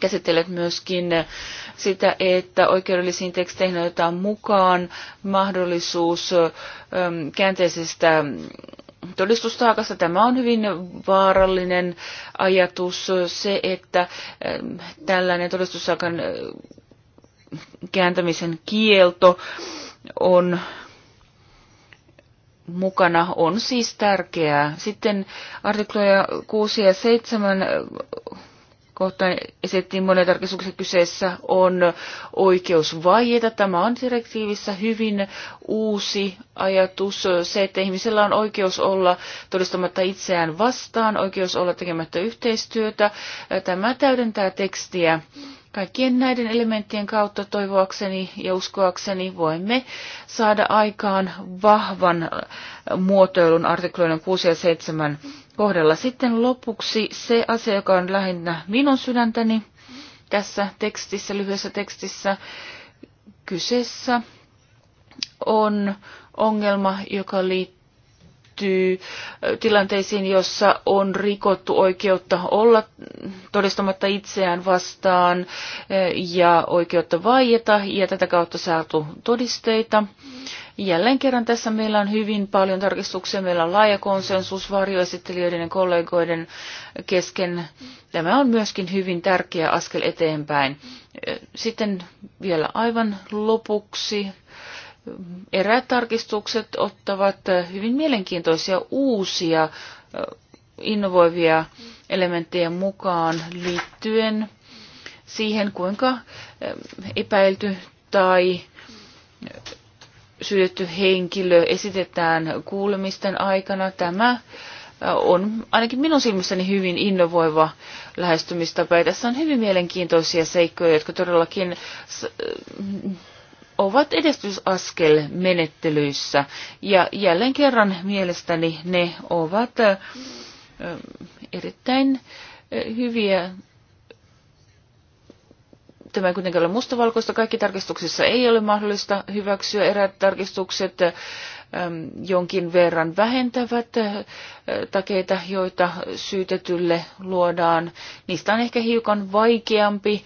käsitelleet myöskin sitä, että oikeudellisiin teksteihin otetaan mukaan mahdollisuus käänteisestä todistustaakasta. Tämä on hyvin vaarallinen ajatus, se, että tällainen todistustaakan kääntämisen kielto on mukana on siis tärkeää. Sitten artikloja 6 ja 7 kohtaan esitettiin monen tarkistuksen Kyseessä on oikeus vaieta. Tämä on direktiivissä hyvin uusi ajatus. Se, että ihmisellä on oikeus olla todistamatta itseään vastaan, oikeus olla tekemättä yhteistyötä. Tämä täydentää tekstiä Kaikkien näiden elementtien kautta toivoakseni ja uskoakseni voimme saada aikaan vahvan äh, muotoilun artikloiden 6 ja 7 kohdalla. Sitten lopuksi se asia, joka on lähinnä minun sydäntäni tässä tekstissä, lyhyessä tekstissä kyseessä on ongelma, joka liittyy liittyy tilanteisiin, jossa on rikottu oikeutta olla todistamatta itseään vastaan ja oikeutta vaieta ja tätä kautta saatu todisteita. Jälleen kerran tässä meillä on hyvin paljon tarkistuksia. Meillä on laaja konsensus varjoesittelijöiden ja kollegoiden kesken. Tämä on myöskin hyvin tärkeä askel eteenpäin. Sitten vielä aivan lopuksi eräät tarkistukset ottavat eh, hyvin mielenkiintoisia uusia eh, innovoivia elementtejä mukaan liittyen siihen, kuinka eh, epäilty tai syytetty henkilö esitetään kuulemisten aikana. Tämä on ainakin minun silmissäni hyvin innovoiva lähestymistapa. Ja tässä on hyvin mielenkiintoisia seikkoja, jotka todellakin ovat edistysaskel menettelyissä. Ja jälleen kerran mielestäni ne ovat erittäin hyviä. Tämä ei kuitenkaan ole mustavalkoista. Kaikki tarkistuksissa ei ole mahdollista hyväksyä. Eräät tarkistukset jonkin verran vähentävät takeita, joita syytetylle luodaan. Niistä on ehkä hiukan vaikeampi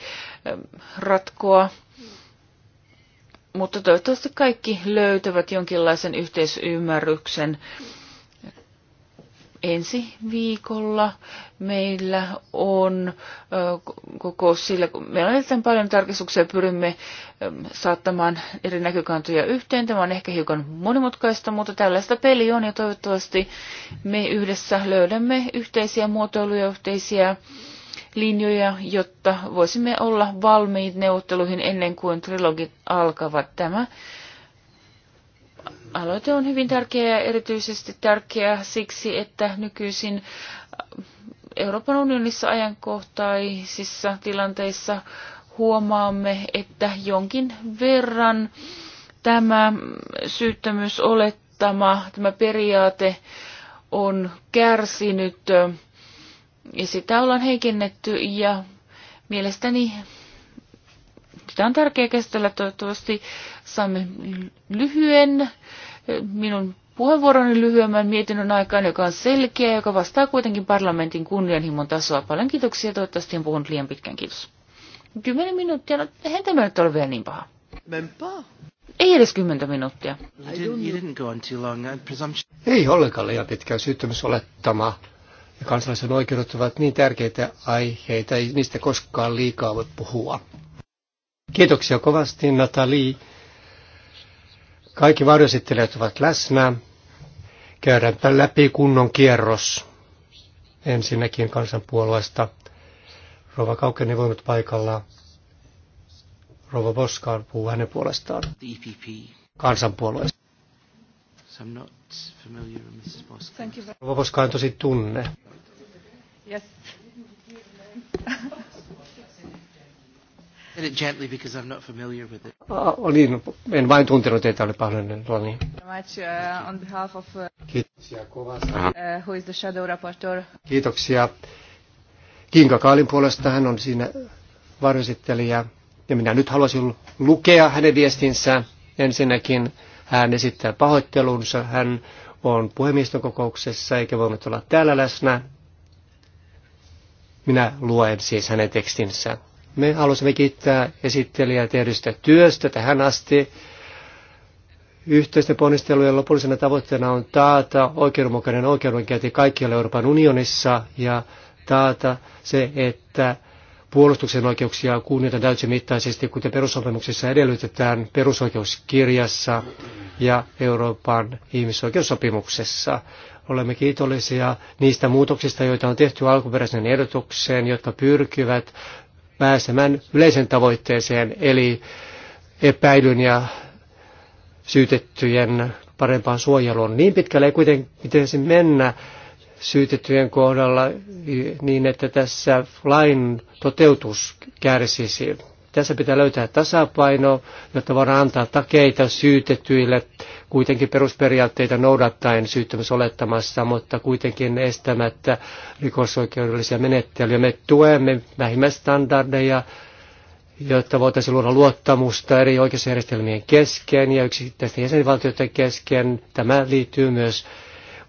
ratkoa mutta toivottavasti kaikki löytävät jonkinlaisen yhteisymmärryksen. Ensi viikolla meillä on kokous sillä, kun meillä on erittäin paljon tarkistuksia, pyrimme saattamaan eri näkökantoja yhteen. Tämä on ehkä hiukan monimutkaista, mutta tällaista peli on ja toivottavasti me yhdessä löydämme yhteisiä muotoiluja, yhteisiä linjoja, jotta voisimme olla valmiit neuvotteluihin ennen kuin trilogit alkavat. Tämä aloite on hyvin tärkeä ja erityisesti tärkeä siksi, että nykyisin Euroopan unionissa ajankohtaisissa tilanteissa huomaamme, että jonkin verran tämä olettama tämä periaate on kärsinyt ja sitä ollaan heikennetty ja mielestäni sitä on tärkeää käsitellä. Toivottavasti saamme lyhyen, minun puheenvuoroni lyhyemmän mietinnön aikaan, joka on selkeä, joka vastaa kuitenkin parlamentin kunnianhimon tasoa. Paljon kiitoksia. Toivottavasti en puhunut liian pitkään. Kiitos. Kymmenen minuuttia. No, eihän tämä nyt ole vielä niin paha. Mempa? Ei edes kymmentä minuuttia. Ei ollenkaan liian pitkään syyttömyysolettama ja kansalaisen oikeudet ovat niin tärkeitä aiheita, ei niistä koskaan liikaa voi puhua. Kiitoksia kovasti Natali. Kaikki varjoesittelijät ovat läsnä. Käydäänpä läpi kunnon kierros. Ensinnäkin kansanpuolueesta. Rova Kaukeni voinut paikalla. Rova Boskaan puhuu hänen puolestaan. E kansanpuolueesta. So I'm not familiar, Mrs. Bosk. Thank you very much. Voska on tosi tunne. Yes. Said it gently because I'm not familiar with it. Oh, niin, en vain tuntenut teitä, oli pahoillinen, Roni. Much, uh, on behalf of, uh, Kiitoksia kovasti. Uh, who is the shadow rapporteur. Kiitoksia. Kinka Kaalin puolesta hän on siinä varjosittelijä. Ja minä nyt haluaisin lukea hänen viestinsä ensinnäkin hän esittää pahoittelunsa, hän on kokouksessa eikä voinut olla täällä läsnä. Minä luen siis hänen tekstinsä. Me halusimme kiittää esittelijää tehdystä työstä tähän asti. Yhteisten ponnistelujen lopullisena tavoitteena on taata oikeudenmukainen oikeudenkäynti kaikkialla Euroopan unionissa ja taata se, että puolustuksen oikeuksia kunnioitetaan täysimittaisesti, kuten perussopimuksessa edellytetään perusoikeuskirjassa ja Euroopan ihmisoikeussopimuksessa. Olemme kiitollisia niistä muutoksista, joita on tehty alkuperäisen ehdotukseen, jotka pyrkivät pääsemään yleisen tavoitteeseen, eli epäilyn ja syytettyjen parempaan suojeluun. Niin pitkälle ei kuitenkin pitäisi mennä, syytettyjen kohdalla niin, että tässä lain toteutus kärsisi. Tässä pitää löytää tasapaino, jotta voidaan antaa takeita syytettyille kuitenkin perusperiaatteita noudattaen syyttämisolettamassa, mutta kuitenkin estämättä rikosoikeudellisia menettelyjä. Me tuemme vähimmäistandardeja, jotta voitaisiin luoda luottamusta eri oikeusjärjestelmien kesken ja yksittäisten jäsenvaltioiden kesken. Tämä liittyy myös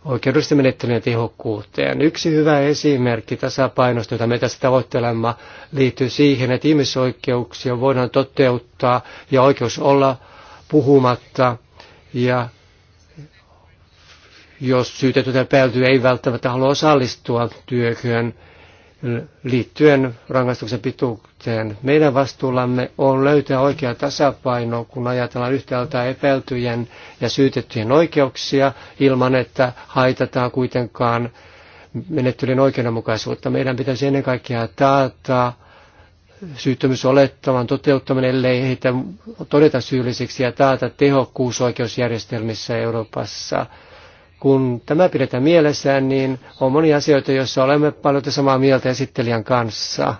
oikeudellisten menettelyjen tehokkuuteen. Yksi hyvä esimerkki tasapainosta, jota me tässä tavoittelemme, liittyy siihen, että ihmisoikeuksia voidaan toteuttaa ja oikeus olla puhumatta. Ja jos syytetty tai ei välttämättä halua osallistua työhön, liittyen rangaistuksen pituuteen. Meidän vastuullamme on löytää oikea tasapaino, kun ajatellaan yhtäältä epäiltyjen ja syytettyjen oikeuksia ilman, että haitataan kuitenkaan menettelyn oikeudenmukaisuutta. Meidän pitäisi ennen kaikkea taata syyttömyysolettavan toteuttaminen, ellei heitä todeta syyllisiksi ja taata tehokkuus oikeusjärjestelmissä Euroopassa – kun tämä pidetään mielessään, niin on monia asioita, joissa olemme paljon samaa mieltä esittelijän kanssa.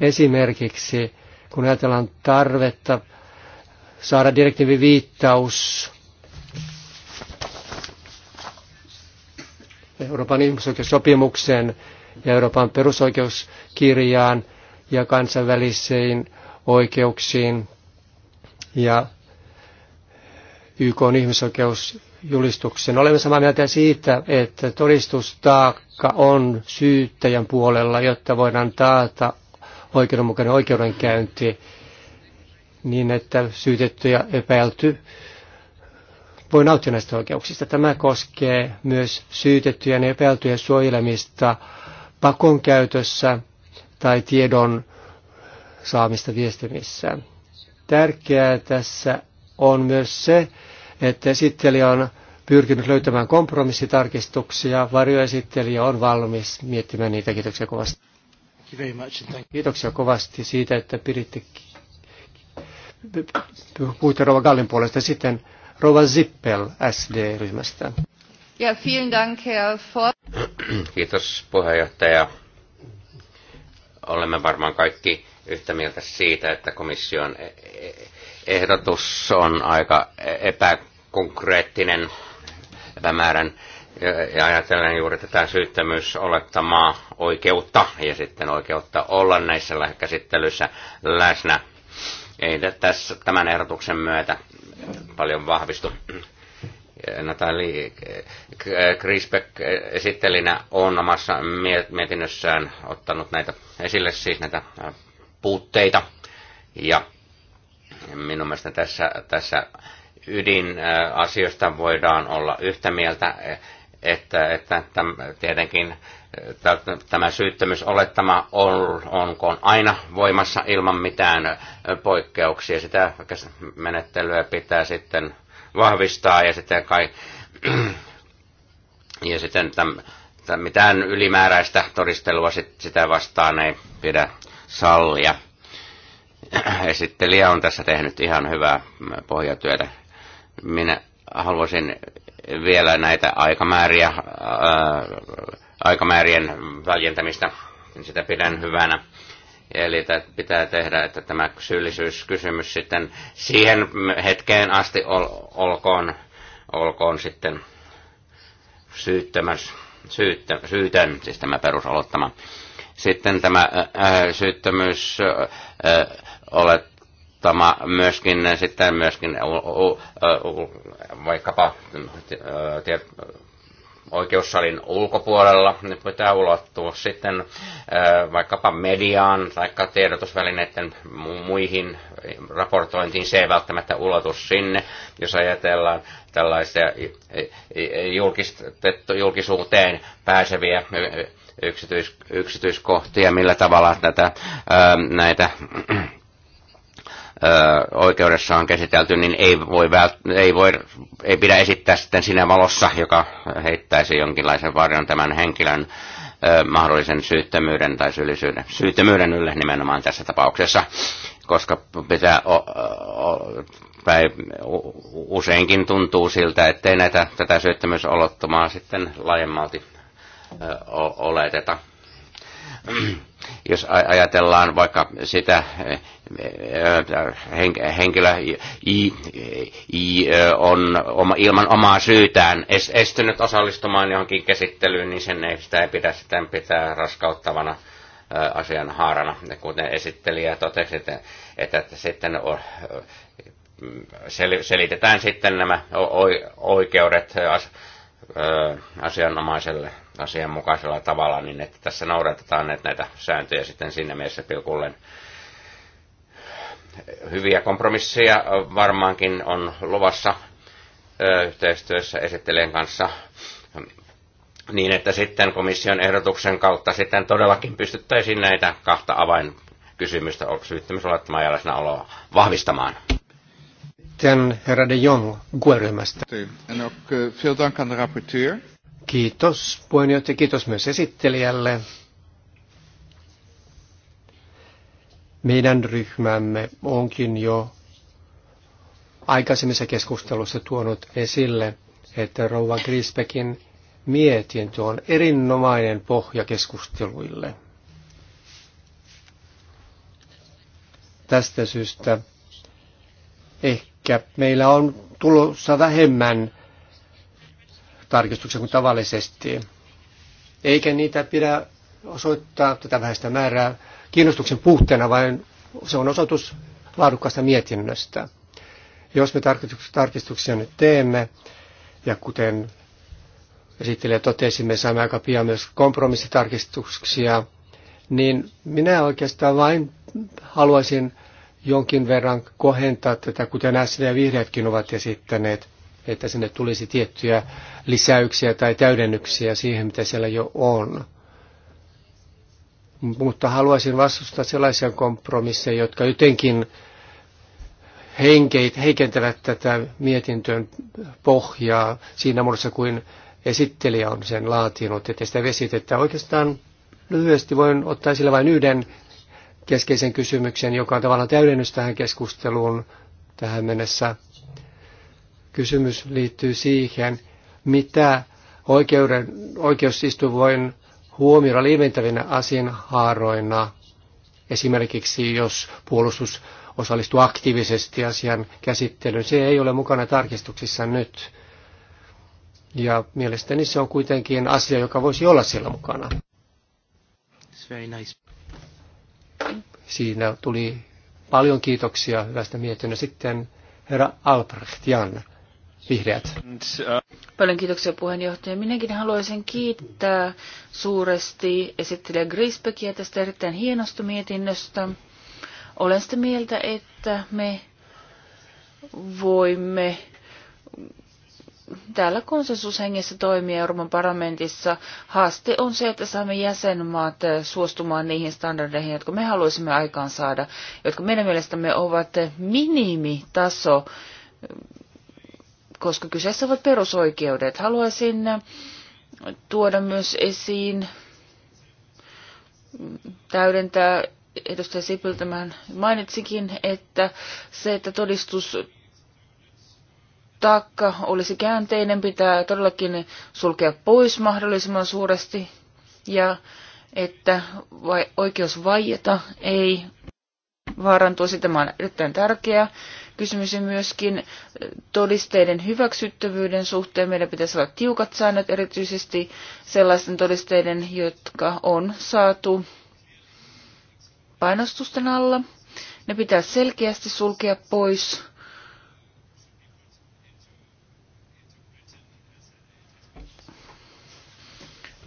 Esimerkiksi kun ajatellaan tarvetta saada direktiiviviittaus Euroopan ihmisoikeussopimukseen ja Euroopan perusoikeuskirjaan ja kansainvälisiin oikeuksiin ja YK on ihmisoikeus julistuksen. Olemme samaa mieltä siitä, että todistustaakka on syyttäjän puolella, jotta voidaan taata oikeudenmukainen oikeudenkäynti niin, että syytetty ja epäilty voi nauttia näistä oikeuksista. Tämä koskee myös syytettyjen ja epäiltyjen suojelemista pakon käytössä tai tiedon saamista viestimissä. Tärkeää tässä on myös se, että esittelijä on pyrkinyt löytämään kompromissitarkistuksia. Varjoesittelijä on valmis miettimään niitä. Kiitoksia kovasti. Kiitoksia kovasti siitä, että piditte puhutte Rova Gallin puolesta. Sitten Rova Zippel SD-ryhmästä. Ja, vielen dank, Herr Ford. Kiitos puheenjohtaja. Olemme varmaan kaikki yhtä mieltä siitä, että komission e- e- ehdotus on aika epäkonkreettinen epämäärän ja ajatellen juuri tätä olettamaa oikeutta ja sitten oikeutta olla näissä käsittelyissä läsnä. Ei tässä tämän ehdotuksen myötä paljon vahvistu. Natali Grisbeck esittelinä on omassa mietinnössään ottanut näitä esille, siis näitä puutteita. Ja Minun mielestä tässä, tässä ydinasioista voidaan olla yhtä mieltä, että, että täm, tietenkin tämä syyttömyysolettama on, on aina voimassa ilman mitään poikkeuksia. Sitä menettelyä pitää sitten vahvistaa ja sitten kai ja sitten täm, täm, mitään ylimääräistä todistelua sit, sitä vastaan ei pidä sallia esittelijä on tässä tehnyt ihan hyvää pohjatyötä. Minä haluaisin vielä näitä aikamääriä, ää, äh, aikamäärien väljentämistä, sitä pidän hyvänä. Eli pitää tehdä, että tämä syyllisyyskysymys sitten siihen hetkeen asti ol, olkoon, olkoon sitten syyttämässä, syyttä, syytön, siis tämä perusaloittama. Sitten tämä äh, äh syyttömyys äh, olettama myöskin äh, sitten myöskin äh, äh, vaikkapa oikeussalin ulkopuolella, niin pitää ulottua sitten vaikkapa mediaan tai tiedotusvälineiden muihin raportointiin. Se ei välttämättä ulotu sinne, jos ajatellaan tällaisia julkisuuteen pääseviä yksityiskohtia, millä tavalla näitä, näitä oikeudessa on käsitelty, niin ei, voi vält- ei, voi, ei pidä esittää sitten sinä valossa, joka heittäisi jonkinlaisen varjon tämän henkilön ö, mahdollisen syyttömyyden tai syyllisyyden, syyttömyyden ylle nimenomaan tässä tapauksessa, koska pitää o, o, päin, useinkin tuntuu siltä, ettei näitä, tätä syyttömyysolottomaa sitten laajemmalti ö, o, oleteta. Jos ajatellaan vaikka sitä eh, eh, eh, henkilö I, I on ilman omaa syytään estynyt osallistumaan johonkin käsittelyyn, niin sen ei, sitä ei pidä sitä pitää raskauttavana asian haarana. Kuten esittelijä totesi, että, että sitten selitetään sitten nämä oikeudet asianomaiselle asianmukaisella tavalla, niin että tässä noudatetaan näitä, näitä sääntöjä sitten siinä mielessä pilkulleen. Hyviä kompromisseja varmaankin on luvassa yhteistyössä esittelijän kanssa niin, että sitten komission ehdotuksen kautta sitten todellakin pystyttäisiin näitä kahta avainkysymystä syyttämisolettamaan ja läsnä oloa vahvistamaan. Sitten herra de Jong En ook veel dank aan de rapporteur. Kiitos puheenjohtaja, kiitos myös esittelijälle. Meidän ryhmämme onkin jo aikaisemmissa keskustelussa tuonut esille, että rouva Grisbekin mietintö on erinomainen pohja keskusteluille. Tästä syystä ehkä meillä on tulossa vähemmän tarkistuksia kuin tavallisesti. Eikä niitä pidä osoittaa tätä vähäistä määrää kiinnostuksen puutteena, vaan se on osoitus laadukkaasta mietinnöstä. Jos me tarkistuksia nyt teemme, ja kuten esittelijä totesi, me saamme aika pian myös kompromissitarkistuksia, niin minä oikeastaan vain haluaisin jonkin verran kohentaa tätä, kuten SD ja vihreätkin ovat esittäneet että sinne tulisi tiettyjä lisäyksiä tai täydennyksiä siihen, mitä siellä jo on. Mutta haluaisin vastustaa sellaisia kompromisseja, jotka jotenkin henkeit, heikentävät tätä mietintöön pohjaa siinä muodossa kuin esittelijä on sen laatinut, että sitä vesitettä. Oikeastaan lyhyesti voin ottaa sillä vain yhden keskeisen kysymyksen, joka on tavallaan täydennys tähän keskusteluun tähän mennessä. Kysymys liittyy siihen, mitä oikeuden, oikeusistuvoin huomioida liiventävinä asianhaaroina, esimerkiksi jos puolustus osallistuu aktiivisesti asian käsittelyyn. Se ei ole mukana tarkistuksissa nyt. Ja mielestäni se on kuitenkin asia, joka voisi olla siellä mukana. Nice. Siinä tuli paljon kiitoksia hyvästä mietinnöstä. Sitten herra Albrecht Jan. Vihreät. Uh, Paljon kiitoksia puheenjohtaja. Minäkin haluaisin kiittää suuresti esittelijä Grisbeckia tästä erittäin hienosta mietinnöstä. Olen sitä mieltä, että me voimme täällä konsensushengessä toimia Euroopan parlamentissa. Haaste on se, että saamme jäsenmaat suostumaan niihin standardeihin, jotka me haluaisimme aikaan saada, jotka meidän mielestämme ovat minimitaso koska kyseessä ovat perusoikeudet. Haluaisin tuoda myös esiin, täydentää edustaja Sipiltämään mainitsikin, että se, että todistus taakka olisi käänteinen, pitää todellakin sulkea pois mahdollisimman suuresti ja että vai, oikeus vaieta ei vaarantuisi. Tämä on erittäin tärkeää kysymys on myöskin todisteiden hyväksyttävyyden suhteen meillä pitäisi olla tiukat säännöt, erityisesti sellaisten todisteiden, jotka on saatu painostusten alla. Ne pitää selkeästi sulkea pois.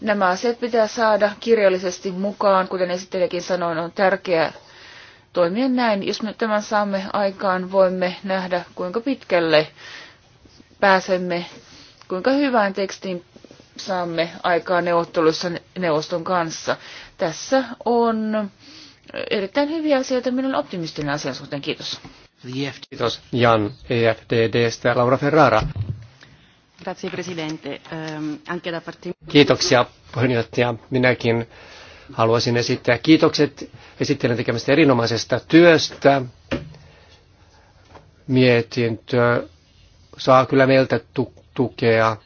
Nämä asiat pitää saada kirjallisesti mukaan, kuten esittelijäkin sanoin, on tärkeää toimia näin. Jos me tämän saamme aikaan, voimme nähdä, kuinka pitkälle pääsemme, kuinka hyvään tekstiin saamme aikaa neuvotteluissa neuvoston kanssa. Tässä on erittäin hyviä asioita. minun optimistinen asian suhteen. Kiitos. Kiitos Jan EFDDstä Laura Ferrara. Grazie Presidente. Ähm, anche da parte... Kiitoksia puheenjohtaja. Minäkin Haluaisin esittää kiitokset esittelijän tekemästä erinomaisesta työstä. Mietintö saa kyllä meiltä tu- tukea.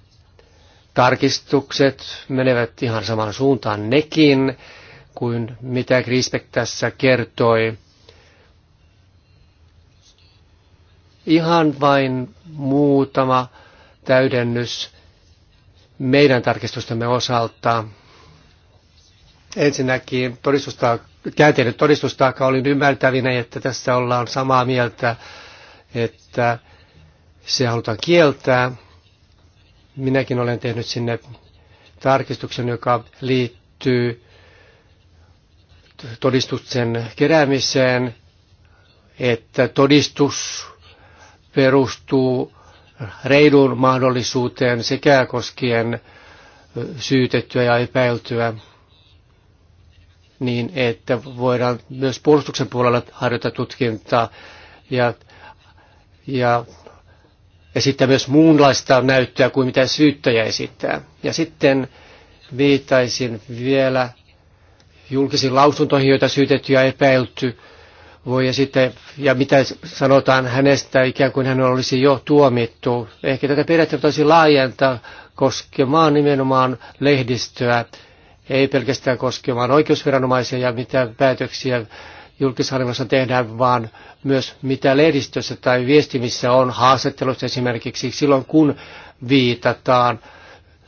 Tarkistukset menevät ihan samaan suuntaan nekin kuin mitä Grisbeck tässä kertoi. Ihan vain muutama täydennys meidän tarkistustamme osalta. Ensinnäkin todistusta, käänteinen todistustaakka oli ymmärtävinä, että tässä ollaan samaa mieltä, että se halutaan kieltää. Minäkin olen tehnyt sinne tarkistuksen, joka liittyy todistuksen keräämiseen, että todistus perustuu reiluun mahdollisuuteen sekä koskien syytettyä ja epäiltyä niin että voidaan myös puolustuksen puolella harjoittaa tutkintaa ja, ja esittää myös muunlaista näyttöä kuin mitä syyttäjä esittää. Ja sitten viitaisin vielä julkisiin lausuntoihin, joita syytetty ja epäilty voi esittää, ja mitä sanotaan hänestä, ikään kuin hän olisi jo tuomittu. Ehkä tätä periaatteessa voitaisiin laajentaa koskemaan nimenomaan lehdistöä ei pelkästään vain oikeusviranomaisia ja mitä päätöksiä julkishallinnossa tehdään, vaan myös mitä lehdistössä tai viestimissä on haastattelussa esimerkiksi silloin, kun viitataan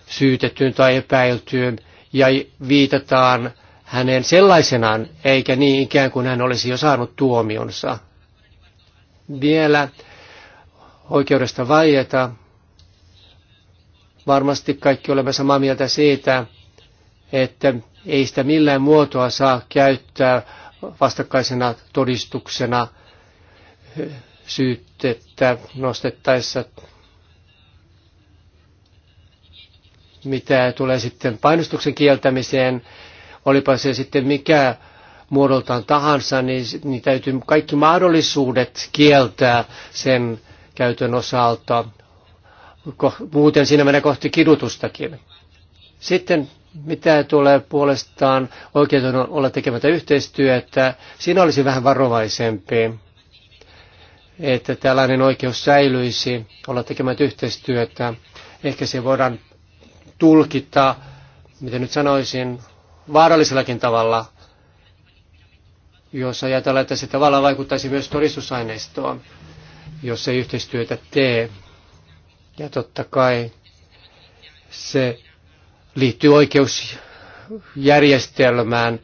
syytettyyn tai epäiltyyn ja viitataan hänen sellaisenaan, eikä niin ikään kuin hän olisi jo saanut tuomionsa. Vielä oikeudesta vaieta. Varmasti kaikki olemme samaa mieltä siitä, että ei sitä millään muotoa saa käyttää vastakkaisena todistuksena syytettä nostettaessa. Mitä tulee sitten painostuksen kieltämiseen, olipa se sitten mikä muodoltaan tahansa, niin, niin täytyy kaikki mahdollisuudet kieltää sen käytön osalta. Muuten siinä menee kohti kidutustakin. Sitten mitä tulee puolestaan oikeuden olla tekemättä yhteistyötä, siinä olisi vähän varovaisempi, että tällainen oikeus säilyisi olla tekemättä yhteistyötä. Ehkä se voidaan tulkita, miten nyt sanoisin, vaarallisellakin tavalla, jos ajatellaan, että se tavallaan vaikuttaisi myös todistusaineistoon, jos ei yhteistyötä tee. Ja totta kai se liittyy oikeusjärjestelmään,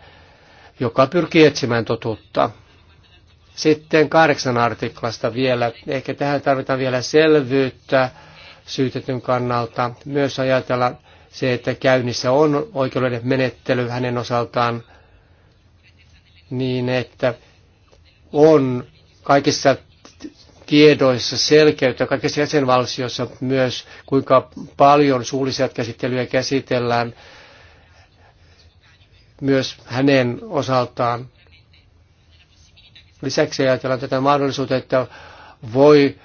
joka pyrkii etsimään totuutta. Sitten kahdeksan artiklasta vielä. Ehkä tähän tarvitaan vielä selvyyttä syytetyn kannalta. Myös ajatella se, että käynnissä on oikeuden menettely hänen osaltaan niin, että on kaikissa tiedoissa selkeyttä kaikissa jäsenvaltioissa myös, kuinka paljon suullisia käsittelyjä käsitellään myös hänen osaltaan. Lisäksi ajatellaan tätä mahdollisuutta, että voi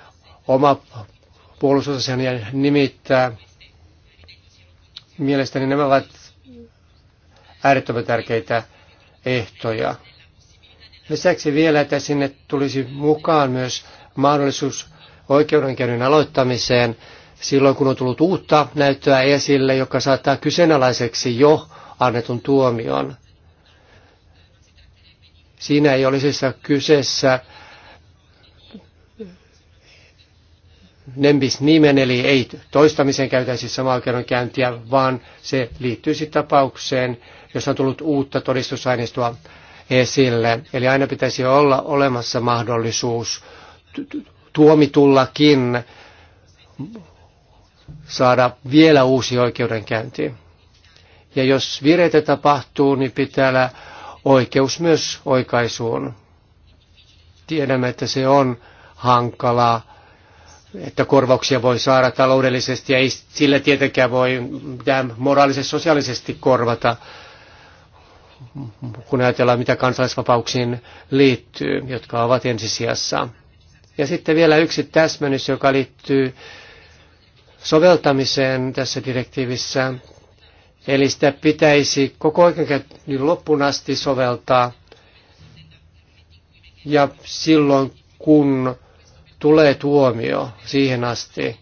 oma puolustusasian nimittää. Mielestäni nämä ovat äärettömän tärkeitä ehtoja. Lisäksi vielä, että sinne tulisi mukaan myös mahdollisuus oikeudenkäynnin aloittamiseen silloin, kun on tullut uutta näyttöä esille, joka saattaa kyseenalaiseksi jo annetun tuomion. Siinä ei olisi siis kyseessä nembis nimen, eli ei toistamiseen käytäisi samaa oikeudenkäyntiä, vaan se liittyisi tapaukseen, jossa on tullut uutta todistusaineistoa esille. Eli aina pitäisi olla olemassa mahdollisuus tuomitullakin saada vielä uusi oikeudenkäynti. Ja jos vireitä tapahtuu, niin pitää olla oikeus myös oikaisuun. Tiedämme, että se on hankalaa, että korvauksia voi saada taloudellisesti ja ei sillä tietenkään voi mitään moraalisesti sosiaalisesti korvata, kun ajatellaan mitä kansalaisvapauksiin liittyy, jotka ovat ensisijassa. Ja sitten vielä yksi täsmennys, joka liittyy soveltamiseen tässä direktiivissä. Eli sitä pitäisi koko oikeuden loppuun asti soveltaa. Ja silloin, kun tulee tuomio siihen asti.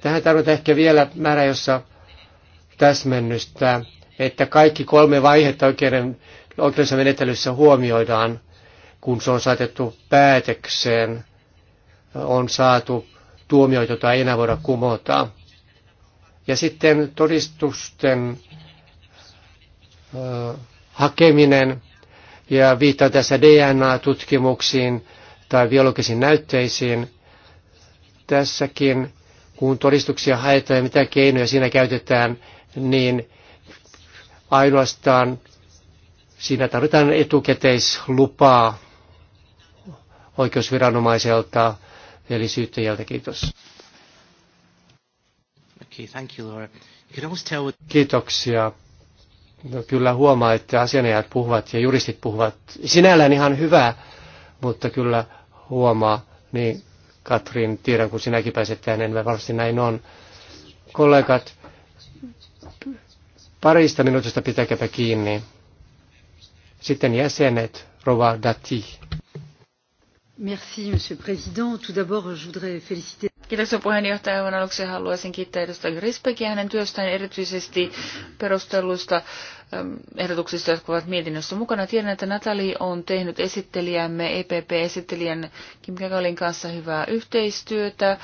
Tähän tarvitaan ehkä vielä määrä, jossa täsmennystä, että kaikki kolme vaihetta oikeuden, oikeudessa menettelyssä huomioidaan, kun se on saatettu päätökseen on saatu tuomioita, joita ei enää voida kumota. Ja sitten todistusten hakeminen, ja viittaa tässä DNA-tutkimuksiin tai biologisiin näytteisiin. Tässäkin, kun todistuksia haetaan ja mitä keinoja siinä käytetään, niin ainoastaan siinä tarvitaan etukäteislupaa oikeusviranomaiselta eli syyttäjältä. Kiitos. Okay, thank you, Laura. You can tell... Kiitoksia. No, kyllä huomaa, että asianajat puhuvat ja juristit puhuvat sinällään ihan hyvää, mutta kyllä huomaa, niin Katrin, tiedän kun sinäkin pääset tähän, en niin varmasti näin on. Kollegat, parista minuutista pitäkääpä kiinni. Sitten jäsenet, Rova Dati. Monsieur le Président. Tout d'abord, je voudrais féliciter... Kiitoksia puheenjohtaja. Aivan aluksi haluaisin kiittää edustaja Grisbekiä hänen työstään erityisesti perustelluista ehdotuksista, jotka ovat mietinnössä mukana. Tiedän, että Natali on tehnyt esittelijämme, EPP-esittelijän Kim Kekalin kanssa hyvää yhteistyötä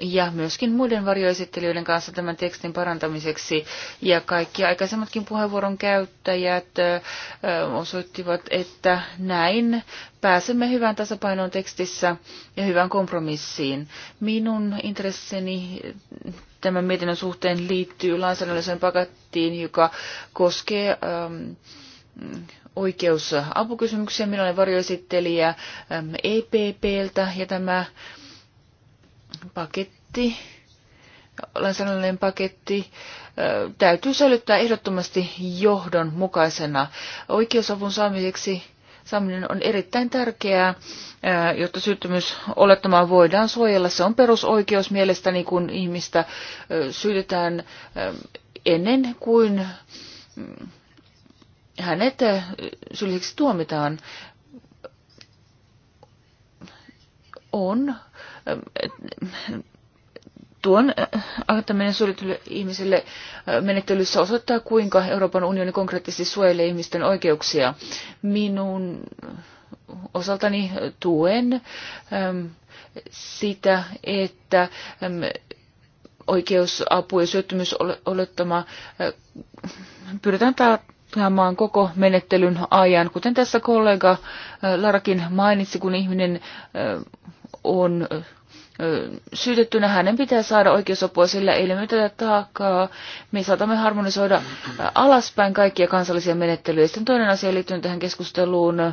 ja myöskin muiden varjoesittelijöiden kanssa tämän tekstin parantamiseksi. Ja kaikki aikaisemmatkin puheenvuoron käyttäjät osoittivat, että näin pääsemme hyvään tasapainoon tekstissä ja hyvään kompromissiin. Minun intresseni tämän mietinnön suhteen liittyy lainsäädännölliseen pakettiin, joka koskee ähm, oikeusapukysymyksiä. Minä olen varjoesittelijä ähm, EPPltä ja tämä paketti, olen sellainen paketti täytyy säilyttää ehdottomasti johdonmukaisena. Oikeusavun saamiseksi saaminen on erittäin tärkeää, jotta syyttömyys olettamaan voidaan suojella. Se on perusoikeus mielestäni, kun ihmistä syytetään ennen kuin mm, hänet syylliseksi tuomitaan. On tuon äh, auttaminen suljetulle ihmiselle äh, menettelyssä osoittaa, kuinka Euroopan unioni konkreettisesti suojelee ihmisten oikeuksia. Minun osaltani tuen ähm, sitä, että ähm, oikeusapu ja syöttömyysolettama äh, pyritään taamaan koko menettelyn ajan. Kuten tässä kollega Larakin mainitsi, kun ihminen on syytettynä, hänen pitää saada oikeusapua, sillä ei taakkaa. Me saatamme harmonisoida alaspäin kaikkia kansallisia menettelyjä. Sitten toinen asia liittyy tähän keskusteluun.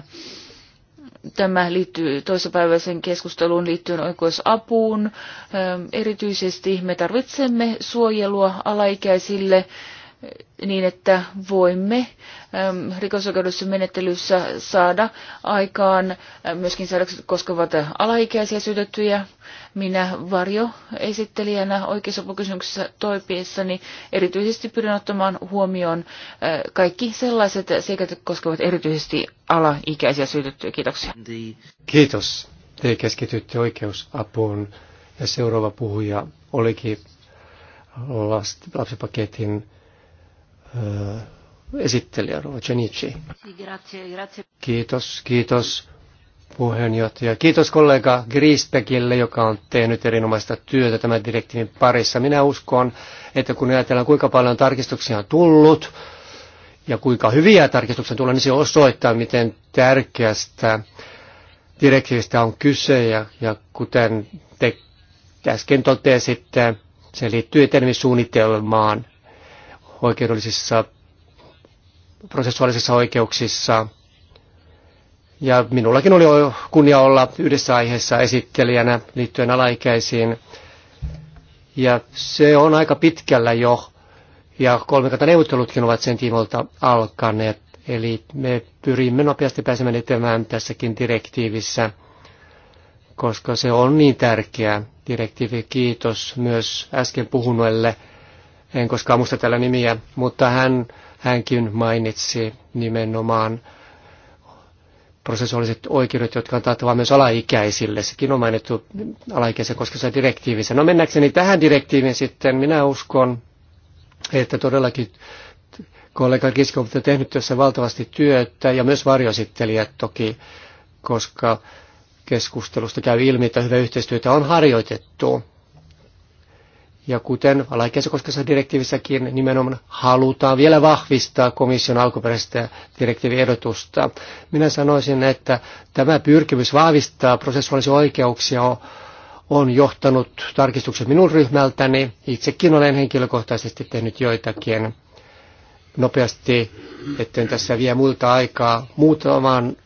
Tämä liittyy toissapäiväisen keskusteluun liittyen oikeusapuun. Erityisesti me tarvitsemme suojelua alaikäisille niin, että voimme ähm, rikosoikeudessa menettelyssä saada aikaan äh, myöskin säädökset koskevat alaikäisiä syytettyjä. Minä varjo esittelijänä oikeusapukysymyksessä toipiessani erityisesti pyrin ottamaan huomioon äh, kaikki sellaiset seikat, jotka koskevat erityisesti alaikäisiä syytettyjä. Kiitoksia. Kiitos. Te keskitytte oikeusapuun ja seuraava puhuja olikin lapsipaketin esittelijä Rova Cenici. Kiitos, kiitos puheenjohtaja. Kiitos kollega Grispekille, joka on tehnyt erinomaista työtä tämän direktiivin parissa. Minä uskon, että kun ajatellaan kuinka paljon tarkistuksia on tullut ja kuinka hyviä tarkistuksia tullut, niin se osoittaa, miten tärkeästä direktiivistä on kyse. Ja, ja kuten te äsken totesitte, se liittyy etenemissuunnitelmaan oikeudellisissa prosessuaalisissa oikeuksissa. Ja minullakin oli kunnia olla yhdessä aiheessa esittelijänä liittyen alaikäisiin. Ja se on aika pitkällä jo, ja kolmikantaneuvottelutkin ovat sen tiimolta alkaneet. Eli me pyrimme nopeasti pääsemään etemään tässäkin direktiivissä, koska se on niin tärkeä direktiivi. Kiitos myös äsken puhuneelle en koskaan muista tällä nimiä, mutta hän, hänkin mainitsi nimenomaan prosessuaaliset oikeudet, jotka on taattava myös alaikäisille. Sekin on mainittu alaikäisiä koskevassa direktiivissä. No mennäkseni tähän direktiiviin sitten, minä uskon, että todellakin kollega Kiske on tehnyt tässä valtavasti työtä ja myös varjosittelijät toki, koska keskustelusta käy ilmi, että hyvää yhteistyötä on harjoitettu. Ja kuten alaikäisen koskevassa direktiivissäkin nimenomaan halutaan vielä vahvistaa komission alkuperäistä direktiiviehdotusta. Minä sanoisin, että tämä pyrkimys vahvistaa prosessuaalisia oikeuksia on johtanut tarkistuksen minun ryhmältäni. Itsekin olen henkilökohtaisesti tehnyt joitakin nopeasti, etten tässä vie muilta aikaa. Muutamaan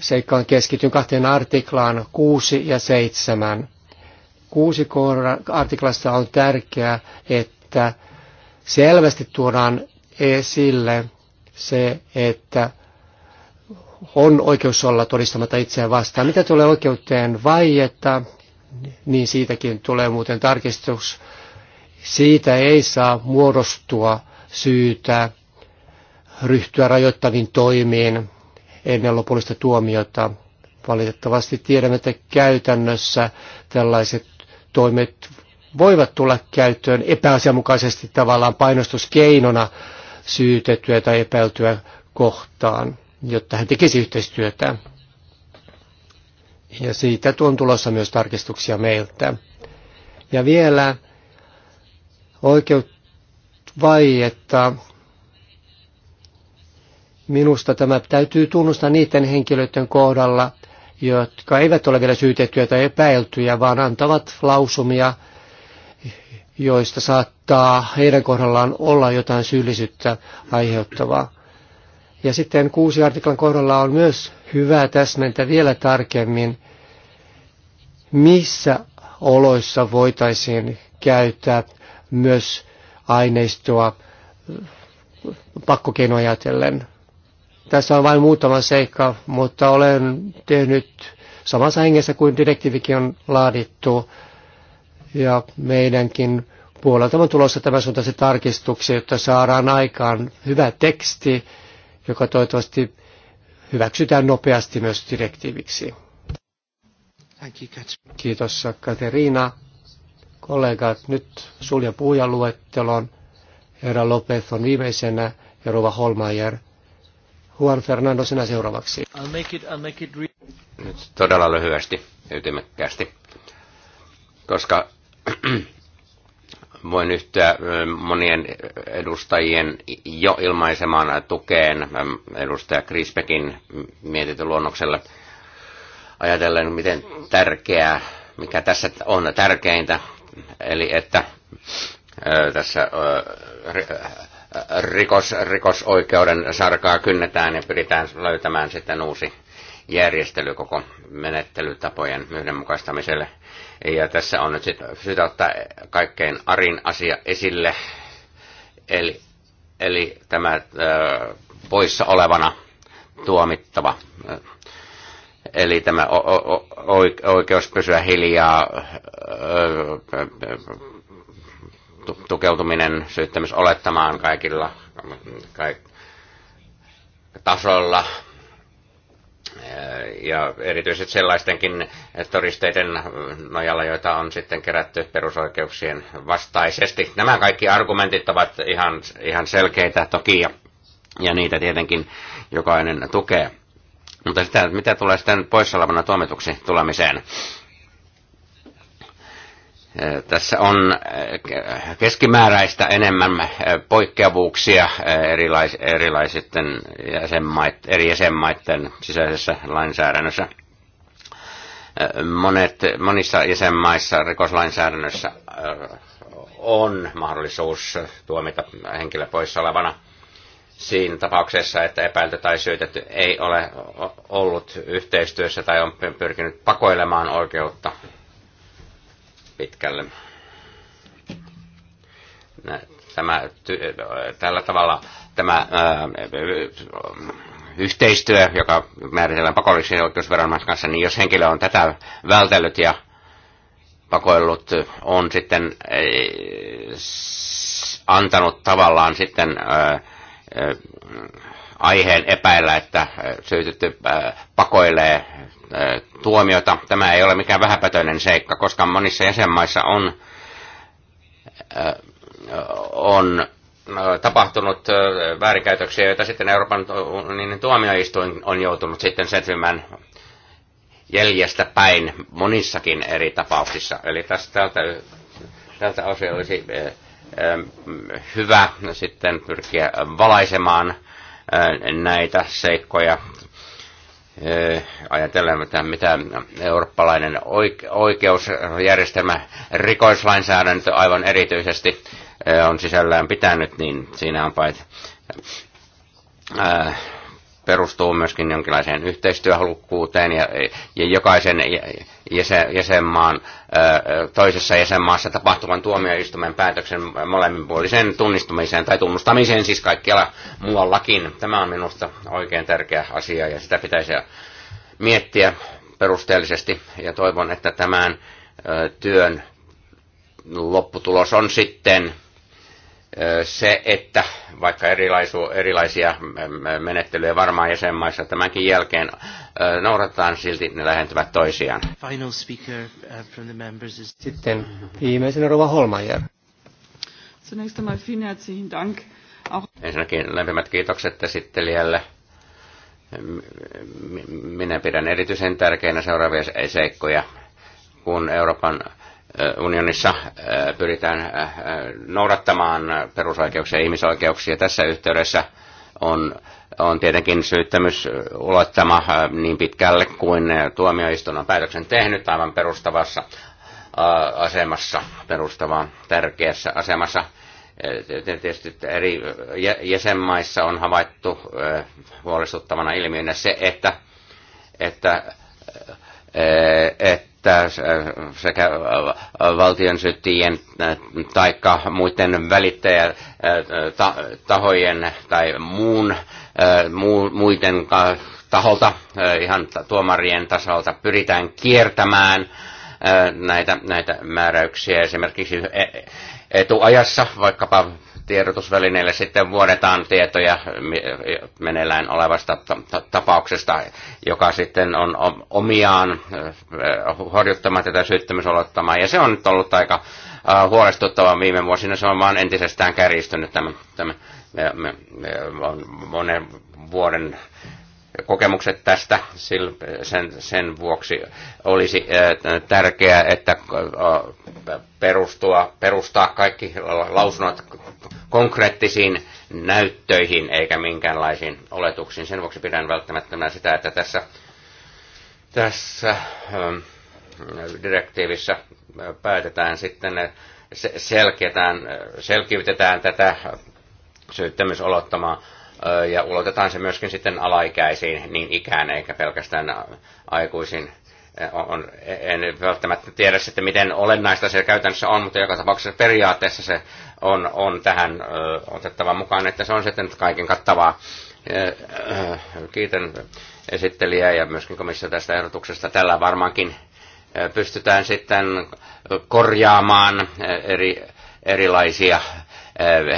seikkaan keskityn kahteen artiklaan 6 ja 7 Kuusi artiklassa on tärkeää, että selvästi tuodaan esille se, että on oikeus olla todistamatta itseään vastaan. Mitä tulee oikeuteen vaietta, niin siitäkin tulee muuten tarkistus. Siitä ei saa muodostua syytä ryhtyä rajoittaviin toimiin ennen lopullista tuomiota. Valitettavasti tiedämme, että käytännössä tällaiset toimet voivat tulla käyttöön epäasianmukaisesti tavallaan painostuskeinona syytettyä tai epäiltyä kohtaan, jotta hän tekisi yhteistyötä. Ja siitä on tulossa myös tarkistuksia meiltä. Ja vielä että Minusta tämä täytyy tunnustaa niiden henkilöiden kohdalla, jotka eivät ole vielä syytettyjä tai epäiltyjä, vaan antavat lausumia, joista saattaa heidän kohdallaan olla jotain syyllisyyttä aiheuttavaa. Ja sitten kuusi artiklan kohdalla on myös hyvä täsmentää vielä tarkemmin, missä oloissa voitaisiin käyttää myös aineistoa pakkokeino ajatellen. Tässä on vain muutama seikka, mutta olen tehnyt samassa hengessä kuin direktiivikin on laadittu. Ja meidänkin puolelta on tulossa tämän suuntaisia tarkistuksia, jotta saadaan aikaan hyvä teksti, joka toivottavasti hyväksytään nopeasti myös direktiiviksi. Kiitos Katerina. Kollegat, nyt suljen puhujan luettelon. Herra Lopez on viimeisenä ja Rova Holmeier. Juan Fernando sinä seuraavaksi. I'll make it, I'll make it Nyt todella lyhyesti ytimekkäästi, koska voin yhtyä monien edustajien jo ilmaisemaan tukeen edustaja Krispekin mietityn ajatellen, miten tärkeää, mikä tässä on tärkeintä, eli että tässä rikos, rikosoikeuden sarkaa kynnetään ja pyritään löytämään sitten uusi järjestely koko menettelytapojen yhdenmukaistamiselle. Ja tässä on nyt sitten syytä ottaa kaikkein arin asia esille, eli, eli tämä ö, poissa olevana tuomittava. Eli tämä oikeus pysyä hiljaa tukeutuminen olettamaan kaikilla kaik, tasolla ja erityisesti sellaistenkin todisteiden nojalla, joita on sitten kerätty perusoikeuksien vastaisesti. Nämä kaikki argumentit ovat ihan, ihan selkeitä toki ja, ja niitä tietenkin jokainen tukee. Mutta sitä, mitä tulee sitten poissa olevana tuomituksi tulemiseen, tässä on eh, keskimääräistä enemmän eh, poikkeavuuksia eh, erilais, erilaisten jäsenmait, eri jäsenmaiden sisäisessä lainsäädännössä. Monet, monissa jäsenmaissa rikoslainsäädännössä on mahdollisuus tuomita henkilö poissa olevana siinä tapauksessa, että epäilty tai syytetty ei ole ollut yhteistyössä tai on pyrkinyt pakoilemaan oikeutta pitkälle. Tämä, tällä tavalla tämä ää, yhteistyö, joka määritellään pakollisen oikeusviranomaisen kanssa, niin jos henkilö on tätä vältellyt ja pakoillut, on sitten antanut tavallaan sitten ää, aiheen epäillä, että äh, syytetty äh, pakoilee äh, tuomiota. Tämä ei ole mikään vähäpätöinen seikka, koska monissa jäsenmaissa on, on tapahtunut väärinkäytöksiä, joita sitten Euroopan unionin tuomioistuin on joutunut sitten setvimään jäljestä päin monissakin eri tapauksissa. Eli tästä, tältä, tältä osin olisi hyvä sitten pyrkiä valaisemaan näitä seikkoja Ajatellaan, että mitä eurooppalainen oikeusjärjestelmä, rikoslainsäädäntö aivan erityisesti on sisällään pitänyt, niin siinä on paitsi perustuu myöskin jonkinlaiseen yhteistyöhalukkuuteen ja, ja jokaisen jäsen, jäsenmaan, toisessa jäsenmaassa tapahtuvan tuomioistuimen päätöksen molemminpuoliseen tunnistamiseen tai tunnustamiseen siis kaikkialla muuallakin. Tämä on minusta oikein tärkeä asia ja sitä pitäisi miettiä perusteellisesti ja toivon, että tämän työn lopputulos on sitten se, että vaikka erilaisia menettelyjä varmaan jäsenmaissa tämänkin jälkeen noudatetaan, silti ne lähentyvät toisiaan. Final speaker uh, from the members is... Sitten viimeisenä Rova Holmajer. Zunächst einmal vielen herzlichen Dank. Ensinnäkin lämpimät kiitokset esittelijälle. Minä pidän erityisen tärkeänä seuraavia seikkoja, kun Euroopan unionissa pyritään noudattamaan perusoikeuksia ja ihmisoikeuksia. Tässä yhteydessä on, on tietenkin syyttämys ulottama niin pitkälle kuin tuomioistuin on päätöksen tehnyt aivan perustavassa asemassa, perustavaan tärkeässä asemassa. Tietysti eri jäsenmaissa on havaittu huolestuttavana ilmiönä se, että, että Eh, että eh, sekä eh, valtion syttiin tai muiden tahojen tai muun, muiden taholta, ihan tuomarien tasolta pyritään kiertämään näitä, näitä määräyksiä esimerkiksi e-, etuajassa, vaikkapa tiedotusvälineille sitten vuodetaan tietoja meneillään olevasta tapauksesta, joka sitten on omiaan horjuttamaan tätä syyttämysolettamaa. Ja se on nyt ollut aika huolestuttavaa viime vuosina. Se on vaan entisestään kärjistynyt tämä, tämä me, me, me, on monen vuoden kokemukset tästä. Sen, sen vuoksi olisi tärkeää, että perustua, perustaa kaikki lausunnot konkreettisiin näyttöihin eikä minkäänlaisiin oletuksiin. Sen vuoksi pidän välttämättömänä sitä, että tässä, tässä direktiivissä päätetään sitten, selkeytetään, selkiytetään tätä syyttämysolottamaa ja ulotetaan se myöskin sitten alaikäisiin niin ikään, eikä pelkästään aikuisiin. On, en välttämättä tiedä sitten, miten olennaista se käytännössä on, mutta joka tapauksessa periaatteessa se on, on tähän ö, otettava mukaan, että se on sitten kaiken kattavaa. Kiitän esittelijää ja myöskin komissio tästä ehdotuksesta. Tällä varmaankin pystytään sitten korjaamaan eri, erilaisia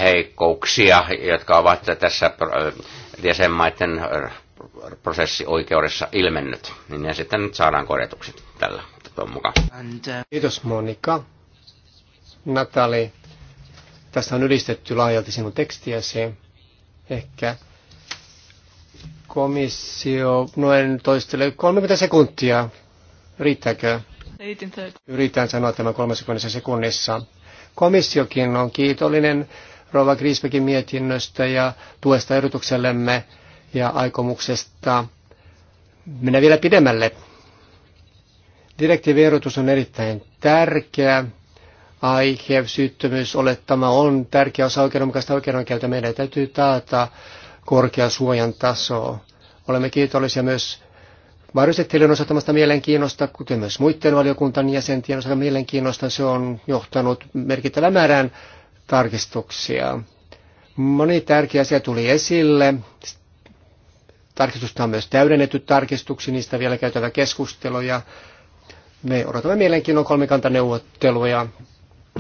heikkouksia, jotka ovat tässä jäsenmaiden prosessioikeudessa ilmennyt, niin ne sitten nyt saadaan korjatuksi tällä tuon mukaan. Uh, Kiitos Monika. Natali, tässä on ylistetty laajalti sinun tekstiäsi. Ehkä komissio, noin toistele 30 sekuntia. Riittääkö? Yritän sanoa tämän 30 sekunnissa. Komissiokin on kiitollinen Rova Griesbeckin mietinnöstä ja tuesta ehdotuksellemme ja aikomuksesta mennä vielä pidemmälle. Direktiivierotus on erittäin tärkeä aihe, syyttömyysolettama on tärkeä osa oikeudenmukaista oikeudenkäyntiä. Meidän täytyy taata korkea suojan taso. Olemme kiitollisia myös varjosettelijan osoittamasta mielenkiinnosta, kuten myös muiden valiokuntan jäsentien osalta mielenkiinnosta. Se on johtanut merkittävän määrään tarkistuksia. Moni tärkeä asia tuli esille. Tarkistusta on myös täydennetty tarkistuksi, niistä vielä käytävä keskustelu ja me odotamme mielenkiinnon kolmikantaneuvotteluja,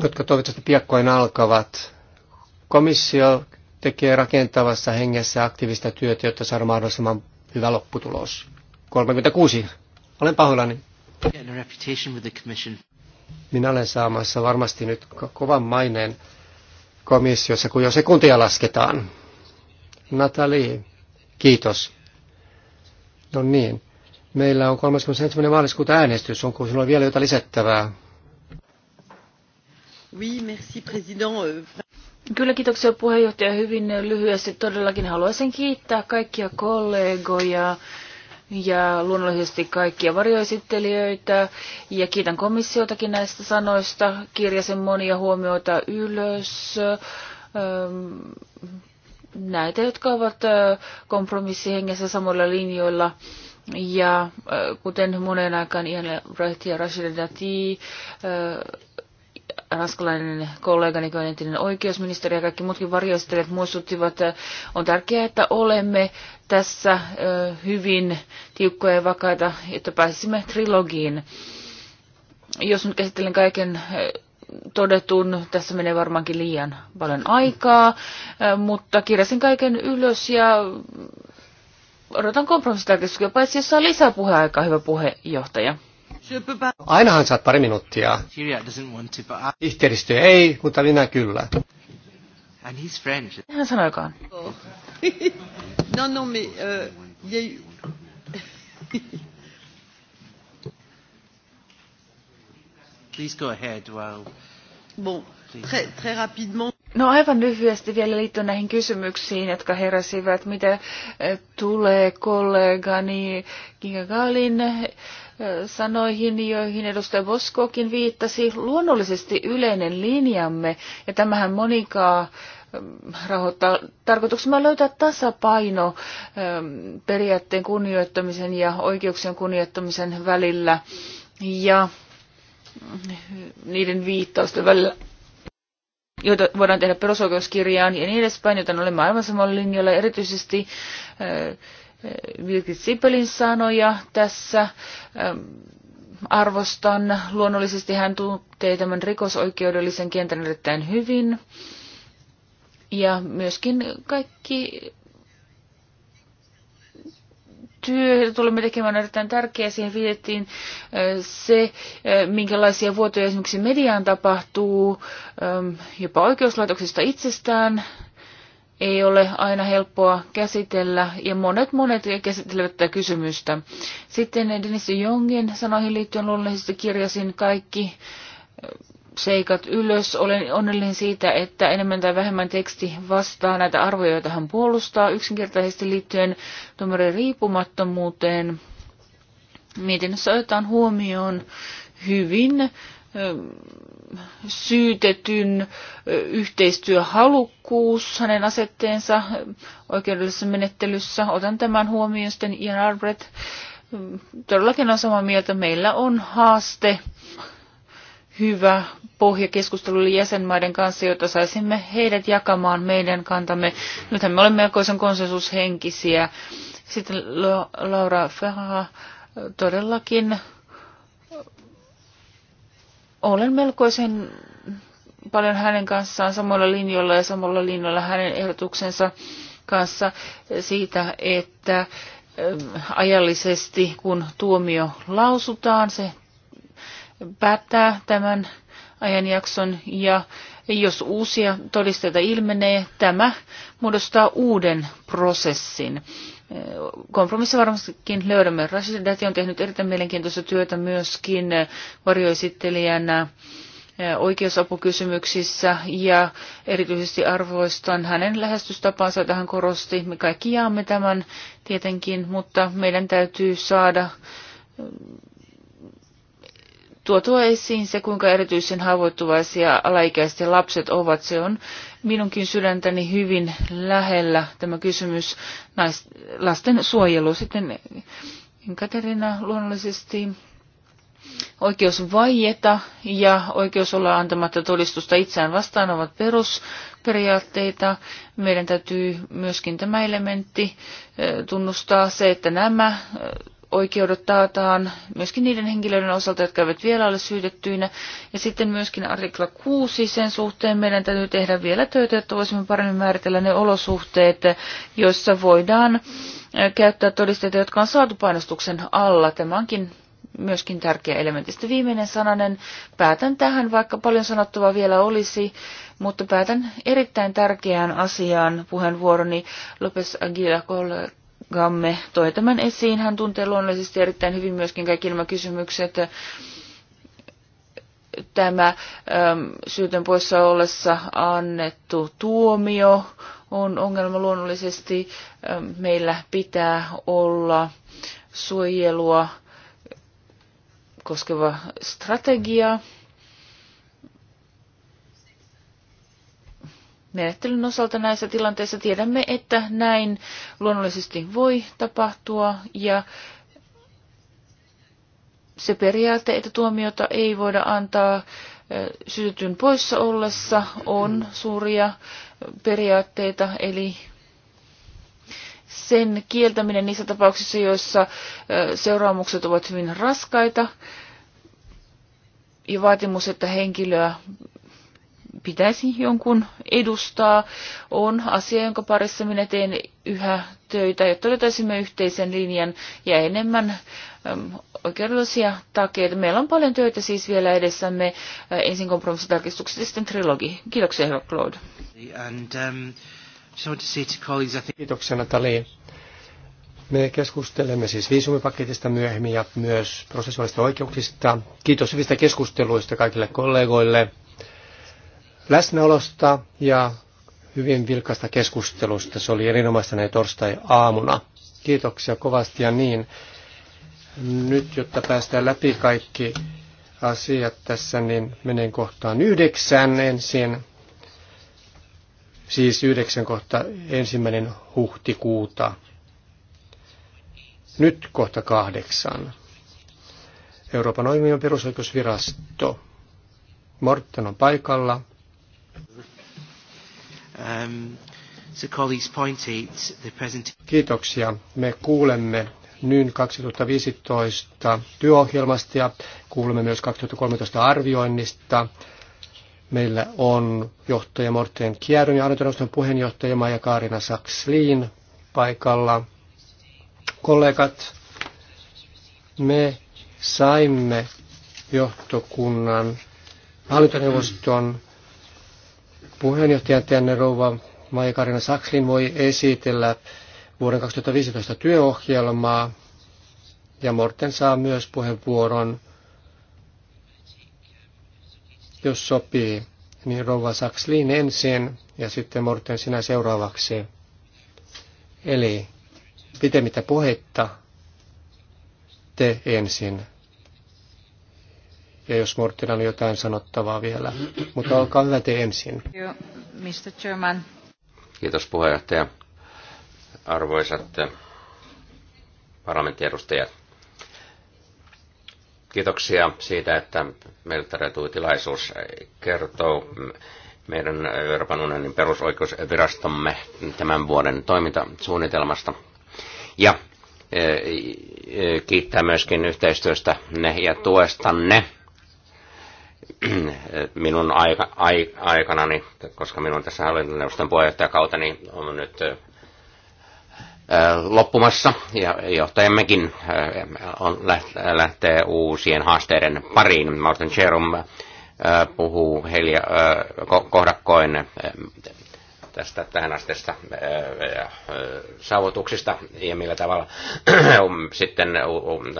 jotka toivottavasti piakkoin alkavat. Komissio tekee rakentavassa hengessä aktiivista työtä, jotta saadaan mahdollisimman hyvä lopputulos. 36. Olen pahoillani. Minä olen saamassa varmasti nyt ko- kovan maineen komissiossa, kun jo sekuntia lasketaan. Natali, kiitos. No niin. Meillä on 31. maaliskuuta äänestys. Onko sinulla vielä jotain lisättävää? Oui, merci, président. Kyllä, kiitoksia puheenjohtaja. Hyvin lyhyesti todellakin haluaisin kiittää kaikkia kollegoja ja luonnollisesti kaikkia varjoesittelijöitä ja kiitän komissiotakin näistä sanoista. Kirjasin monia huomioita ylös. Näitä, jotka ovat kompromissihengessä samoilla linjoilla. Ja kuten monen aikaan Ian Wright ja Rashida Dati ranskalainen kollegani, joka on entinen oikeusministeri ja kaikki muutkin varjoistelijat muistuttivat, äh, on tärkeää, että olemme tässä äh, hyvin tiukkoja ja vakaita, että pääsisimme trilogiin. Jos nyt käsittelen kaiken äh, todetun, tässä menee varmaankin liian paljon aikaa, mutta kirjasin kaiken ylös ja odotan kompromissitarkistuksia, paitsi jos saa lisää puheaikaa, hyvä puheenjohtaja. Ainahan saat pari minuuttia. Yhteistyö ei, mutta minä kyllä. And he's French. Hän sanoikaan. no, no, mais, uh, Please go ahead while... Bon, très, très rapidement. No aivan lyhyesti vielä liittyen näihin kysymyksiin, jotka heräsivät, mitä eh, tulee kollegani Kinga Galin sanoihin, joihin edustaja Boskokin viittasi. Luonnollisesti yleinen linjamme, ja tämähän monikaa ähm, rahoittaa. Tarkoituksena löytää tasapaino ähm, periaatteen kunnioittamisen ja oikeuksien kunnioittamisen välillä ja mm, niiden viittausten välillä joita voidaan tehdä perusoikeuskirjaan ja niin edespäin, joten olemme aivan samalla linjalla. Erityisesti äh, Vilki Sipelin sanoja tässä. Ähm, arvostan. Luonnollisesti hän tuntee tämän rikosoikeudellisen kentän erittäin hyvin. Ja myöskin kaikki työ, jota tulemme tekemään, on erittäin tärkeä. Siihen viitettiin äh, se, äh, minkälaisia vuotoja esimerkiksi mediaan tapahtuu, ähm, jopa oikeuslaitoksista itsestään ei ole aina helppoa käsitellä, ja monet monet käsittelevät tätä kysymystä. Sitten Dennis Jongin sanoihin liittyen luonnollisesti kirjasin kaikki eh, seikat ylös. Olen onnellinen siitä, että enemmän tai vähemmän teksti vastaa näitä arvoja, joita hän puolustaa yksinkertaisesti liittyen tuomarin riippumattomuuteen. Mietinnössä otetaan huomioon hyvin syytetyn yhteistyöhalukkuus, hänen asetteensa oikeudellisessa menettelyssä. Otan tämän huomioon sitten Ian Arbret. Todellakin on samaa mieltä. Meillä on haaste hyvä pohja keskustelulle jäsenmaiden kanssa, jotta saisimme heidät jakamaan meidän kantamme. Nythän me olemme melkoisen konsensushenkisiä. Sitten Laura Ferra todellakin olen melkoisen paljon hänen kanssaan samalla linjoilla ja samalla linjoilla hänen ehdotuksensa kanssa siitä, että ähm, ajallisesti kun tuomio lausutaan, se päättää tämän ajanjakson ja jos uusia todisteita ilmenee, tämä muodostaa uuden prosessin. Kompromissa varmastikin löydämme. Rashid Dati on tehnyt erittäin mielenkiintoista työtä myöskin varjoesittelijänä eh, oikeusapukysymyksissä ja erityisesti arvoistan hänen lähestystapaansa, jota hän korosti. Me kaikki jaamme tämän tietenkin, mutta meidän täytyy saada Tuo tuo esiin se, kuinka erityisen haavoittuvaisia alaikäisten lapset ovat. Se on minunkin sydäntäni hyvin lähellä tämä kysymys nais, lasten suojelu. Sitten Katerina luonnollisesti oikeus vaieta ja oikeus olla antamatta todistusta itseään vastaan ovat perusperiaatteita. Meidän täytyy myöskin tämä elementti eh, tunnustaa se, että nämä eh, oikeudet taataan myöskin niiden henkilöiden osalta, jotka eivät vielä ole syytettyinä. Ja sitten myöskin artikla 6, sen suhteen meidän täytyy tehdä vielä töitä, että voisimme paremmin määritellä ne olosuhteet, joissa voidaan käyttää todisteita, jotka on saatu painostuksen alla. Tämä onkin myöskin tärkeä elementti. Sitten viimeinen sananen, päätän tähän, vaikka paljon sanottavaa vielä olisi, mutta päätän erittäin tärkeään asiaan puheenvuoroni Lopes Aguila Gamme toi tämän esiin. Hän tuntee luonnollisesti erittäin hyvin myöskin kaikki nämä kysymykset. Tämä äm, syytön poissa ollessa annettu tuomio on ongelma luonnollisesti. Äm, meillä pitää olla suojelua koskeva strategia. menettelyn osalta näissä tilanteissa tiedämme, että näin luonnollisesti voi tapahtua ja se periaate, että tuomiota ei voida antaa syytyn poissa ollessa, on suuria periaatteita, eli sen kieltäminen niissä tapauksissa, joissa seuraamukset ovat hyvin raskaita ja vaatimus, että henkilöä pitäisi jonkun edustaa, on asia, jonka parissa minä teen yhä töitä, jotta löytäisimme yhteisen linjan ja enemmän ähm, oikeudellisia takeita. Meillä on paljon töitä siis vielä edessämme, äh, ensin kompromissitarkistukset ja sitten trilogi. Kiitoksia, herra Claude. And, um, Kiitoksia, Natali. Me keskustelemme siis viisumipaketista myöhemmin ja myös prosessuaalista oikeuksista. Kiitos hyvistä keskusteluista kaikille kollegoille läsnäolosta ja hyvin vilkasta keskustelusta. Se oli erinomaista näin torstai-aamuna. Kiitoksia kovasti ja niin. Nyt, jotta päästään läpi kaikki asiat tässä, niin menen kohtaan yhdeksän ensin. Siis yhdeksän kohta ensimmäinen huhtikuuta. Nyt kohta kahdeksan. Euroopan unionin perusoikeusvirasto. Morten on paikalla. Um, Kiitoksia. Me kuulemme nyt 2015 työohjelmasta ja kuulemme myös 2013 arvioinnista. Meillä on johtaja Morten Kierron ja hallintoneuvoston puheenjohtaja Maija Kaarina Saksliin paikalla. Kollegat, me saimme johtokunnan hallintoneuvoston mm puheenjohtajan tänne rouva Maija Karina Sakslin voi esitellä vuoden 2015 työohjelmaa ja Morten saa myös puheenvuoron, jos sopii. Niin rouva Sakslin ensin ja sitten Morten sinä seuraavaksi. Eli pitemmittä puhetta te ensin ja jos Mortilla on jotain sanottavaa vielä. Mutta olkaa hyvä te ensin. Mr. Chairman. Kiitos puheenjohtaja. Arvoisat eh, edustajat. Kiitoksia siitä, että meiltä tarjotui tilaisuus kertoo meidän Euroopan unionin perusoikeusvirastomme tämän vuoden toimintasuunnitelmasta. Ja eh, eh, kiittää myöskin yhteistyöstä ja tuestanne minun aika, ai, aikanani, koska minun tässä hallintoneuvoston niin on nyt loppumassa ja johtajammekin on, lähtee uusien haasteiden pariin. Martin Cherum puhuu helia, kohdakkoin tästä tähän asteesta saavutuksista ja millä tavalla um, sitten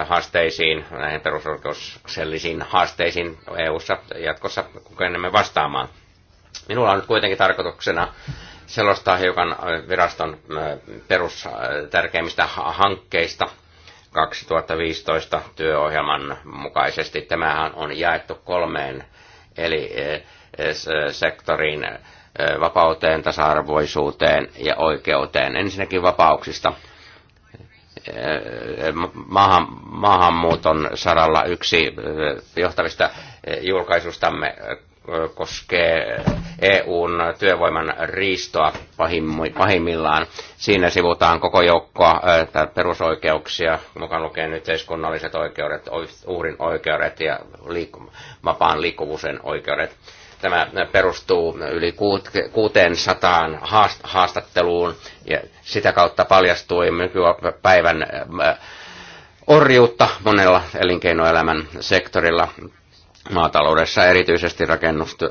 haasteisiin, näihin perusoikeuksellisiin haasteisiin EU-ssa jatkossa kykenemme vastaamaan. Minulla on nyt kuitenkin tarkoituksena selostaa hiukan viraston perus tärkeimmistä hankkeista 2015 työohjelman mukaisesti. Tämähän on jaettu kolmeen eli sektoriin vapauteen, tasa-arvoisuuteen ja oikeuteen. Ensinnäkin vapauksista. Maahan, maahanmuuton saralla yksi johtavista julkaisustamme koskee EUn työvoiman riistoa pahimmillaan. Siinä sivutaan koko joukkoa perusoikeuksia, mukaan lukee yhteiskunnalliset oikeudet, uhrin oikeudet ja liikku- vapaan liikkuvuuden oikeudet Tämä perustuu yli 600 haastatteluun ja sitä kautta paljastui nykypäivän äh, orjuutta monella elinkeinoelämän sektorilla maataloudessa, erityisesti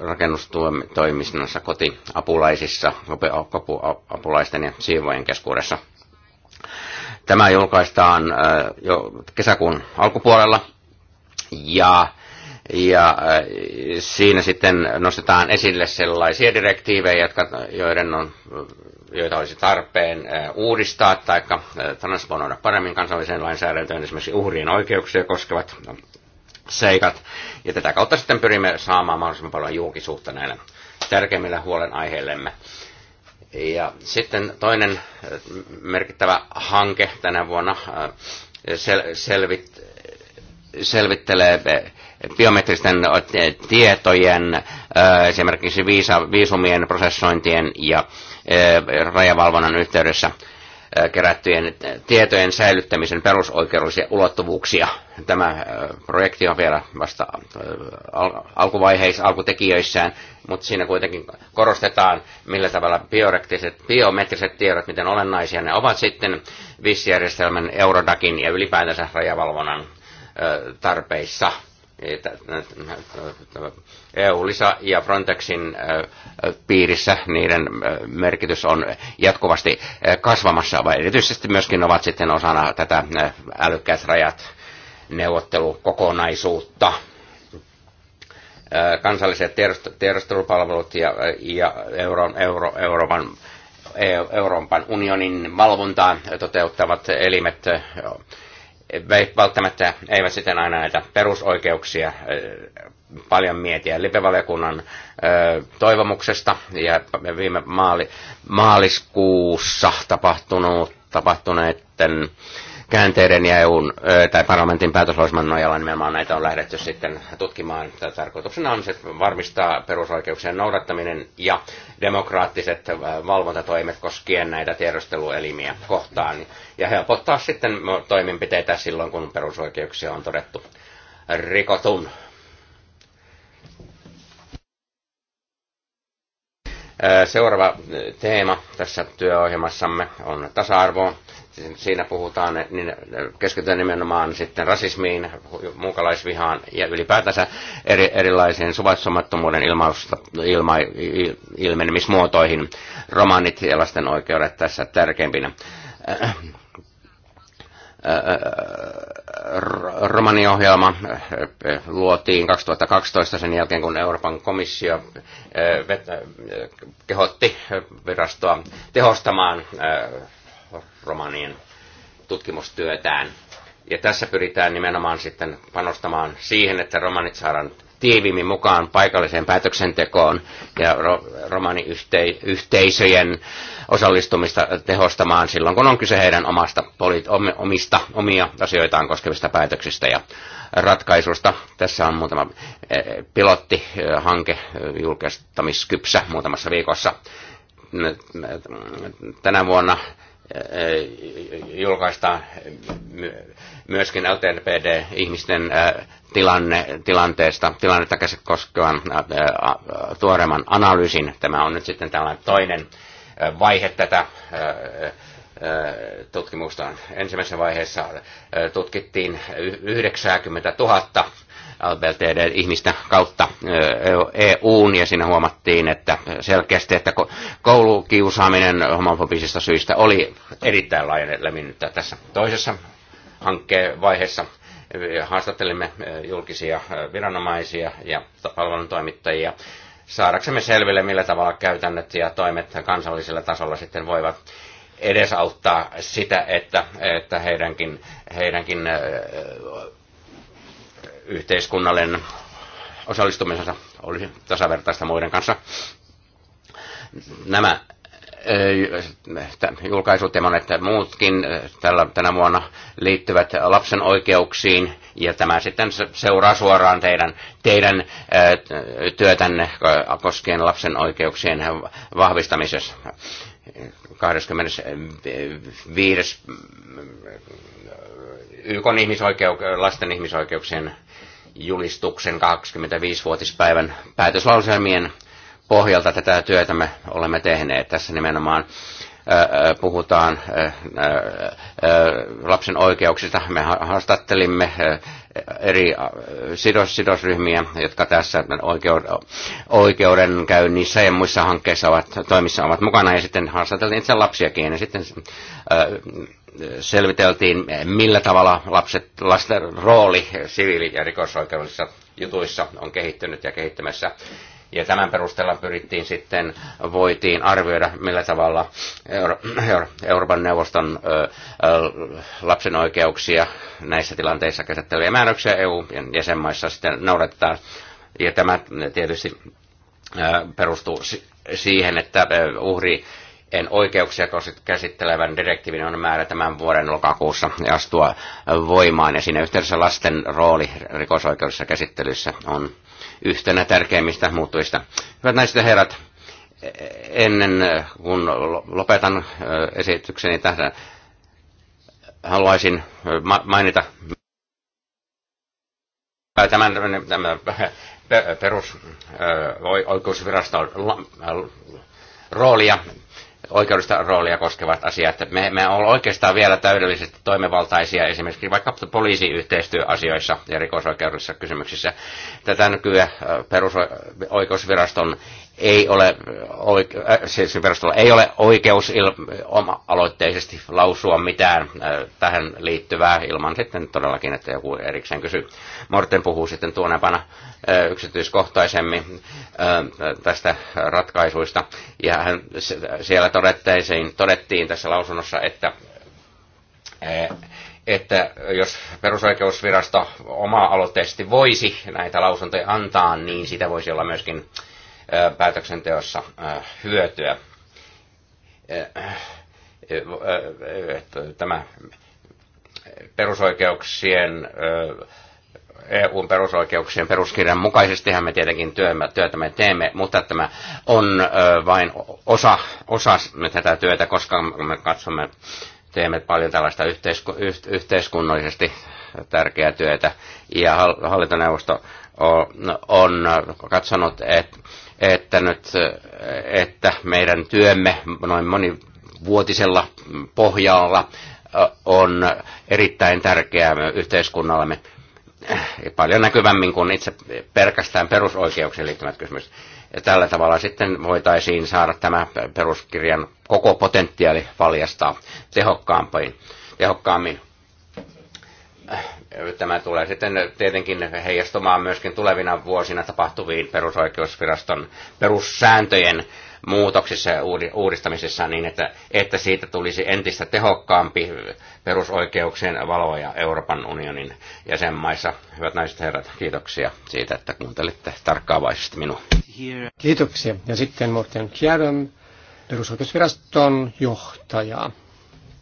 rakennustoiminnassa, kotiapulaisissa, apulaisten ja siivojen keskuudessa. Tämä julkaistaan äh, jo kesäkuun alkupuolella ja ja äh, siinä sitten nostetaan esille sellaisia direktiivejä, jotka, joiden on, joita olisi tarpeen äh, uudistaa tai äh, transponoida paremmin kansalliseen lainsäädäntöön, esimerkiksi uhrien oikeuksia koskevat seikat. Ja tätä kautta sitten pyrimme saamaan mahdollisimman paljon julkisuutta näille tärkeimmille huolenaiheillemme. Ja sitten toinen merkittävä hanke tänä vuonna sel- selvit, selvittelee biometristen tietojen, esimerkiksi viisa, viisumien prosessointien ja rajavalvonnan yhteydessä kerättyjen tietojen säilyttämisen perusoikeudellisia ulottuvuuksia. Tämä projekti on vielä vasta alkuvaiheissa, alkutekijöissään, mutta siinä kuitenkin korostetaan, millä tavalla biometriset, tiedot, miten olennaisia ne ovat sitten vissijärjestelmän Eurodakin ja ylipäätänsä rajavalvonnan tarpeissa. EU-lisa ja Frontexin piirissä niiden merkitys on jatkuvasti kasvamassa, vai erityisesti myöskin ovat sitten osana tätä älykkäät rajat neuvottelukokonaisuutta. Kansalliset tiedostelupalvelut ja, ja Euro, Euro, Euroopan, e-, Euroopan unionin valvontaa toteuttavat elimet välttämättä eivät sitten aina näitä perusoikeuksia paljon mietiä. Lipevaliokunnan toivomuksesta ja viime maali, maaliskuussa tapahtunut, tapahtuneiden käänteiden ja EUn tai parlamentin päätöslausman nojalla nimenomaan näitä on lähdetty sitten tutkimaan. Tämä tarkoituksena on se varmistaa perusoikeuksien noudattaminen ja demokraattiset valvontatoimet koskien näitä tiedusteluelimiä kohtaan ja helpottaa sitten toimenpiteitä silloin, kun perusoikeuksia on todettu rikotun. Seuraava teema tässä työohjelmassamme on tasa-arvo siinä puhutaan, niin keskitytään nimenomaan sitten rasismiin, muukalaisvihaan ja ylipäätänsä eri, erilaisiin suvaitsemattomuuden ilmausta, ilma, ilmenemismuotoihin. Romanit ja lasten oikeudet tässä tärkeimpinä. Romaniohjelma luotiin 2012 sen jälkeen, kun Euroopan komissio eh, eh, kehotti virastoa tehostamaan eh, romanien tutkimustyötään. Ja tässä pyritään nimenomaan sitten panostamaan siihen, että romanit saadaan tiiviimmin mukaan paikalliseen päätöksentekoon ja ro, romaniyhteisöjen osallistumista tehostamaan silloin, kun on kyse heidän omasta, omista, omia asioitaan koskevista päätöksistä ja ratkaisusta. Tässä on muutama e, pilottihanke e, e, julkistamiskypsä muutamassa viikossa. Tänä vuonna julkaistaan myöskin LTPD-ihmisten tilanne, tilanteesta, tilannetta koskevan tuoreman analyysin. Tämä on nyt sitten tällainen toinen vaihe tätä tutkimusta. Ensimmäisessä vaiheessa tutkittiin 90 000 LBTD-ihmistä kautta EUn, ja siinä huomattiin, että selkeästi, että koulukiusaaminen homofobisista syistä oli erittäin laajalle levinnyttä tässä toisessa hankkeen vaiheessa. Haastattelimme julkisia viranomaisia ja palveluntoimittajia saadaksemme selville, millä tavalla käytännöt ja toimet kansallisella tasolla sitten voivat edesauttaa sitä, että, että heidänkin, heidänkin yhteiskunnallinen osallistumisensa olisi tasavertaista muiden kanssa. Nämä julkaisut ja monet muutkin tällä, tänä vuonna liittyvät lapsen oikeuksiin, ja tämä sitten seuraa suoraan teidän, teidän työtänne koskien lapsen oikeuksien vahvistamisessa. 25. YK ihmisoikeuk- lasten ihmisoikeuksien julistuksen 25-vuotispäivän päätöslauselmien pohjalta tätä työtä me olemme tehneet. Tässä nimenomaan puhutaan lapsen oikeuksista. Me haastattelimme eri sidos, sidosryhmiä, jotka tässä oikeuden, oikeudenkäynnissä ja muissa hankkeissa ovat, toimissa ovat mukana, ja sitten haastateltiin itse lapsiakin, ja sitten selviteltiin, millä tavalla lapset, lasten rooli siviili- ja rikosoikeudellisissa jutuissa on kehittynyt ja kehittymässä. Ja tämän perusteella pyrittiin sitten, voitiin arvioida, millä tavalla Euro- Euro- Euroopan neuvoston ö, ö, lapsen oikeuksia näissä tilanteissa käsitteleviä määräyksiä EU-jäsenmaissa sitten noudatetaan. Ja tämä tietysti ö, perustuu siihen, että uhri en oikeuksia käsittelevän direktiivin on määrä tämän vuoden lokakuussa astua voimaan, ja siinä yhteydessä lasten rooli rikosoikeudessa käsittelyssä on yhtenä tärkeimmistä muuttujista. Hyvät naiset ja herrat, ennen kuin lopetan esitykseni tähän, haluaisin mainita tämän, tämän perusoikeusviraston roolia oikeudesta roolia koskevat asiat. Me emme ole oikeastaan vielä täydellisesti toimivaltaisia esimerkiksi vaikka poliisiyhteistyöasioissa ja rikosoikeudellisissa kysymyksissä. Tätä nykyään perusoikeusviraston ei ole, oike, äh, siis ei ole oikeus il, oma-aloitteisesti lausua mitään äh, tähän liittyvää ilman sitten todellakin, että joku erikseen kysyy. Morten puhuu sitten tuonepana äh, yksityiskohtaisemmin äh, tästä ratkaisuista. Ja hän, se, siellä todettiin, todettiin tässä lausunnossa, että äh, että jos perusoikeusvirasto oma-aloitteisesti voisi näitä lausuntoja antaa, niin sitä voisi olla myöskin äh, päätöksenteossa hyötyä. Tämä perusoikeuksien EUn perusoikeuksien peruskirjan mukaisestihan me tietenkin työmme, työtä me teemme, mutta tämä on vain osa, osa tätä työtä, koska me katsomme, teemme paljon tällaista yhteisku, yhteiskunnallisesti tärkeää työtä. Ja hallintoneuvosto no, on katsonut, että että, nyt, että meidän työmme noin monivuotisella pohjalla on erittäin tärkeää yhteiskunnallemme paljon näkyvämmin kuin itse pelkästään perusoikeuksien liittyvät kysymykset. Ja tällä tavalla sitten voitaisiin saada tämä peruskirjan koko potentiaali valjastaa tehokkaampiin, tehokkaammin. Tämä tulee sitten tietenkin heijastumaan myöskin tulevina vuosina tapahtuviin perusoikeusviraston perussääntöjen muutoksissa ja uudistamisissa niin, että, että siitä tulisi entistä tehokkaampi perusoikeuksien valoja Euroopan unionin jäsenmaissa. Hyvät naiset ja herrat, kiitoksia siitä, että kuuntelitte tarkkaavaisesti minua. Kiitoksia. Ja sitten Morten Kjärön, perusoikeusviraston johtaja.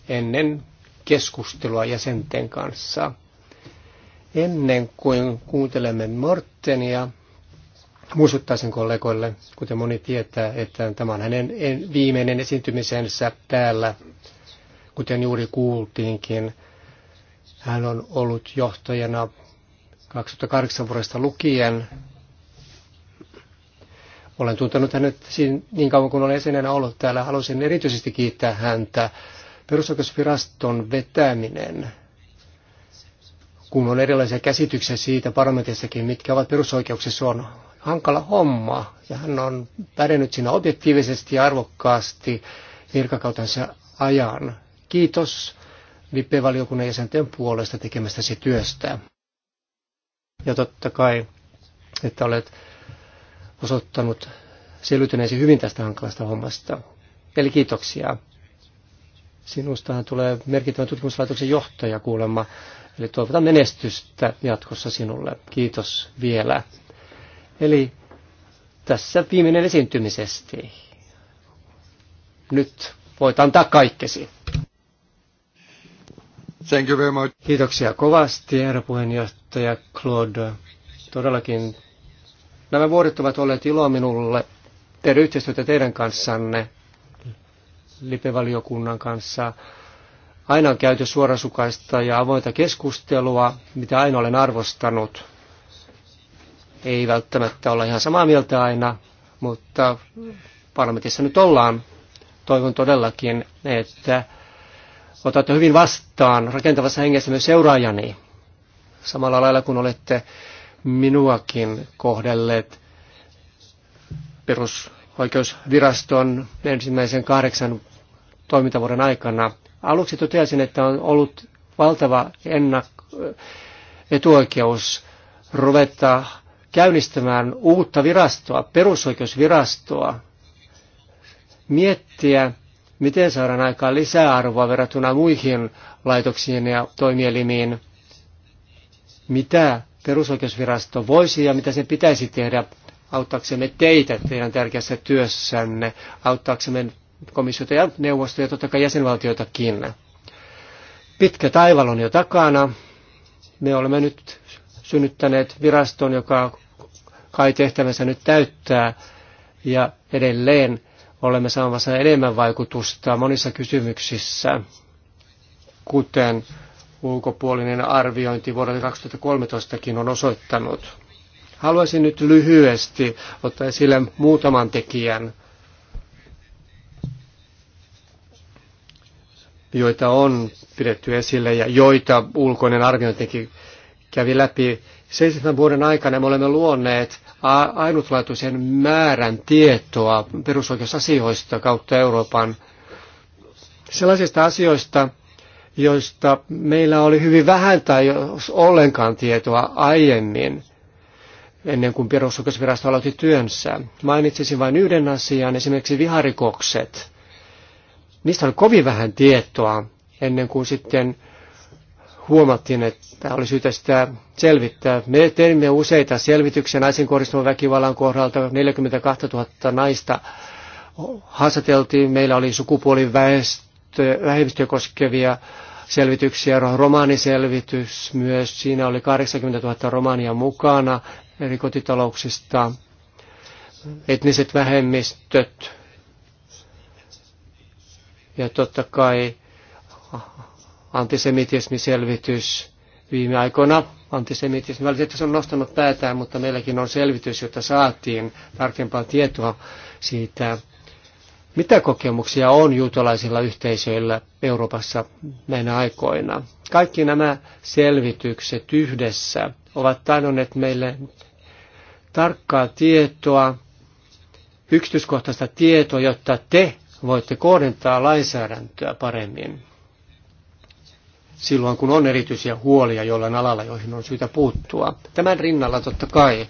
Ennen keskustelua jäsenten kanssa. Ennen kuin kuuntelemme Mortenia, muistuttaisin kollegoille, kuten moni tietää, että tämä on hänen viimeinen esiintymisensä täällä, kuten juuri kuultiinkin. Hän on ollut johtajana 2008 vuodesta lukien. Olen tuntenut hänet niin kauan kuin olen esineenä ollut täällä. Haluaisin erityisesti kiittää häntä perusoikeusviraston vetäminen, kun on erilaisia käsityksiä siitä parlamentissakin, mitkä ovat perusoikeuksissa, on hankala homma. Ja hän on pärjännyt siinä objektiivisesti ja arvokkaasti virkakautensa ajan. Kiitos VIP-valiokunnan jäsenten puolesta tekemästäsi työstä. Ja totta kai, että olet osoittanut selviytyneesi hyvin tästä hankalasta hommasta. Eli kiitoksia. Sinustahan tulee merkittävän tutkimuslaitoksen johtaja kuulemma. Eli toivotan menestystä jatkossa sinulle. Kiitos vielä. Eli tässä viimeinen esiintymisesti. Nyt voit antaa kaikkesi. Thank you very much. Kiitoksia kovasti, herra puheenjohtaja Claude. Todellakin nämä vuodet ovat olleet ilo minulle tehdä yhteistyötä teidän kanssanne lipevaliokunnan kanssa. Aina on käyty suorasukaista ja avointa keskustelua, mitä aina olen arvostanut. Ei välttämättä olla ihan samaa mieltä aina, mutta parlamentissa nyt ollaan. Toivon todellakin, että otatte hyvin vastaan rakentavassa hengessä myös seuraajani. Samalla lailla kun olette minuakin kohdelleet perusoikeusviraston ensimmäisen kahdeksan toimintavuoden aikana. Aluksi totesin, että on ollut valtava ennak- etuoikeus ruveta käynnistämään uutta virastoa, perusoikeusvirastoa, miettiä, miten saadaan aikaan lisäarvoa verrattuna muihin laitoksiin ja toimielimiin, mitä perusoikeusvirasto voisi ja mitä sen pitäisi tehdä auttaaksemme teitä teidän tärkeässä työssänne, auttaaksemme komissiota ja neuvostoja, totta kai jäsenvaltioitakin. Pitkä taival on jo takana. Me olemme nyt synnyttäneet viraston, joka kai tehtävänsä nyt täyttää. Ja edelleen olemme saamassa enemmän vaikutusta monissa kysymyksissä, kuten ulkopuolinen arviointi vuodelta 2013kin on osoittanut. Haluaisin nyt lyhyesti ottaa esille muutaman tekijän, joita on pidetty esille ja joita ulkoinen arviointikin kävi läpi. 70 vuoden aikana me olemme luoneet ainutlaatuisen määrän tietoa perusoikeusasioista kautta Euroopan sellaisista asioista, joista meillä oli hyvin vähän tai jos ollenkaan tietoa aiemmin, ennen kuin perusoikeusvirasto aloitti työnsä. Mainitsisin vain yhden asian, esimerkiksi viharikokset. Niistä oli kovin vähän tietoa ennen kuin sitten huomattiin, että oli syytä sitä selvittää. Me teimme useita selvityksiä naisen kohdistuvan väkivallan kohdalta. 42 000 naista haastateltiin. Meillä oli sukupuolivähemmistöä koskevia selvityksiä, romaaniselvitys myös. Siinä oli 80 000 romaania mukana eri kotitalouksista. Etniset vähemmistöt ja totta kai antisemitismiselvitys viime aikoina. Antisemitismi se on nostanut päätään, mutta meilläkin on selvitys, jota saatiin tarkempaa tietoa siitä, mitä kokemuksia on juutalaisilla yhteisöillä Euroopassa näinä aikoina. Kaikki nämä selvitykset yhdessä ovat tarjonneet meille tarkkaa tietoa, yksityiskohtaista tietoa, jotta te voitte kohdentaa lainsäädäntöä paremmin silloin, kun on erityisiä huolia jollain alalla, joihin on syytä puuttua. Tämän rinnalla totta kai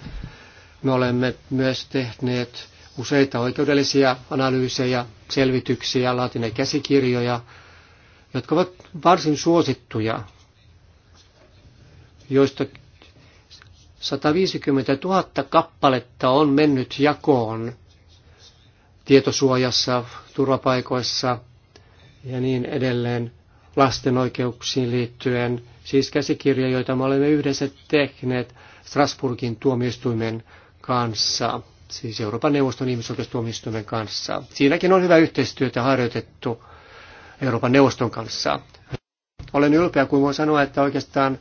me olemme myös tehneet useita oikeudellisia analyysejä, selvityksiä, laatineet käsikirjoja, jotka ovat varsin suosittuja, joista 150 000 kappaletta on mennyt jakoon tietosuojassa, turvapaikoissa ja niin edelleen lasten oikeuksiin liittyen. Siis käsikirja, joita me olemme yhdessä tehneet Strasburgin tuomioistuimen kanssa, siis Euroopan neuvoston ihmisoikeustuomioistuimen kanssa. Siinäkin on hyvä yhteistyötä harjoitettu Euroopan neuvoston kanssa. Olen ylpeä, kun voin sanoa, että oikeastaan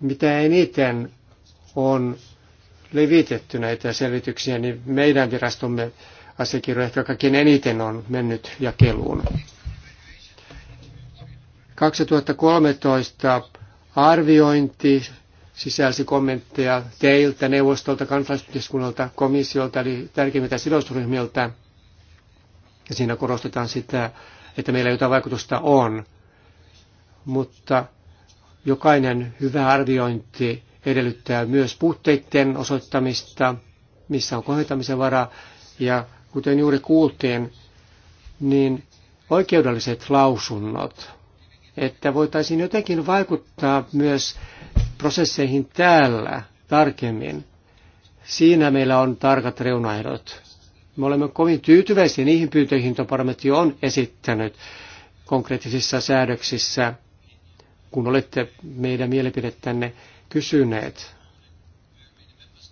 mitä eniten on levitetty näitä selvityksiä, niin meidän virastomme asiakirjo ehkä kaikkein eniten on mennyt jakeluun. 2013 arviointi sisälsi kommentteja teiltä, neuvostolta, kansalaisyhteiskunnalta, komissiolta, eli tärkeimmiltä sidosryhmiltä. Ja siinä korostetaan sitä, että meillä jotain vaikutusta on. Mutta jokainen hyvä arviointi edellyttää myös puutteiden osoittamista, missä on kohentamisen vara Ja kuten juuri kuultiin, niin oikeudelliset lausunnot, että voitaisiin jotenkin vaikuttaa myös prosesseihin täällä tarkemmin. Siinä meillä on tarkat reunaehdot. Me olemme kovin tyytyväisiä niihin pyyntöihin, joita parlamentti on esittänyt konkreettisissa säädöksissä, kun olette meidän mielipidettänne kysyneet.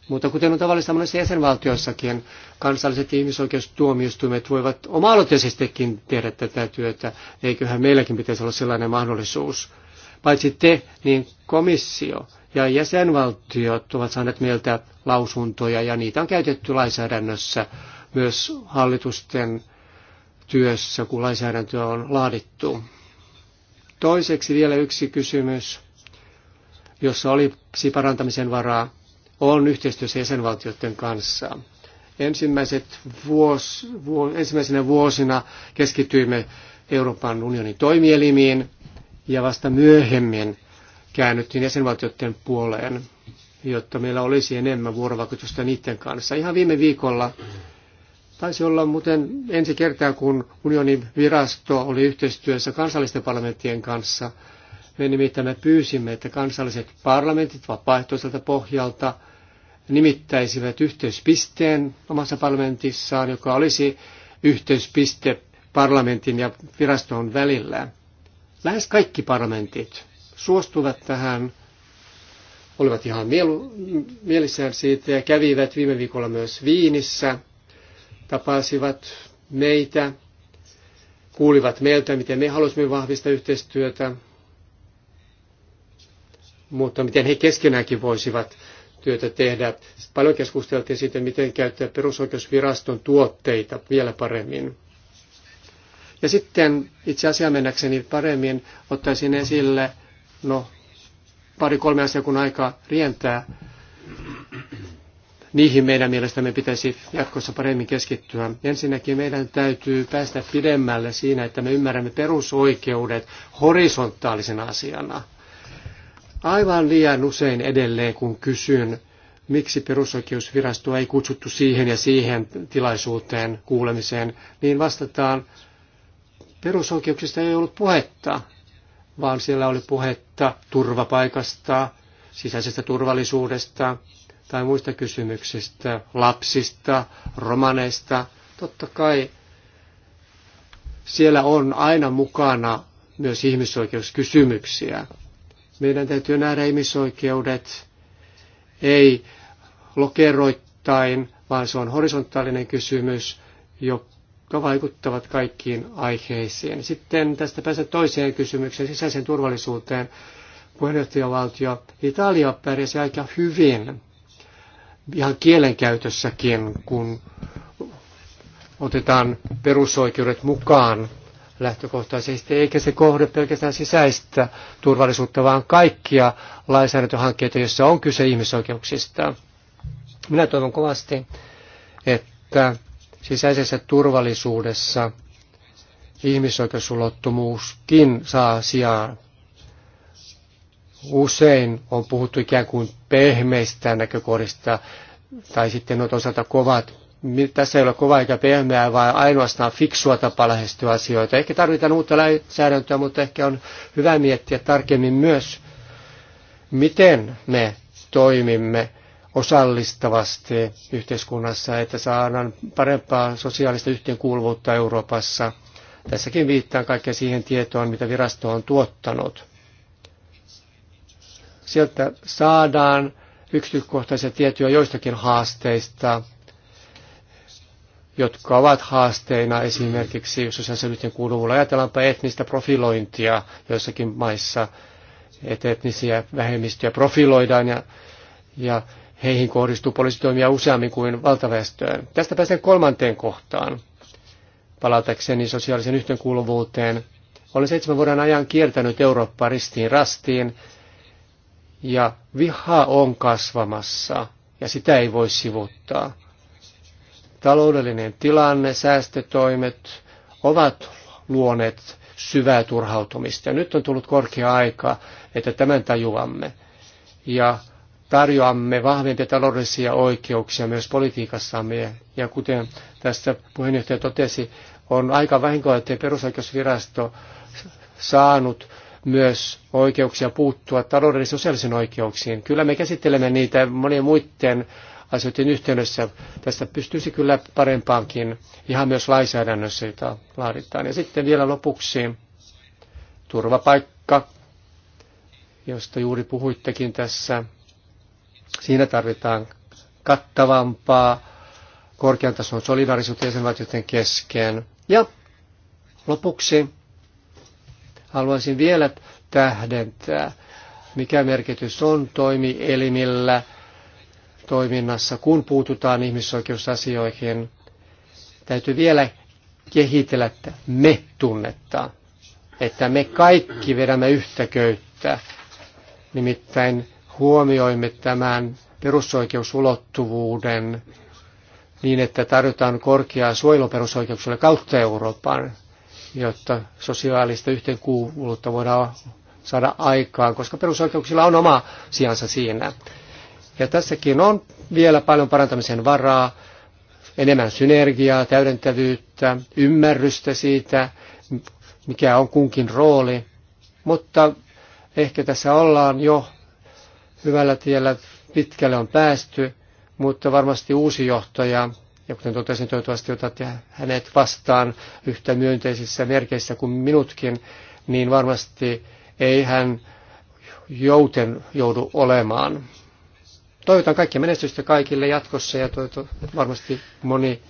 Mutta kuten on tavallista monessa jäsenvaltiossakin, kansalliset ihmisoikeustuomioistuimet voivat oma-aloitteisestikin tehdä tätä työtä. Eiköhän meilläkin pitäisi olla sellainen mahdollisuus. Paitsi te, niin komissio ja jäsenvaltiot ovat saaneet meiltä lausuntoja ja niitä on käytetty lainsäädännössä myös hallitusten työssä, kun lainsäädäntöä on laadittu. Toiseksi vielä yksi kysymys jossa olisi parantamisen varaa, on yhteistyössä jäsenvaltioiden kanssa. Ensimmäiset vuos, vu, ensimmäisenä vuosina keskityimme Euroopan unionin toimielimiin ja vasta myöhemmin käännyttiin jäsenvaltioiden puoleen, jotta meillä olisi enemmän vuorovaikutusta niiden kanssa. Ihan viime viikolla taisi olla muuten ensi kertaa, kun unionin virasto oli yhteistyössä kansallisten parlamenttien kanssa – me nimittäin me pyysimme, että kansalliset parlamentit vapaaehtoiselta pohjalta nimittäisivät yhteyspisteen omassa parlamentissaan, joka olisi yhteyspiste parlamentin ja viraston välillä. Lähes kaikki parlamentit suostuivat tähän, olivat ihan mielu, mielissään siitä ja kävivät viime viikolla myös Viinissä, tapasivat meitä, kuulivat meiltä, miten me halusimme vahvistaa yhteistyötä mutta miten he keskenäänkin voisivat työtä tehdä. Paljon keskusteltiin siitä, miten käyttää perusoikeusviraston tuotteita vielä paremmin. Ja sitten itse asiaan mennäkseni paremmin ottaisin esille, no pari-kolme asiaa kun aika rientää, niihin meidän mielestämme pitäisi jatkossa paremmin keskittyä. Ensinnäkin meidän täytyy päästä pidemmälle siinä, että me ymmärrämme perusoikeudet horisontaalisena asiana – Aivan liian usein edelleen, kun kysyn, miksi perusoikeusvirastoa ei kutsuttu siihen ja siihen tilaisuuteen kuulemiseen, niin vastataan, perusoikeuksista ei ollut puhetta, vaan siellä oli puhetta turvapaikasta, sisäisestä turvallisuudesta tai muista kysymyksistä, lapsista, romaneista. Totta kai siellä on aina mukana myös ihmisoikeuskysymyksiä. Meidän täytyy nähdä ihmisoikeudet ei lokeroittain, vaan se on horisontaalinen kysymys, jotka vaikuttavat kaikkiin aiheisiin. Sitten tästä pääsen toiseen kysymykseen, sisäiseen turvallisuuteen. Puheenjohtajavaltio Italia pärjäsi aika hyvin, ihan kielenkäytössäkin, kun otetaan perusoikeudet mukaan lähtökohtaisesti, eikä se kohde pelkästään sisäistä turvallisuutta, vaan kaikkia lainsäädäntöhankkeita, joissa on kyse ihmisoikeuksista. Minä toivon kovasti, että sisäisessä turvallisuudessa ihmisoikeusulottomuuskin saa sijaa. Usein on puhuttu ikään kuin pehmeistä näkökohdista, tai sitten on toisaalta kovat tässä ei ole kovaa eikä pehmeää, vaan ainoastaan fiksua tapa lähestyä asioita. Ehkä tarvitaan uutta lainsäädäntöä, mutta ehkä on hyvä miettiä tarkemmin myös, miten me toimimme osallistavasti yhteiskunnassa, että saadaan parempaa sosiaalista yhteenkuuluvuutta Euroopassa. Tässäkin viittaan kaikkea siihen tietoon, mitä virasto on tuottanut. Sieltä saadaan yksityiskohtaisia tietoja joistakin haasteista, jotka ovat haasteina esimerkiksi sosiaalisen kuuluvulla. Ajatellaanpa etnistä profilointia joissakin maissa, että etnisiä vähemmistöjä profiloidaan ja, ja heihin kohdistuu poliisitoimia useammin kuin valtaväestöön. Tästä pääsen kolmanteen kohtaan. Palatakseni sosiaalisen yhteenkuuluvuuteen. Olen seitsemän vuoden ajan kiertänyt Eurooppaa ristiin rastiin ja viha on kasvamassa ja sitä ei voi sivuttaa. Taloudellinen tilanne, säästötoimet ovat luoneet syvää turhautumista. Ja nyt on tullut korkea aika, että tämän tajuamme. Ja tarjoamme vahvempia taloudellisia oikeuksia myös politiikassamme. Ja kuten tässä puheenjohtaja totesi, on aika vahinkoa, että perusoikeusvirasto saanut myös oikeuksia puuttua taloudellisiin sosiaalisiin oikeuksiin. Kyllä me käsittelemme niitä monien muiden asioiden yhteydessä. Tästä pystyisi kyllä parempaankin ihan myös lainsäädännössä, jota laaditaan. Ja sitten vielä lopuksi turvapaikka, josta juuri puhuittekin tässä. Siinä tarvitaan kattavampaa korkean tason solidaarisuutta jäsenvaltioiden kesken. Ja lopuksi haluaisin vielä tähdentää, mikä merkitys on toimielimillä – toiminnassa, kun puututaan ihmisoikeusasioihin, täytyy vielä kehitellä että me tunnetta, että me kaikki vedämme yhtä köyttä. Nimittäin huomioimme tämän perusoikeusulottuvuuden niin, että tarjotaan korkeaa suojelua perusoikeuksille kautta Euroopan, jotta sosiaalista yhteenkuuluvuutta voidaan saada aikaan, koska perusoikeuksilla on oma sijansa siinä. Ja tässäkin on vielä paljon parantamisen varaa, enemmän synergiaa, täydentävyyttä, ymmärrystä siitä, mikä on kunkin rooli. Mutta ehkä tässä ollaan jo hyvällä tiellä, pitkälle on päästy, mutta varmasti uusi johtaja, ja kuten totesin, toivottavasti otatte hänet vastaan yhtä myönteisissä merkeissä kuin minutkin, niin varmasti ei hän jouten joudu olemaan. Toivotan kaikkia menestystä kaikille jatkossa ja toivotan varmasti moni,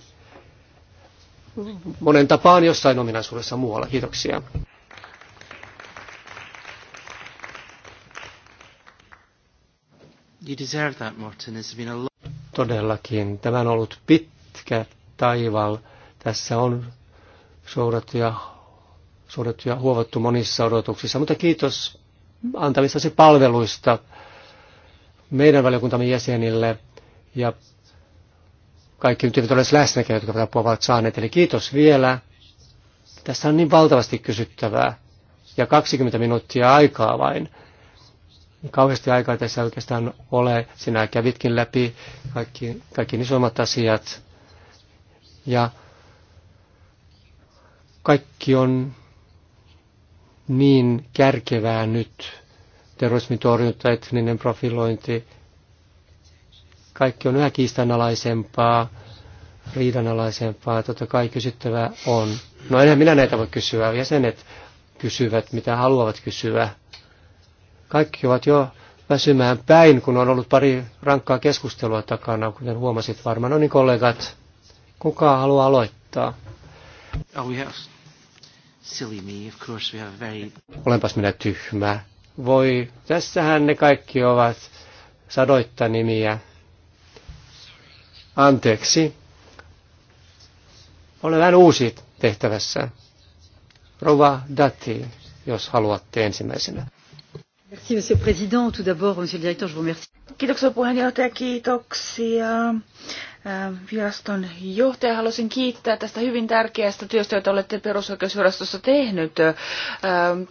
monen tapaan jossain ominaisuudessa muualla. Kiitoksia. You deserve that, Martin. It's been a Todellakin. Tämä on ollut pitkä taival. Tässä on soudattu ja, soudattu ja huovattu monissa odotuksissa, mutta kiitos antamissasi palveluista meidän valiokuntamme jäsenille ja kaikki nyt eivät ole läsnäkään, jotka apua ovat saaneet. Eli kiitos vielä. Tässä on niin valtavasti kysyttävää ja 20 minuuttia aikaa vain. Niin kauheasti aikaa tässä oikeastaan ole. Sinä kävitkin läpi kaikki, kaikki isommat asiat. Ja kaikki on niin kärkevää nyt terrorismin torjunta, etninen profilointi, kaikki on yhä kiistanalaisempaa, riidanalaisempaa. Totta kai kysyttävää on. No enhän minä näitä voi kysyä. Jäsenet kysyvät, mitä haluavat kysyä. Kaikki ovat jo väsymään päin, kun on ollut pari rankkaa keskustelua takana, kuten huomasit varmaan. No niin, kollegat, kuka haluaa aloittaa? Oh, we Silly me, of course we have very... Olenpas minä tyhmä voi, tässähän ne kaikki ovat sadoitta nimiä. Anteeksi. Olen vähän uusi tehtävässä. Rova Dati, jos haluatte ensimmäisenä. Monsieur President, tout d'abord, Monsieur le Directeur, je vous remercie. Kiitoksia puheenjohtaja, kiitoksia. Äh, viraston johtaja, haluaisin kiittää tästä hyvin tärkeästä työstä, jota olette perusoikeusvirastossa tehnyt. Äh,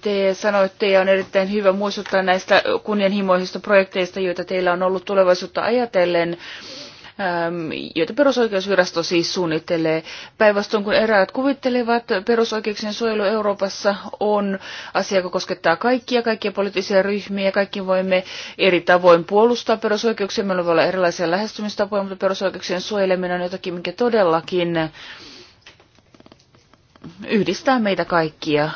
te sanoitte, ja on erittäin hyvä muistuttaa näistä kunnianhimoisista projekteista, joita teillä on ollut tulevaisuutta ajatellen. Ähm, joita perusoikeusvirasto siis suunnittelee. Päinvastoin kun eräät kuvittelevat, perusoikeuksien suojelu Euroopassa on asia, joka koskettaa kaikkia, kaikkia poliittisia ryhmiä. Kaikki voimme eri tavoin puolustaa perusoikeuksia. Meillä voi olla erilaisia lähestymistapoja, mutta perusoikeuksien suojeleminen on jotakin, mikä todellakin yhdistää meitä kaikkia.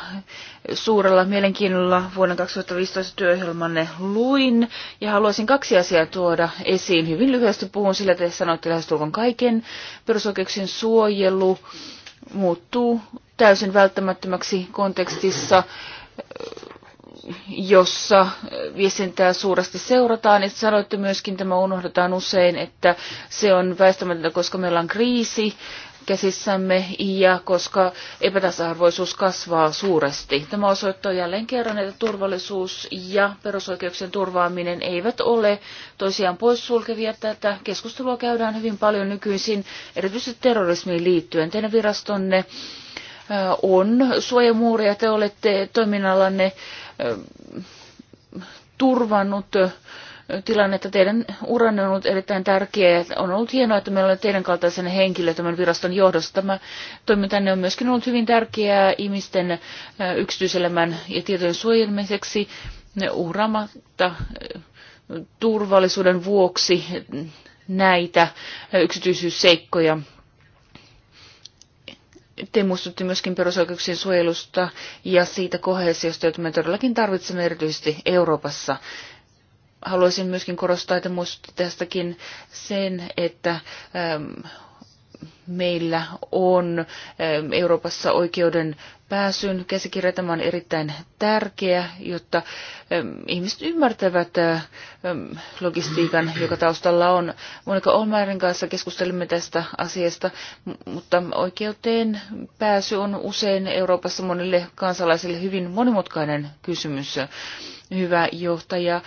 Suurella mielenkiinnolla vuonna 2015 työohjelmanne luin ja haluaisin kaksi asiaa tuoda esiin. Hyvin lyhyesti puhun sillä, te sanoitte lähestulkoon kaiken. Perusoikeuksien suojelu muuttuu täysin välttämättömäksi kontekstissa jossa viestintää suuresti seurataan. Et sanoitte myöskin, tämä unohdetaan usein, että se on väistämätöntä, koska meillä on kriisi käsissämme ja koska epätasa-arvoisuus kasvaa suuresti. Tämä osoittaa jälleen kerran, että turvallisuus ja perusoikeuksien turvaaminen eivät ole toisiaan poissulkevia. Tätä keskustelua käydään hyvin paljon nykyisin, erityisesti terrorismiin liittyen. Teidän virastonne on suojamuuria, te olette toiminnallanne turvannut tilannetta. Teidän uranne on ollut erittäin tärkeä ja on ollut hienoa, että meillä on teidän kaltaisen henkilö tämän viraston johdossa. Tämä toimintanne on myöskin ollut hyvin tärkeää ihmisten yksityiselämän ja tietojen suojelmiseksi uhraamatta turvallisuuden vuoksi näitä yksityisyysseikkoja. Te muistutti myöskin perusoikeuksien suojelusta ja siitä kohesiosta, jota me todellakin tarvitsemme erityisesti Euroopassa haluaisin myöskin korostaa, että muistutti tästäkin sen, että ähm, meillä on ähm, Euroopassa oikeuden pääsyn käsikirja. Tämä on erittäin tärkeä, jotta ähm, ihmiset ymmärtävät äh, ähm, logistiikan, joka taustalla on. Monika Olmairen kanssa keskustelimme tästä asiasta, mutta oikeuteen pääsy on usein Euroopassa monille kansalaisille hyvin monimutkainen kysymys. Hyvä johtaja,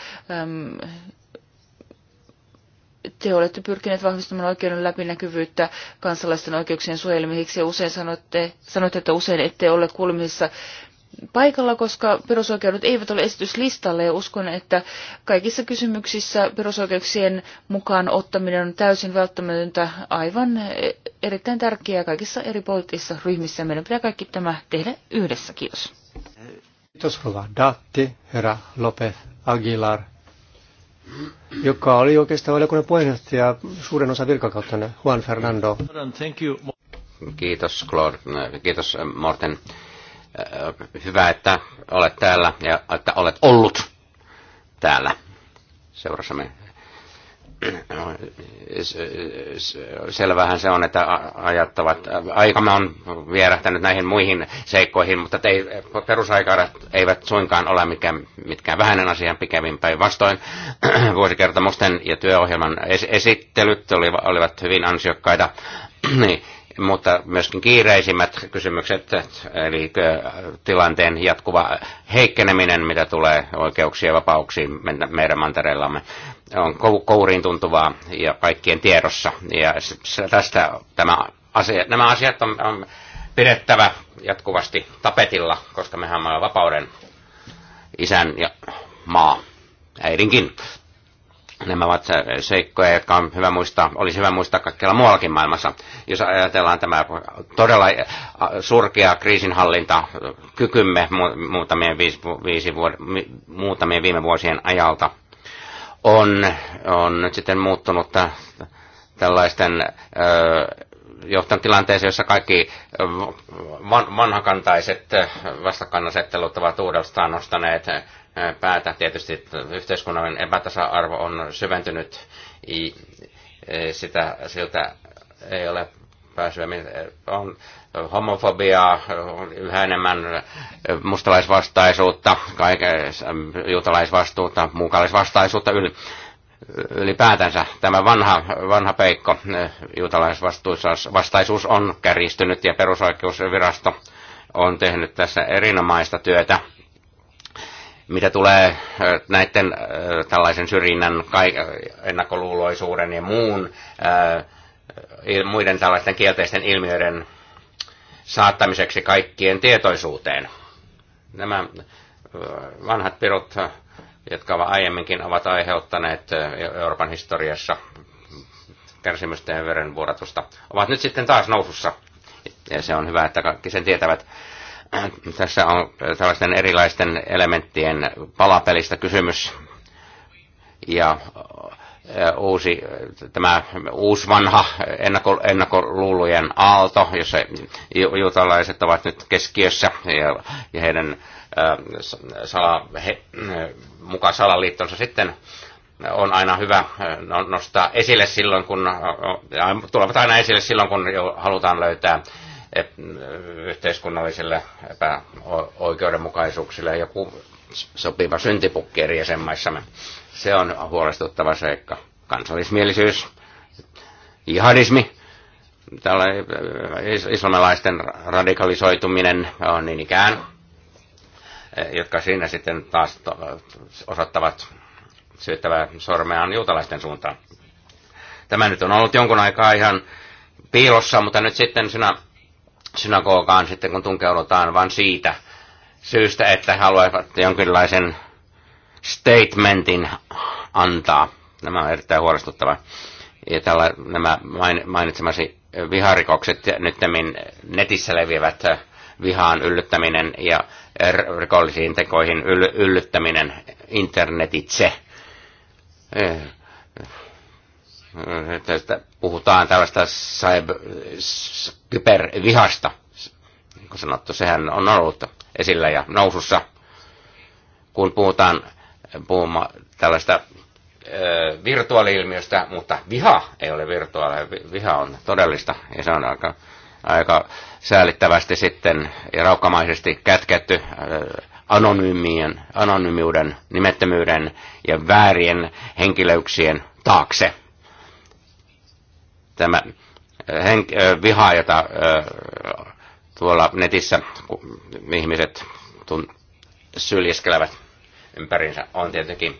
te olette pyrkineet vahvistamaan oikeuden läpinäkyvyyttä kansalaisten oikeuksien suojelemiseksi ja usein sanotte, sanotte, että usein ette ole kuulemisissa paikalla, koska perusoikeudet eivät ole esityslistalla ja uskon, että kaikissa kysymyksissä perusoikeuksien mukaan ottaminen on täysin välttämätöntä aivan erittäin tärkeää kaikissa eri poliittisissa ryhmissä. Meidän pitää kaikki tämä tehdä yhdessä. Kiitos. Kiitos Rova Datti, herra Lopez Aguilar joka oli oikeastaan valiokunnan puheenjohtaja suuren osan virkakautta, Juan Fernando. Kiitos, Claude. Kiitos, Morten. Hyvä, että olet täällä ja että olet ollut täällä seurassamme. No, selvähän se on, että ajattavat, aikamme on vierähtänyt näihin muihin seikkoihin, mutta ei, perusaikarajat eivät suinkaan ole mikään, mitkään vähäinen asian pikemmin päinvastoin. Vuosikertomusten ja työohjelman esittelyt olivat hyvin ansiokkaita, niin, mutta myöskin kiireisimmät kysymykset, eli tilanteen jatkuva heikkeneminen, mitä tulee oikeuksiin ja vapauksiin meidän mantereillamme on kouriin tuntuvaa ja kaikkien tiedossa. Ja tästä tämä asia, nämä asiat on, on pidettävä jatkuvasti tapetilla, koska mehän olemme vapauden isän ja maa, äidinkin. Nämä ovat seikkoja, jotka on hyvä muistaa, olisi hyvä muistaa kaikkialla muuallakin maailmassa. Jos ajatellaan tämä todella surkea kriisinhallinta kykymme muutamien, viisi, viisi vuod- muutamien viime vuosien ajalta – on, on nyt sitten muuttunut tällaisten johtanut tilanteeseen, jossa kaikki vanhakantaiset vastakannasettelut ovat uudestaan nostaneet päätä. Tietysti yhteiskunnan epätasa-arvo on syventynyt, e, sitä, siltä ei ole pääsyä. On homofobiaa, yhä enemmän mustalaisvastaisuutta, juutalaisvastuutta, muukalaisvastaisuutta yli, ylipäätänsä. Tämä vanha, vanha peikko juutalaisvastaisuus on kärjistynyt ja perusoikeusvirasto on tehnyt tässä erinomaista työtä. Mitä tulee näiden tällaisen syrjinnän, ennakkoluuloisuuden ja muun muiden tällaisten kielteisten ilmiöiden saattamiseksi kaikkien tietoisuuteen. Nämä vanhat pirut, jotka aiemminkin ovat aiheuttaneet Euroopan historiassa kärsimystä ja verenvuodatusta, ovat nyt sitten taas nousussa. Ja se on hyvä, että kaikki sen tietävät. Tässä on tällaisten erilaisten elementtien palapelistä kysymys. Ja uusi, tämä uusi vanha ennakko, ennakkoluulujen aalto, jossa juutalaiset ovat nyt keskiössä ja, ja heidän sala, he, mukaan salaliittonsa sitten on aina hyvä no, nostaa esille silloin, kun tulevat aina esille silloin, kun halutaan löytää yhteiskunnallisille epäoikeudenmukaisuuksille joku sopiva syntipukki eri jäsenmaissamme. Se on huolestuttava seikka. Kansallismielisyys, jihadismi, tällä äh, islamilaisten radikalisoituminen on niin ikään, eh, jotka siinä sitten taas osoittavat syyttävää sormeaan juutalaisten suuntaan. Tämä nyt on ollut jonkun aikaa ihan piilossa, mutta nyt sitten sinä synagogaan sitten kun tunkeudutaan vain siitä syystä, että haluavat jonkinlaisen statementin antaa. Nämä on erittäin huolestuttava. Ja tällä, nämä mainitsemasi viharikokset nyt netissä leviävät vihaan yllyttäminen ja rikollisiin tekoihin yllyttäminen internetitse. Tästä puhutaan tällaista kybervihasta, niin kuin sanottu, sehän on ollut esillä ja nousussa, kun puhutaan puhumaan tällaista virtuaali-ilmiöstä, mutta viha ei ole virtuaali, viha on todellista ja se on aika, aika säällittävästi sitten ja raukkamaisesti kätketty anonyymien, anonyymiuden, nimettömyyden ja väärien henkilöyksien taakse. Tämä henk- viha, jota tuolla netissä ihmiset tun- syljeskelevät ympärinsä on tietenkin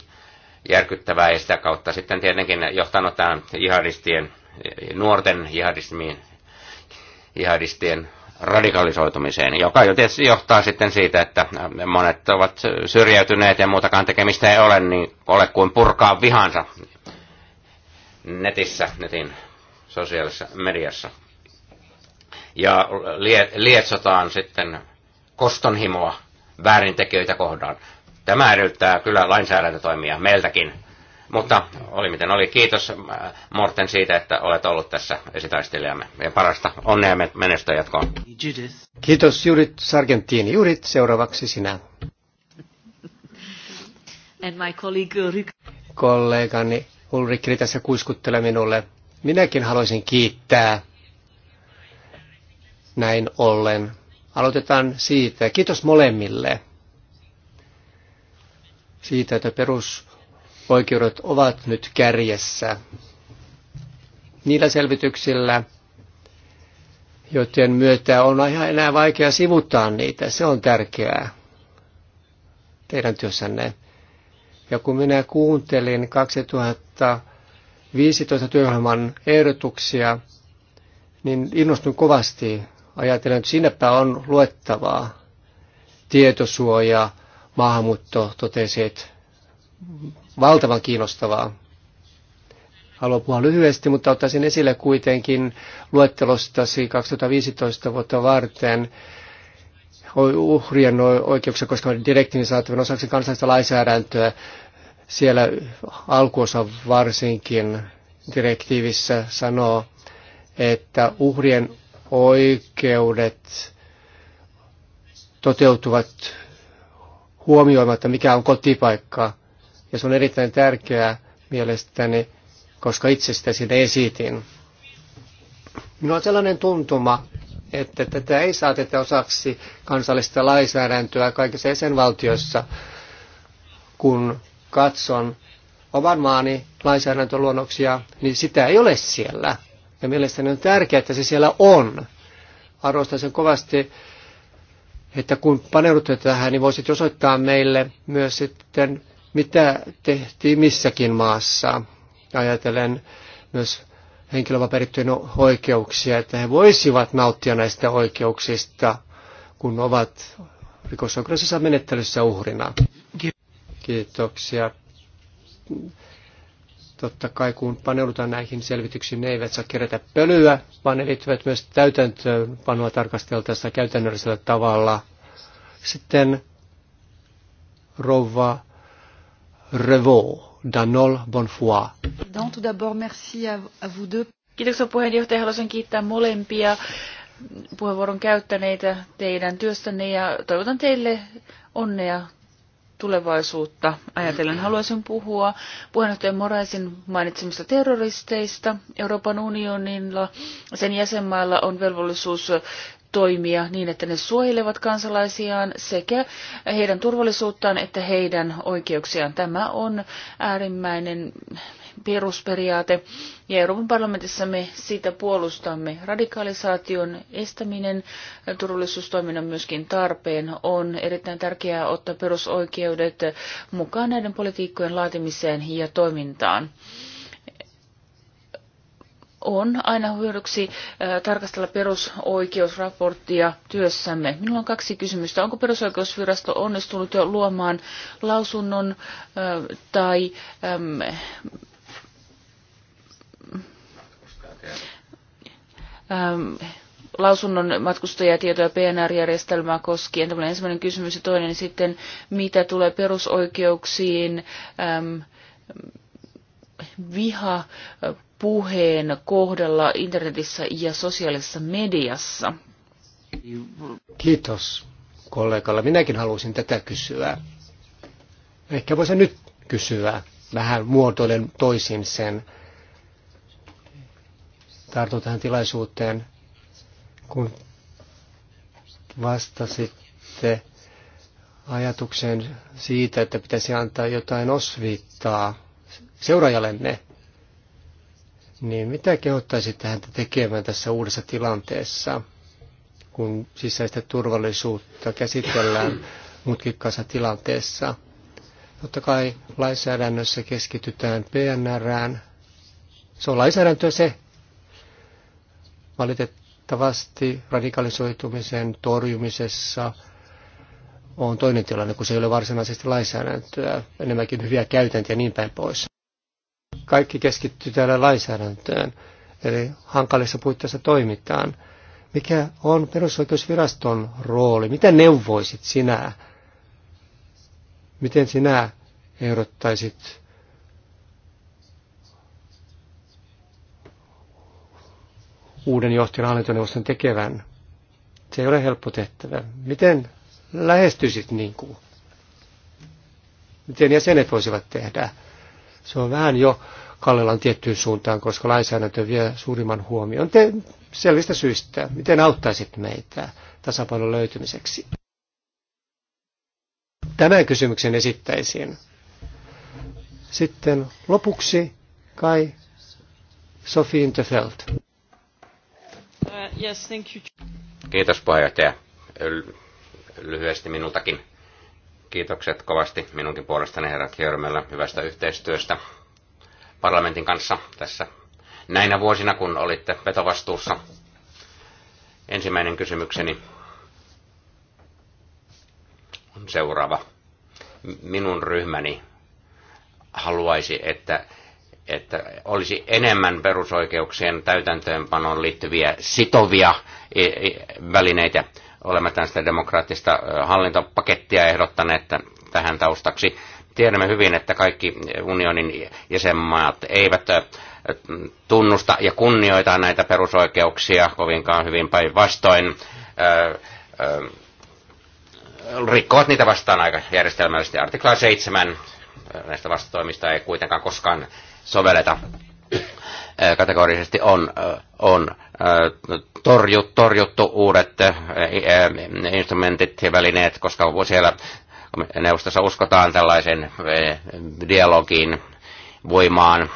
järkyttävää ja sitä kautta sitten tietenkin johtanut tähän jihadistien, nuorten jihadismiin, jihadistien radikalisoitumiseen, joka jo tietysti johtaa sitten siitä, että monet ovat syrjäytyneet ja muutakaan tekemistä ei ole, niin ole kuin purkaa vihansa netissä, netin sosiaalisessa mediassa. Ja lietsotaan sitten kostonhimoa väärintekijöitä kohdaan. Tämä edellyttää kyllä lainsäädäntötoimia meiltäkin. Mutta oli miten oli. Kiitos äh, Morten siitä, että olet ollut tässä esitaistelijamme. Ja parasta onnea menestyä jatkoon. Judith. Kiitos Jurit Sargentini. Jurit, seuraavaksi sinä. And my colleague Ulrik. Kollegani tässä kuiskuttelee minulle. Minäkin haluaisin kiittää näin ollen. Aloitetaan siitä. Kiitos molemmille siitä, että perusoikeudet ovat nyt kärjessä. Niillä selvityksillä, joiden myötä on ihan enää vaikea sivuttaa niitä. Se on tärkeää teidän työssänne. Ja kun minä kuuntelin 2015 työohjelman ehdotuksia, niin innostun kovasti. ajatellen, että sinnepä on luettavaa. Tietosuoja, maahanmuutto totesi, että valtavan kiinnostavaa. Haluan puhua lyhyesti, mutta ottaisin esille kuitenkin luettelostasi 2015 vuotta varten uhrien oikeuksia koskevan direktiivin saatavan osaksi kansallista lainsäädäntöä. Siellä alkuosa varsinkin direktiivissä sanoo, että uhrien oikeudet toteutuvat huomioimatta, mikä on kotipaikka. Ja se on erittäin tärkeää mielestäni, koska itse sitä siitä esitin. Minulla on sellainen tuntuma, että tätä ei saateta osaksi kansallista lainsäädäntöä kaikissa jäsenvaltioissa, kun katson oman maani lainsäädäntöluonnoksia, niin sitä ei ole siellä. Ja mielestäni on tärkeää, että se siellä on. Arvostan sen kovasti että kun paneudutte tähän, niin voisit osoittaa meille myös sitten, mitä tehtiin missäkin maassa. Ajatellen myös henkilövaperittyjen oikeuksia, että he voisivat nauttia näistä oikeuksista, kun ovat rikosoikeudessa menettelyssä uhrina. Kiitoksia. Totta kai kun paneudutaan näihin selvityksiin, ne eivät saa kerätä pölyä, vaan ne liittyvät myös täytäntöönpanoa tarkasteltaessa käytännöllisellä tavalla. Sitten rouva Revo, Danol Bonfoy. Kiitoksia puheenjohtaja. Haluaisin kiittää molempia puheenvuoron käyttäneitä teidän työstänne ja toivotan teille onnea tulevaisuutta ajatellen haluaisin puhua puheenjohtaja Moraisin mainitsemista terroristeista. Euroopan unionilla sen jäsenmailla on velvollisuus toimia niin, että ne suojelevat kansalaisiaan sekä heidän turvallisuuttaan että heidän oikeuksiaan. Tämä on äärimmäinen perusperiaate, ja Euroopan parlamentissa me sitä puolustamme. Radikalisaation estäminen turvallisuustoiminnan myöskin tarpeen on erittäin tärkeää ottaa perusoikeudet mukaan näiden politiikkojen laatimiseen ja toimintaan on aina hyödyksi äh, tarkastella perusoikeusraporttia työssämme. Minulla on kaksi kysymystä. Onko perusoikeusvirasto onnistunut jo luomaan lausunnon äh, tai lausunnon matkustajatietoja PNR-järjestelmää koskien. Tämä ensimmäinen kysymys ja toinen sitten, mitä tulee perusoikeuksiin, äm, viha puheen kohdalla internetissä ja sosiaalisessa mediassa. Kiitos kollegalla. Minäkin haluaisin tätä kysyä. Ehkä voisin nyt kysyä. Vähän muotoilen toisin sen tartun tähän tilaisuuteen, kun vastasitte ajatuksen siitä, että pitäisi antaa jotain osviittaa seuraajallenne, niin mitä kehottaisitte häntä tekemään tässä uudessa tilanteessa, kun sisäistä turvallisuutta käsitellään mutkikkaassa tilanteessa? Totta kai lainsäädännössä keskitytään PNRään. Se on lainsäädäntöä se, Valitettavasti radikalisoitumisen torjumisessa on toinen tilanne, kun se ei ole varsinaisesti lainsäädäntöä, enemmänkin hyviä käytäntöjä ja niin päin pois. Kaikki keskittyy täällä lainsäädäntöön, eli hankalissa puitteissa toimitaan. Mikä on perusoikeusviraston rooli? Mitä neuvoisit sinä? Miten sinä ehdottaisit uuden johtajan hallintoneuvoston tekevän. Se ei ole helppo tehtävä. Miten lähestyisit niin kuin? Miten jäsenet voisivat tehdä? Se on vähän jo Kallelan tiettyyn suuntaan, koska lainsäädäntö vie suurimman huomion. Te selvistä syistä, miten auttaisit meitä tasapainon löytymiseksi? Tämän kysymyksen esittäisin. Sitten lopuksi kai Sophie Interfeldt. Yes, thank you. Kiitos puheenjohtaja. Lyhyesti minultakin. Kiitokset kovasti minunkin puolestani herra Kjörmellä hyvästä yhteistyöstä parlamentin kanssa tässä näinä vuosina, kun olitte vetovastuussa. Ensimmäinen kysymykseni on seuraava. Minun ryhmäni haluaisi, että että olisi enemmän perusoikeuksien täytäntöönpanoon liittyviä sitovia välineitä. Olemme tästä demokraattista hallintopakettia ehdottaneet tähän taustaksi. Tiedämme hyvin, että kaikki unionin jäsenmaat eivät tunnusta ja kunnioita näitä perusoikeuksia kovinkaan hyvin päinvastoin. Rikkovat niitä vastaan aika järjestelmällisesti. Artikla 7 näistä vastatoimista ei kuitenkaan koskaan sovelleta kategorisesti on, on torjut, torjuttu uudet instrumentit ja välineet, koska siellä neuvostossa uskotaan tällaisen dialogin voimaan.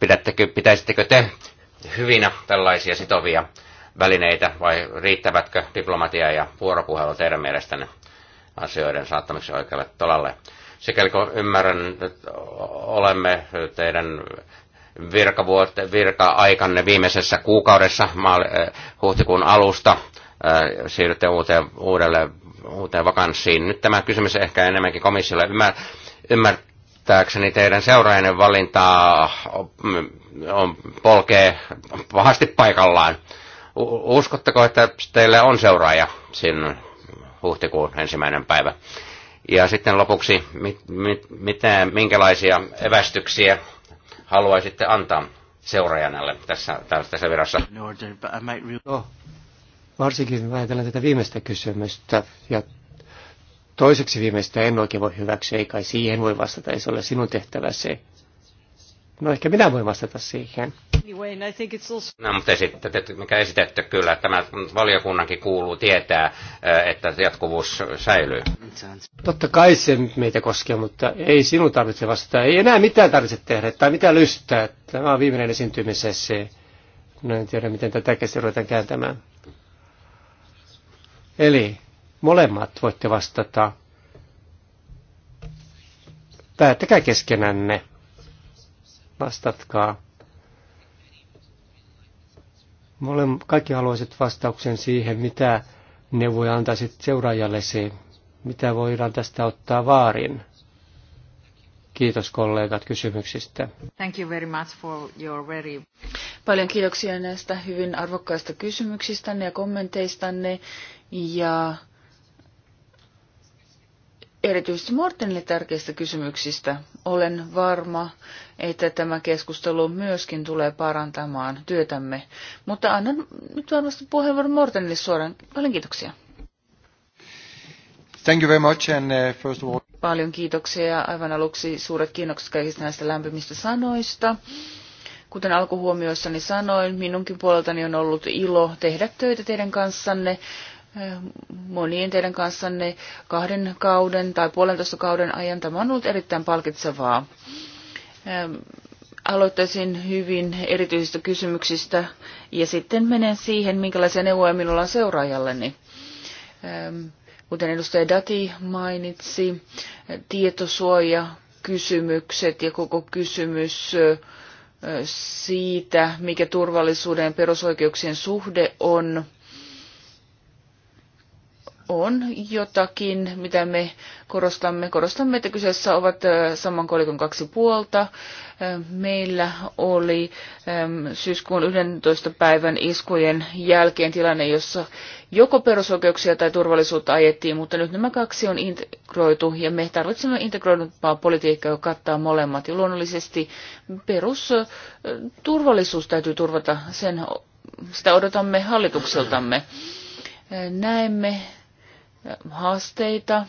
Pidättekö, pitäisittekö te hyvinä tällaisia sitovia välineitä vai riittävätkö diplomatia ja vuoropuhelu teidän mielestänne asioiden saattamiseksi oikealle tolalle? Sikäli kun ymmärrän, että olemme teidän virkavuotte, virka-aikanne viimeisessä kuukaudessa maali, eh, huhtikuun alusta eh, siirrytte uuteen, uudelle, uuteen vakanssiin. Nyt tämä kysymys ehkä enemmänkin komissiolle ymmär, ymmärtääkseni teidän seuraajien valintaa on, mm, polkee pahasti paikallaan. Uskotteko, että teille on seuraaja siinä huhtikuun ensimmäinen päivä? Ja sitten lopuksi, mit, mit, mitä, minkälaisia evästyksiä haluaisitte antaa seuraajanalle tässä, tässä virassa? No, varsinkin ajatellen tätä viimeistä kysymystä ja toiseksi viimeistä en oikein voi hyväksyä, eikä siihen voi vastata, ei se ole sinun tehtäväsi. No ehkä minä voin vastata siihen. No, mutta esitetty, mikä esitetty kyllä, tämä valiokunnankin kuuluu tietää, eh, että jatkuvuus säilyy. Totta kai se meitä koskee, mutta ei sinun tarvitse vastata. Ei enää mitään tarvitse tehdä tai mitä lystää. Tämä on viimeinen esiintymisessä. No en tiedä, miten tätä käsiä ruvetaan kääntämään. Eli molemmat voitte vastata. Päättäkää keskenänne. Vastatkaa. Molemmat kaikki haluaisit vastauksen siihen, mitä ne voi antaisit seuraajallesi, mitä voidaan tästä ottaa vaarin. Kiitos kollegat kysymyksistä. Thank you very much for your very... Paljon kiitoksia näistä hyvin arvokkaista kysymyksistänne ja kommenteistanne. Ja erityisesti Mortenille tärkeistä kysymyksistä. Olen varma, että tämä keskustelu myöskin tulee parantamaan työtämme, mutta annan nyt varmasti puheenvuoron Mortenille suoraan. Paljon kiitoksia. Thank you very much and uh, first of all... Paljon kiitoksia ja aivan aluksi suuret kiinnokset kaikista näistä lämpimistä sanoista. Kuten alkuhuomioissani sanoin, minunkin puoleltani on ollut ilo tehdä töitä teidän kanssanne monien teidän kanssanne kahden kauden tai puolentoista kauden ajan. Tämä on ollut erittäin palkitsevaa. Ähm, aloittaisin hyvin erityisistä kysymyksistä ja sitten menen siihen, minkälaisia neuvoja minulla on seuraajalleni. Ähm, kuten edustaja Dati mainitsi, tietosuoja, kysymykset ja koko kysymys siitä, mikä turvallisuuden ja perusoikeuksien suhde on on jotakin, mitä me korostamme. Korostamme, että kyseessä ovat saman kolikon kaksi puolta. Meillä oli syyskuun 11. päivän iskujen jälkeen tilanne, jossa joko perusoikeuksia tai turvallisuutta ajettiin, mutta nyt nämä kaksi on integroitu ja me tarvitsemme integroidumpaa politiikkaa, joka kattaa molemmat. Ja luonnollisesti perusturvallisuus täytyy turvata, sen, sitä odotamme hallitukseltamme. Näemme haasteita.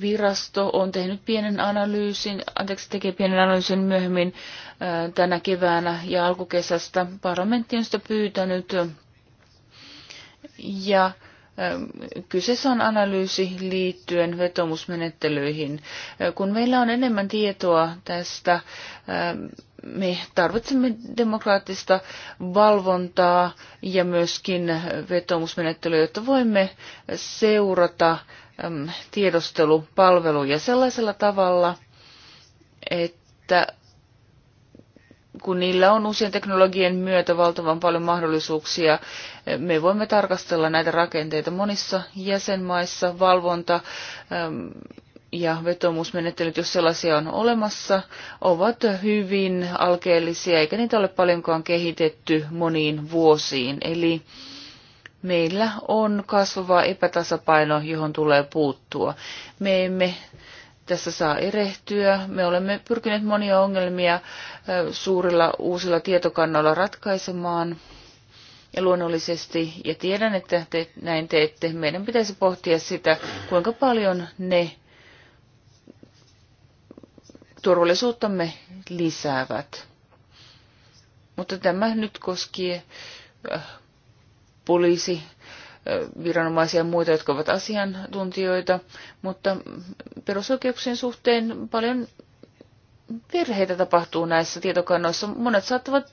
Virasto on tehnyt pienen analyysin, anteeksi, tekee pienen analyysin myöhemmin äh, tänä keväänä ja alkukesästä. Parlamentti on sitä pyytänyt. Ja Kyseessä on analyysi liittyen vetomusmenettelyihin. Kun meillä on enemmän tietoa tästä, me tarvitsemme demokraattista valvontaa ja myöskin vetomusmenettelyä, jotta voimme seurata tiedostelupalveluja sellaisella tavalla, että kun niillä on uusien teknologian myötä valtavan paljon mahdollisuuksia me voimme tarkastella näitä rakenteita monissa jäsenmaissa, valvonta ja vetomusmenettelyt, jos sellaisia on olemassa, ovat hyvin alkeellisia, eikä niitä ole paljonkaan kehitetty moniin vuosiin. Eli meillä on kasvava epätasapaino, johon tulee puuttua. Me emme tässä saa erehtyä. Me olemme pyrkineet monia ongelmia suurilla uusilla tietokannoilla ratkaisemaan. Ja luonnollisesti, ja tiedän, että te näin teette, meidän pitäisi pohtia sitä, kuinka paljon ne turvallisuuttamme lisäävät. Mutta tämä nyt koskee äh, poliisi, äh, viranomaisia ja muita, jotka ovat asiantuntijoita, mutta perusoikeuksien suhteen paljon virheitä tapahtuu näissä tietokannoissa. Monet saattavat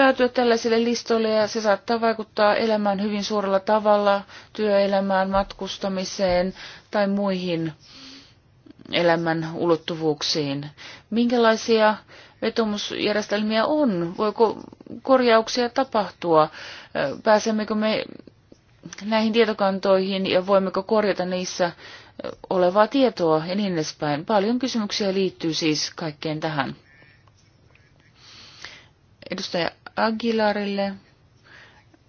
päätyä tällaisille listoille ja se saattaa vaikuttaa elämään hyvin suurella tavalla, työelämään, matkustamiseen tai muihin elämän ulottuvuuksiin. Minkälaisia vetomusjärjestelmiä on? Voiko korjauksia tapahtua? Pääsemmekö me näihin tietokantoihin ja voimmeko korjata niissä olevaa tietoa ja niin edespäin? Paljon kysymyksiä liittyy siis kaikkeen tähän. Edustaja Aguilarille.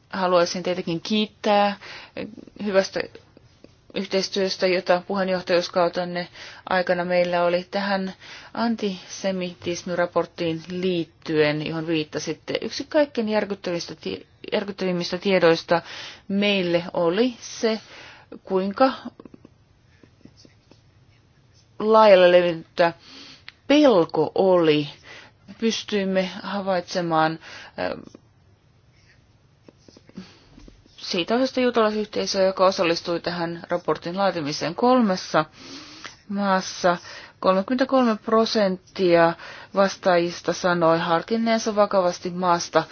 Haluaisin tietenkin kiittää hyvästä yhteistyöstä, jota puheenjohtajuuskautanne aikana meillä oli tähän antisemitismiraporttiin liittyen, johon viittasitte. Yksi kaikkein järkyttävistä, järkyttävimmistä tiedoista meille oli se, kuinka laajalle levinnyttä pelko oli pystyimme havaitsemaan ähm, siitä osasta juutalaisyhteisöä, joka osallistui tähän raportin laatimiseen kolmessa maassa. 33 prosenttia vastaajista sanoi harkinneensa vakavasti maasta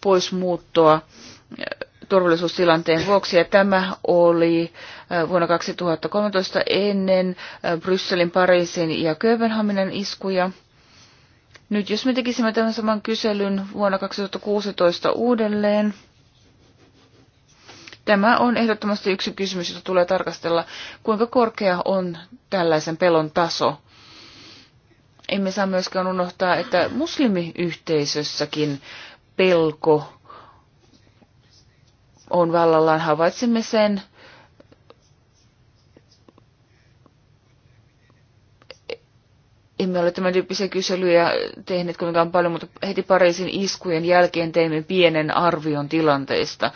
pois muuttoa äh, turvallisuustilanteen vuoksi, ja tämä oli äh, vuonna 2013 ennen äh, Brysselin, Pariisin ja Kööpenhaminan iskuja. Nyt jos me tekisimme tämän saman kyselyn vuonna 2016 uudelleen, tämä on ehdottomasti yksi kysymys, jota tulee tarkastella, kuinka korkea on tällaisen pelon taso. Emme saa myöskään unohtaa, että muslimiyhteisössäkin pelko on vallallaan. Havaitsemme sen emme ole tämän tyyppisiä kyselyjä tehneet kovinkaan paljon, mutta heti Pariisin iskujen jälkeen teimme pienen arvion tilanteesta.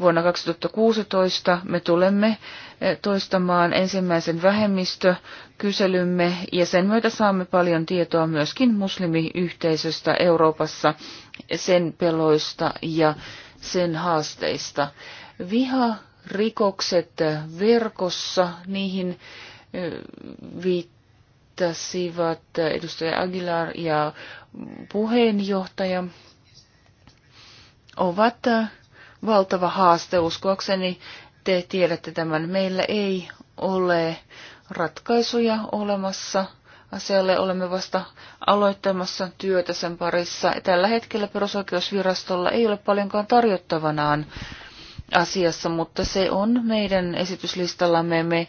Vuonna 2016 me tulemme eh, toistamaan ensimmäisen vähemmistökyselymme ja sen myötä saamme paljon tietoa myöskin muslimiyhteisöstä Euroopassa, sen peloista ja sen haasteista. Viha, rikokset verkossa, niihin eh, viittaa viittasivat edustaja Aguilar ja puheenjohtaja, ovat valtava haaste. Uskoakseni te tiedätte tämän. Meillä ei ole ratkaisuja olemassa asialle. Olemme vasta aloittamassa työtä sen parissa. Tällä hetkellä perusoikeusvirastolla ei ole paljonkaan tarjottavanaan asiassa, mutta se on meidän esityslistallamme. Me ähm,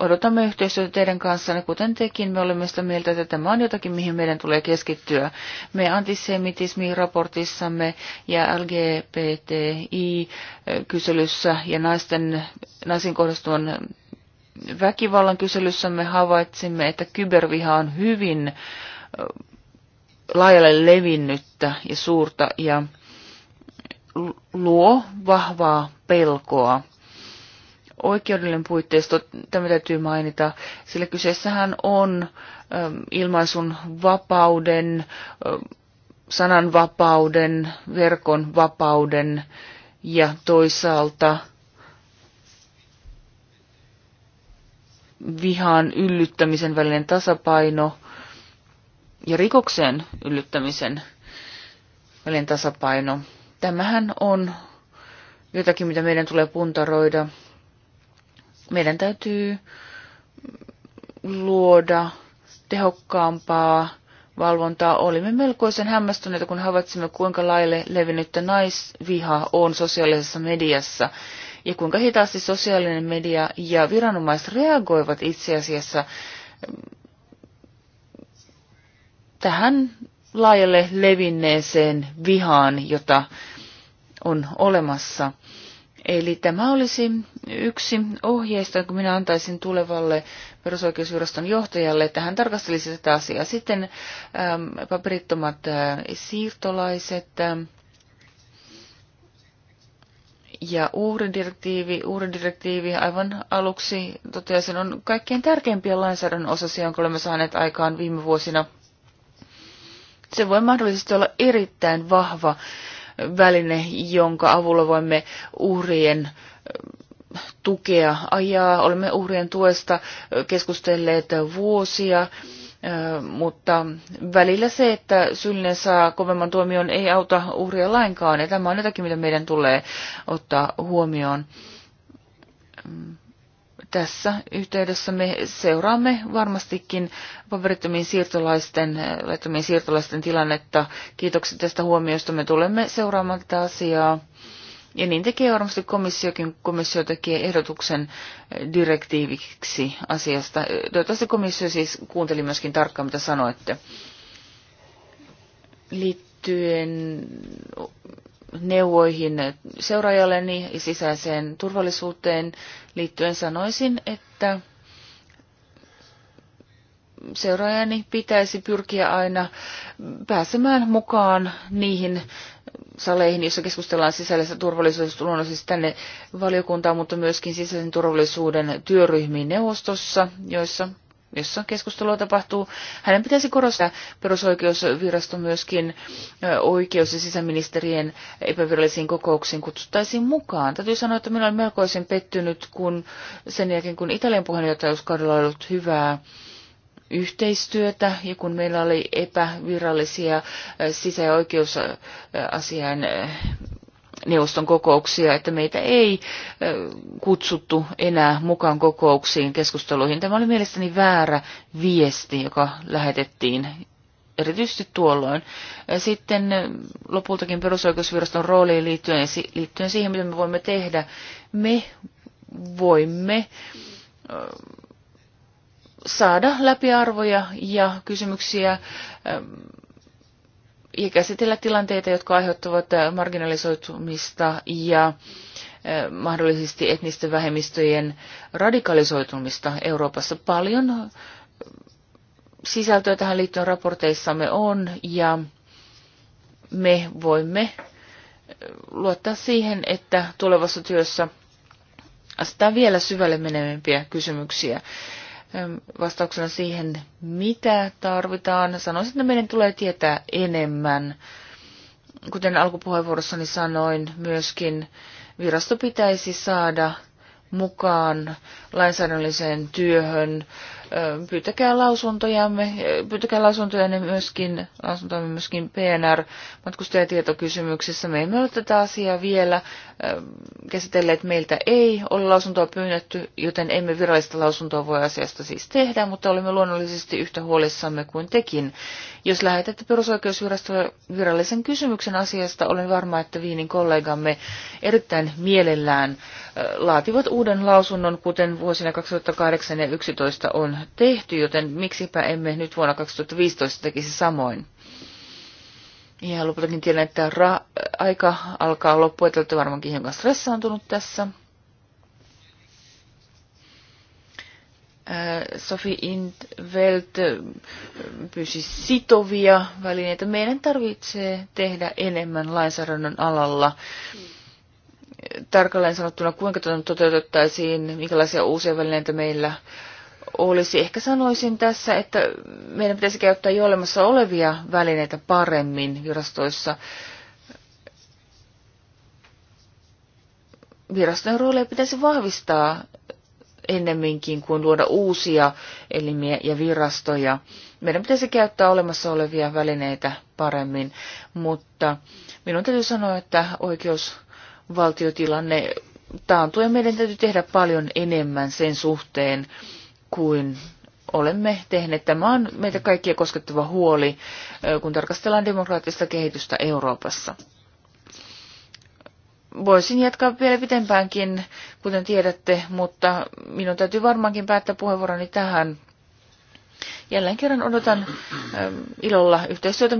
odotamme yhteistyötä teidän kanssa, kuten tekin. Me olemme sitä mieltä, että tämä on jotakin, mihin meidän tulee keskittyä. Me antisemitismi-raportissamme ja LGBTI-kyselyssä äh, ja naisten, naisin kohdistuvan väkivallan kyselyssämme havaitsimme, että kyberviha on hyvin äh, laajalle levinnyttä ja suurta ja luo vahvaa pelkoa. Oikeudellinen puitteisto, tämä täytyy mainita, sillä kyseessähän on ähm, ilmaisun vapauden, ähm, sananvapauden, verkon vapauden ja toisaalta vihaan yllyttämisen välinen tasapaino ja rikoksen yllyttämisen välinen tasapaino. Tämähän on jotakin, mitä meidän tulee puntaroida. Meidän täytyy luoda tehokkaampaa valvontaa. Olimme melkoisen hämmästyneitä, kun havaitsimme, kuinka laille levinnyttä naisviha on sosiaalisessa mediassa ja kuinka hitaasti sosiaalinen media ja viranomaiset reagoivat itse asiassa tähän laajalle levinneeseen vihaan, jota on olemassa. Eli tämä olisi yksi ohjeista, kun minä antaisin tulevalle perusoikeusviraston johtajalle, että hän tarkastelisi tätä asiaa. Sitten äm, paperittomat ä, äh, siirtolaiset ä, ähm, ja uhridirektiivi. Uhridirektiivi aivan aluksi toteaisin on kaikkein tärkeimpiä lainsäädännön osasia, jonka olemme saaneet aikaan viime vuosina. Se voi mahdollisesti olla erittäin vahva väline, jonka avulla voimme uhrien äh, tukea ajaa. Olemme uhrien tuesta äh, keskustelleet vuosia, äh, mutta välillä se, että syyllinen saa kovemman tuomion, ei auta uhria lainkaan. Ja tämä on jotakin, mitä meidän tulee ottaa huomioon. Mm tässä yhteydessä me seuraamme varmastikin paperittomien siirtolaisten, laittomien siirtolaisten tilannetta. Kiitokset tästä huomiosta. Me tulemme seuraamaan tätä asiaa. Ja niin tekee varmasti komissiokin. Komissio tekee ehdotuksen direktiiviksi asiasta. Toivottavasti komissio siis kuunteli myöskin tarkkaan, mitä sanoitte. Liittyen neuvoihin seuraajalleni niin ja sisäiseen turvallisuuteen liittyen sanoisin, että seuraajani pitäisi pyrkiä aina pääsemään mukaan niihin saleihin, joissa keskustellaan sisäisestä turvallisuudesta luonnollisesti tänne valiokuntaan, mutta myöskin sisäisen turvallisuuden työryhmiin neuvostossa, joissa jossa keskustelua tapahtuu. Hänen pitäisi korostaa perusoikeusvirasto myöskin oikeus- ja sisäministerien epävirallisiin kokouksiin kutsuttaisiin mukaan. Täytyy sanoa, että minä olen melkoisen pettynyt, kun sen jälkeen kun Italian puheenjohtajuuskaudella on ollut hyvää yhteistyötä ja kun meillä oli epävirallisia sisä- ja oikeusasian neuvoston kokouksia, että meitä ei kutsuttu enää mukaan kokouksiin, keskusteluihin. Tämä oli mielestäni väärä viesti, joka lähetettiin erityisesti tuolloin. Sitten lopultakin perusoikeusviraston rooliin liittyen, liittyen siihen, mitä me voimme tehdä. Me voimme saada läpi arvoja ja kysymyksiä ja käsitellä tilanteita, jotka aiheuttavat äh, marginalisoitumista ja äh, mahdollisesti etnisten vähemmistöjen radikalisoitumista Euroopassa. Paljon äh, sisältöä tähän liittyen raporteissamme on ja me voimme luottaa siihen, että tulevassa työssä asetetaan vielä syvälle menevämpiä kysymyksiä vastauksena siihen, mitä tarvitaan. Sanoisin, että meidän tulee tietää enemmän. Kuten alkupuheenvuorossani sanoin, myöskin virasto pitäisi saada mukaan lainsäädännölliseen työhön pyytäkää lausuntojamme, pyytäkää lausuntojamme myöskin, lausuntojamme myöskin PNR matkustajatietokysymyksessä. Me emme ole tätä asiaa vielä käsitelleet, meiltä ei ole lausuntoa pyynnetty, joten emme virallista lausuntoa voi asiasta siis tehdä, mutta olemme luonnollisesti yhtä huolissamme kuin tekin. Jos lähetätte perusoikeusvirastolle virallisen kysymyksen asiasta, olen varma, että Viinin kollegamme erittäin mielellään laativat uuden lausunnon, kuten vuosina 2008 ja 2011 on tehty, joten miksipä emme nyt vuonna 2015 tekisi samoin. Ja lopultakin tiedän, että ra- aika alkaa loppua, että olette varmaankin hiukan stressaantunut tässä. Äh, Sofi Intveld äh, pyysi sitovia välineitä. Meidän tarvitsee tehdä enemmän lainsäädännön alalla. Äh, tarkalleen sanottuna, kuinka toteutettaisiin, minkälaisia uusia välineitä meillä olisi. Ehkä sanoisin tässä, että meidän pitäisi käyttää jo olemassa olevia välineitä paremmin virastoissa. Virastojen rooleja pitäisi vahvistaa ennemminkin kuin luoda uusia elimiä ja virastoja. Meidän pitäisi käyttää olemassa olevia välineitä paremmin, mutta minun täytyy sanoa, että oikeusvaltiotilanne taantuu ja meidän täytyy tehdä paljon enemmän sen suhteen, kuin olemme tehneet. Tämä on meitä kaikkia koskettava huoli, kun tarkastellaan demokraattista kehitystä Euroopassa. Voisin jatkaa vielä pitempäänkin, kuten tiedätte, mutta minun täytyy varmaankin päättää puheenvuoroni tähän. Jälleen kerran odotan ilolla yhteistyötä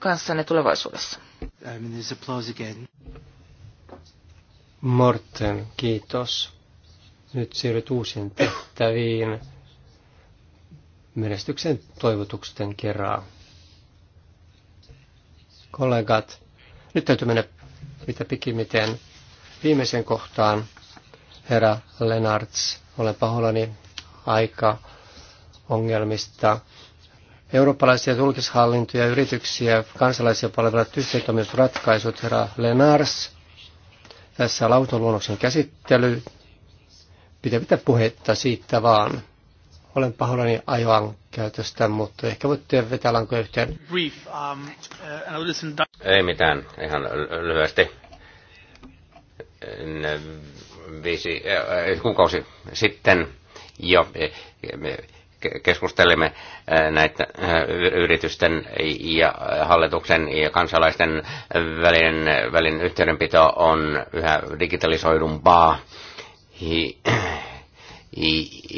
kanssanne tulevaisuudessa. Morten, kiitos nyt siirryt uusiin tehtäviin menestyksen toivotuksen kerran. Kollegat, nyt täytyy mennä mitä pikimmiten viimeiseen kohtaan. Herra Lenarts, olen pahoillani aika ongelmista. Eurooppalaisia julkishallintoja, yrityksiä, kansalaisia palvelevat yhteentoimivat ratkaisut, herra Lenars. Tässä lautaluonnoksen käsittely pitävitä puhetta siitä vaan. Olen pahoillani ajoan käytöstä, mutta ehkä voitte vetää lankoja yhteen. Brief, um, uh, Ei mitään, ihan lyhyesti. Viisi, eh, eh, kuukausi sitten jo eh, keskustelimme näitä yritysten ja hallituksen ja kansalaisten välin välin yhteydenpito on yhä digitalisoidumpaa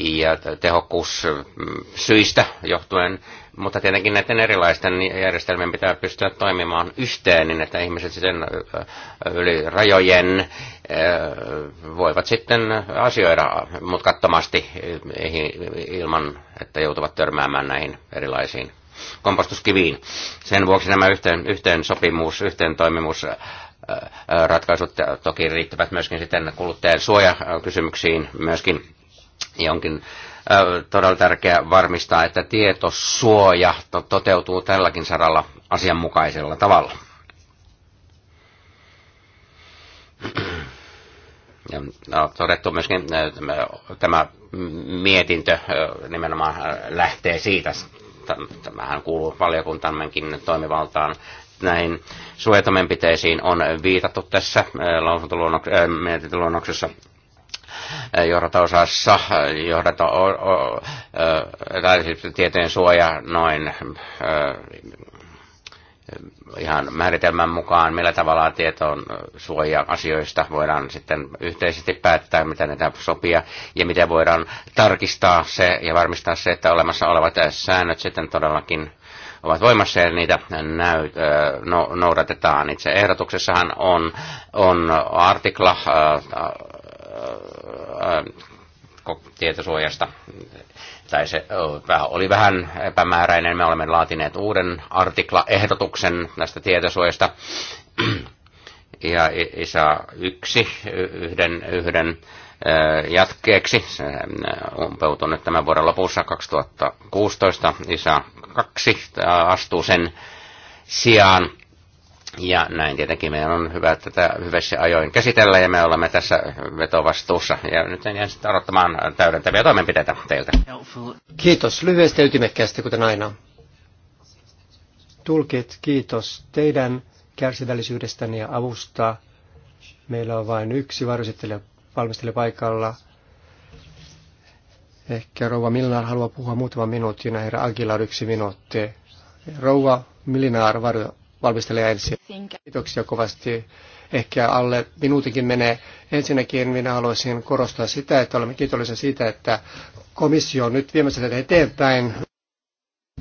ja tehokkuussyistä mm, johtuen, mutta tietenkin näiden erilaisten järjestelmien pitää pystyä toimimaan yhteen, niin että ihmiset sitten yli rajojen voivat sitten asioida mutkattomasti ilman, että joutuvat törmäämään näihin erilaisiin kompostuskiviin. Sen vuoksi nämä yhteen, yhteen sopimus, yhteen toimimus ratkaisut toki riittävät myöskin sitten kuluttajan suojakysymyksiin myöskin jonkin onkin todella tärkeää varmistaa, että tietosuoja toteutuu tälläkin saralla asianmukaisella tavalla. Ja on no, todettu myöskin tämä mietintö nimenomaan lähtee siitä, tämähän kuuluu valiokuntammekin toimivaltaan näihin suojatoimenpiteisiin on viitattu tässä äh, äh, mietintöluonnoksessa äh, johdato-osassa, johdato, o, o, tai siis tietojen suoja noin ihan määritelmän mukaan, millä tavalla tietoon suoja-asioista voidaan sitten yhteisesti päättää, mitä näitä sopia, ja miten voidaan tarkistaa se ja varmistaa se, että olemassa olevat säännöt sitten todellakin ovat voimassa ja niitä näyt, no, noudatetaan. Itse ehdotuksessahan on, on artikla äh, äh, tietosuojasta, tai se oli vähän epämääräinen. Me olemme laatineet uuden artikla-ehdotuksen tästä tietosuojasta. Ja isä yksi, yhden, yhden jatkeeksi. Se umpeutui nyt tämän vuoden lopussa 2016. Isä 2 astuu sen sijaan. Ja näin tietenkin meidän on hyvä tätä hyvässä ajoin käsitellä ja me olemme tässä vetovastuussa. Ja nyt en jää sitten odottamaan täydentäviä toimenpiteitä teiltä. Kiitos lyhyesti ja ytimekkäästi kuten aina. Tulkit, kiitos teidän kärsivällisyydestäni ja avusta. Meillä on vain yksi varusittelija Valmistele paikalla. Ehkä rouva Milnar haluaa puhua muutaman minuutin, herra Agilar yksi minuutti. Rouva Milnar valmistelee ensin. Kiitoksia kovasti. Ehkä alle minuutikin menee. Ensinnäkin minä haluaisin korostaa sitä, että olemme kiitollisia siitä, että komissio on nyt viemässä tätä eteenpäin.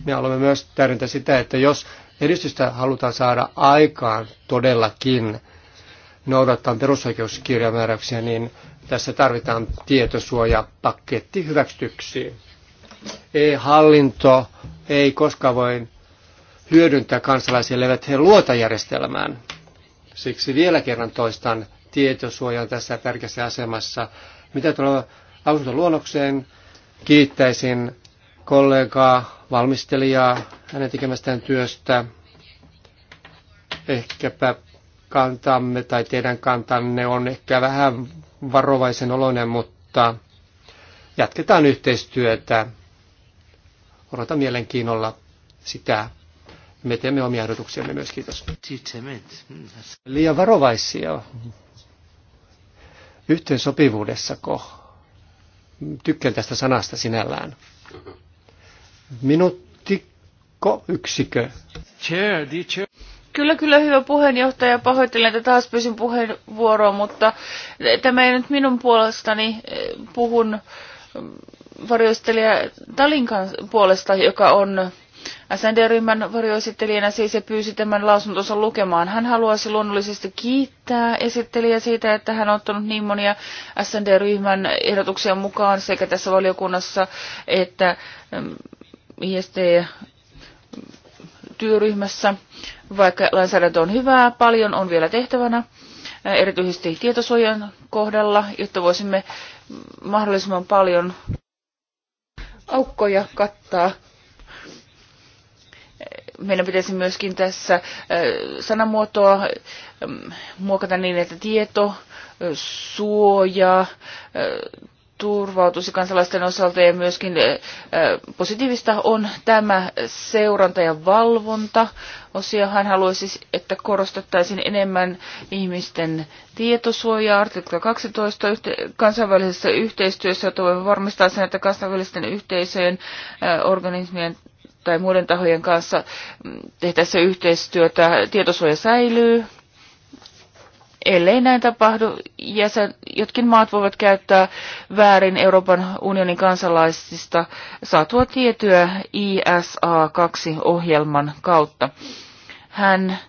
Me olemme myös täydentää sitä, että jos edistystä halutaan saada aikaan todellakin, noudattaa perusoikeuskirjamääräyksiä, niin tässä tarvitaan tietosuojapaketti hyväksytyksi. Ei hallinto ei koskaan voi hyödyntää kansalaisia, eivät he luota järjestelmään. Siksi vielä kerran toistan tietosuojan tässä tärkeässä asemassa. Mitä tulee lausuntoluonnokseen, kiittäisin kollegaa, valmistelijaa hänen tekemästään työstä. Ehkäpä kantamme tai teidän kantanne on ehkä vähän varovaisen oloinen, mutta jatketaan yhteistyötä. Odotan mielenkiinnolla sitä. Me teemme omia ehdotuksiamme myös, kiitos. Liian varovaisia yhteensopivuudessako? Tykkään tästä sanasta sinällään. Minuuttikko yksikö? Chair, the chair. Kyllä, kyllä hyvä puheenjohtaja. Pahoittelen, että taas pysyn puheenvuoroon, mutta tämä ei nyt minun puolestani eh, puhun mm, varjoistelija Talinkan puolesta, joka on SND-ryhmän varjoesittelijänä siis se pyysi tämän lausuntonsa lukemaan. Hän haluaisi luonnollisesti kiittää esittelijä siitä, että hän on ottanut niin monia SND-ryhmän ehdotuksia mukaan sekä tässä valiokunnassa että mm, IST työryhmässä, vaikka lainsäädäntö on hyvää, paljon on vielä tehtävänä, erityisesti tietosuojan kohdalla, jotta voisimme mahdollisimman paljon aukkoja kattaa. Meidän pitäisi myöskin tässä sanamuotoa muokata niin, että tieto, suoja, turvautuisi kansalaisten osalta ja myöskin eh, eh, positiivista on tämä seuranta ja valvonta. hän haluaisi, että korostettaisiin enemmän ihmisten tietosuojaa. Artikla 12 kansainvälisessä yhteistyössä, jotta voimme varmistaa sen, että kansainvälisten yhteisöjen eh, organismien tai muiden tahojen kanssa mm, tehtäessä yhteistyötä tietosuoja säilyy, ellei näin tapahdu, jäsen, jotkin maat voivat käyttää väärin Euroopan unionin kansalaisista saatua tietyä ISA-2-ohjelman kautta. Hän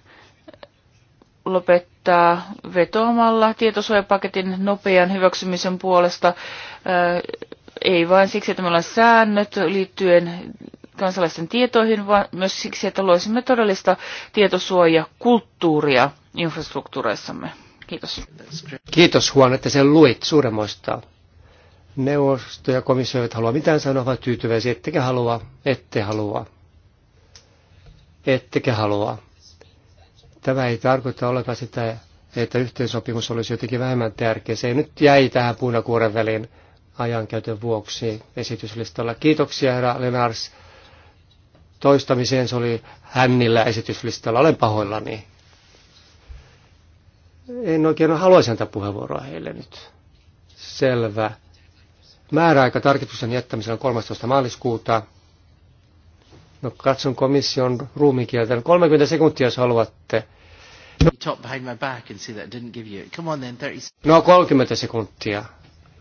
lopettaa vetoamalla tietosuojapaketin nopean hyväksymisen puolesta, ei vain siksi, että meillä on säännöt liittyen kansalaisten tietoihin, vaan myös siksi, että loisimme todellista tietosuojakulttuuria infrastruktuureissamme. Kiitos. Kiitos Huon, että sen luit suuremmoista. Neuvosto ja komissio eivät halua mitään sanoa, vaan tyytyväisiä, ettekä halua, ette halua. Ettekä halua. Tämä ei tarkoita ollenkaan sitä, että yhteensopimus olisi jotenkin vähemmän tärkeä. Se nyt jäi tähän punakuoren väliin ajankäytön vuoksi esityslistalla. Kiitoksia herra Lenars. Toistamiseen se oli hännillä esityslistalla. Olen pahoillani en oikein haluaisi antaa puheenvuoroa heille nyt. Selvä. Määräaika tarkistuksen jättämisellä on 13. maaliskuuta. No katson komission ruumikieltä. 30 sekuntia, jos haluatte. No 30 sekuntia.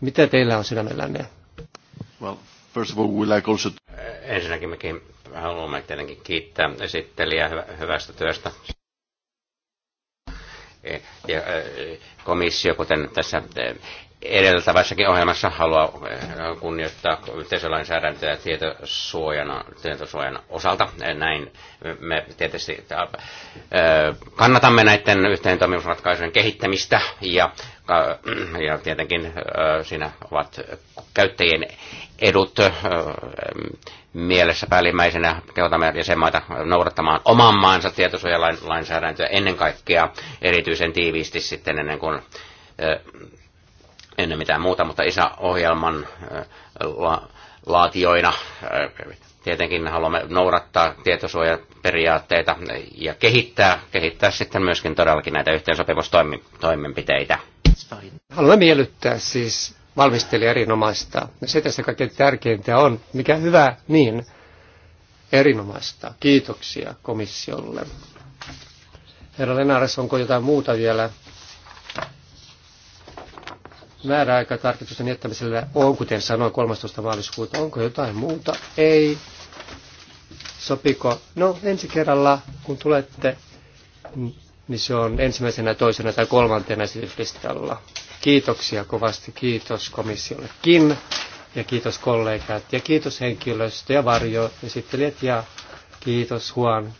Mitä teillä on sydämellänne? Well, first of all, we like also... Ensinnäkin mekin haluamme tietenkin kiittää esittelijää hyvästä työstä komissio, kuten tässä edeltävässäkin ohjelmassa haluaa kunnioittaa yhteisölainsäädäntöä ja tietosuojana, tietosuojan osalta. Näin me tietysti kannatamme näiden yhteen toimivuusratkaisujen kehittämistä ja, ja tietenkin siinä ovat käyttäjien edut mielessä päällimmäisenä kehotamme jäsenmaita noudattamaan oman maansa tietosuojalainsäädäntöä ennen kaikkea erityisen tiiviisti sitten ennen kuin ennen mitään muuta, mutta isäohjelman la, laatioina tietenkin haluamme noudattaa tietosuojaperiaatteita ja kehittää, kehittää sitten myöskin todellakin näitä yhteensopivuustoimenpiteitä. Haluamme miellyttää siis Valmisteli erinomaista. Ja se tässä kaikkein tärkeintä on, mikä hyvä niin, erinomaista. Kiitoksia komissiolle. Herra Lenares, onko jotain muuta vielä? Määräaika jättämisellä on, kuten sanoin, 13. maaliskuuta. Onko jotain muuta? Ei. Sopiko? No, ensi kerralla, kun tulette, niin se on ensimmäisenä, toisena tai kolmantena esityslistalla. Kiitoksia kovasti, kiitos komissiollekin ja kiitos kollegat ja kiitos henkilöstö ja varjoesittelijät ja kiitos Juan.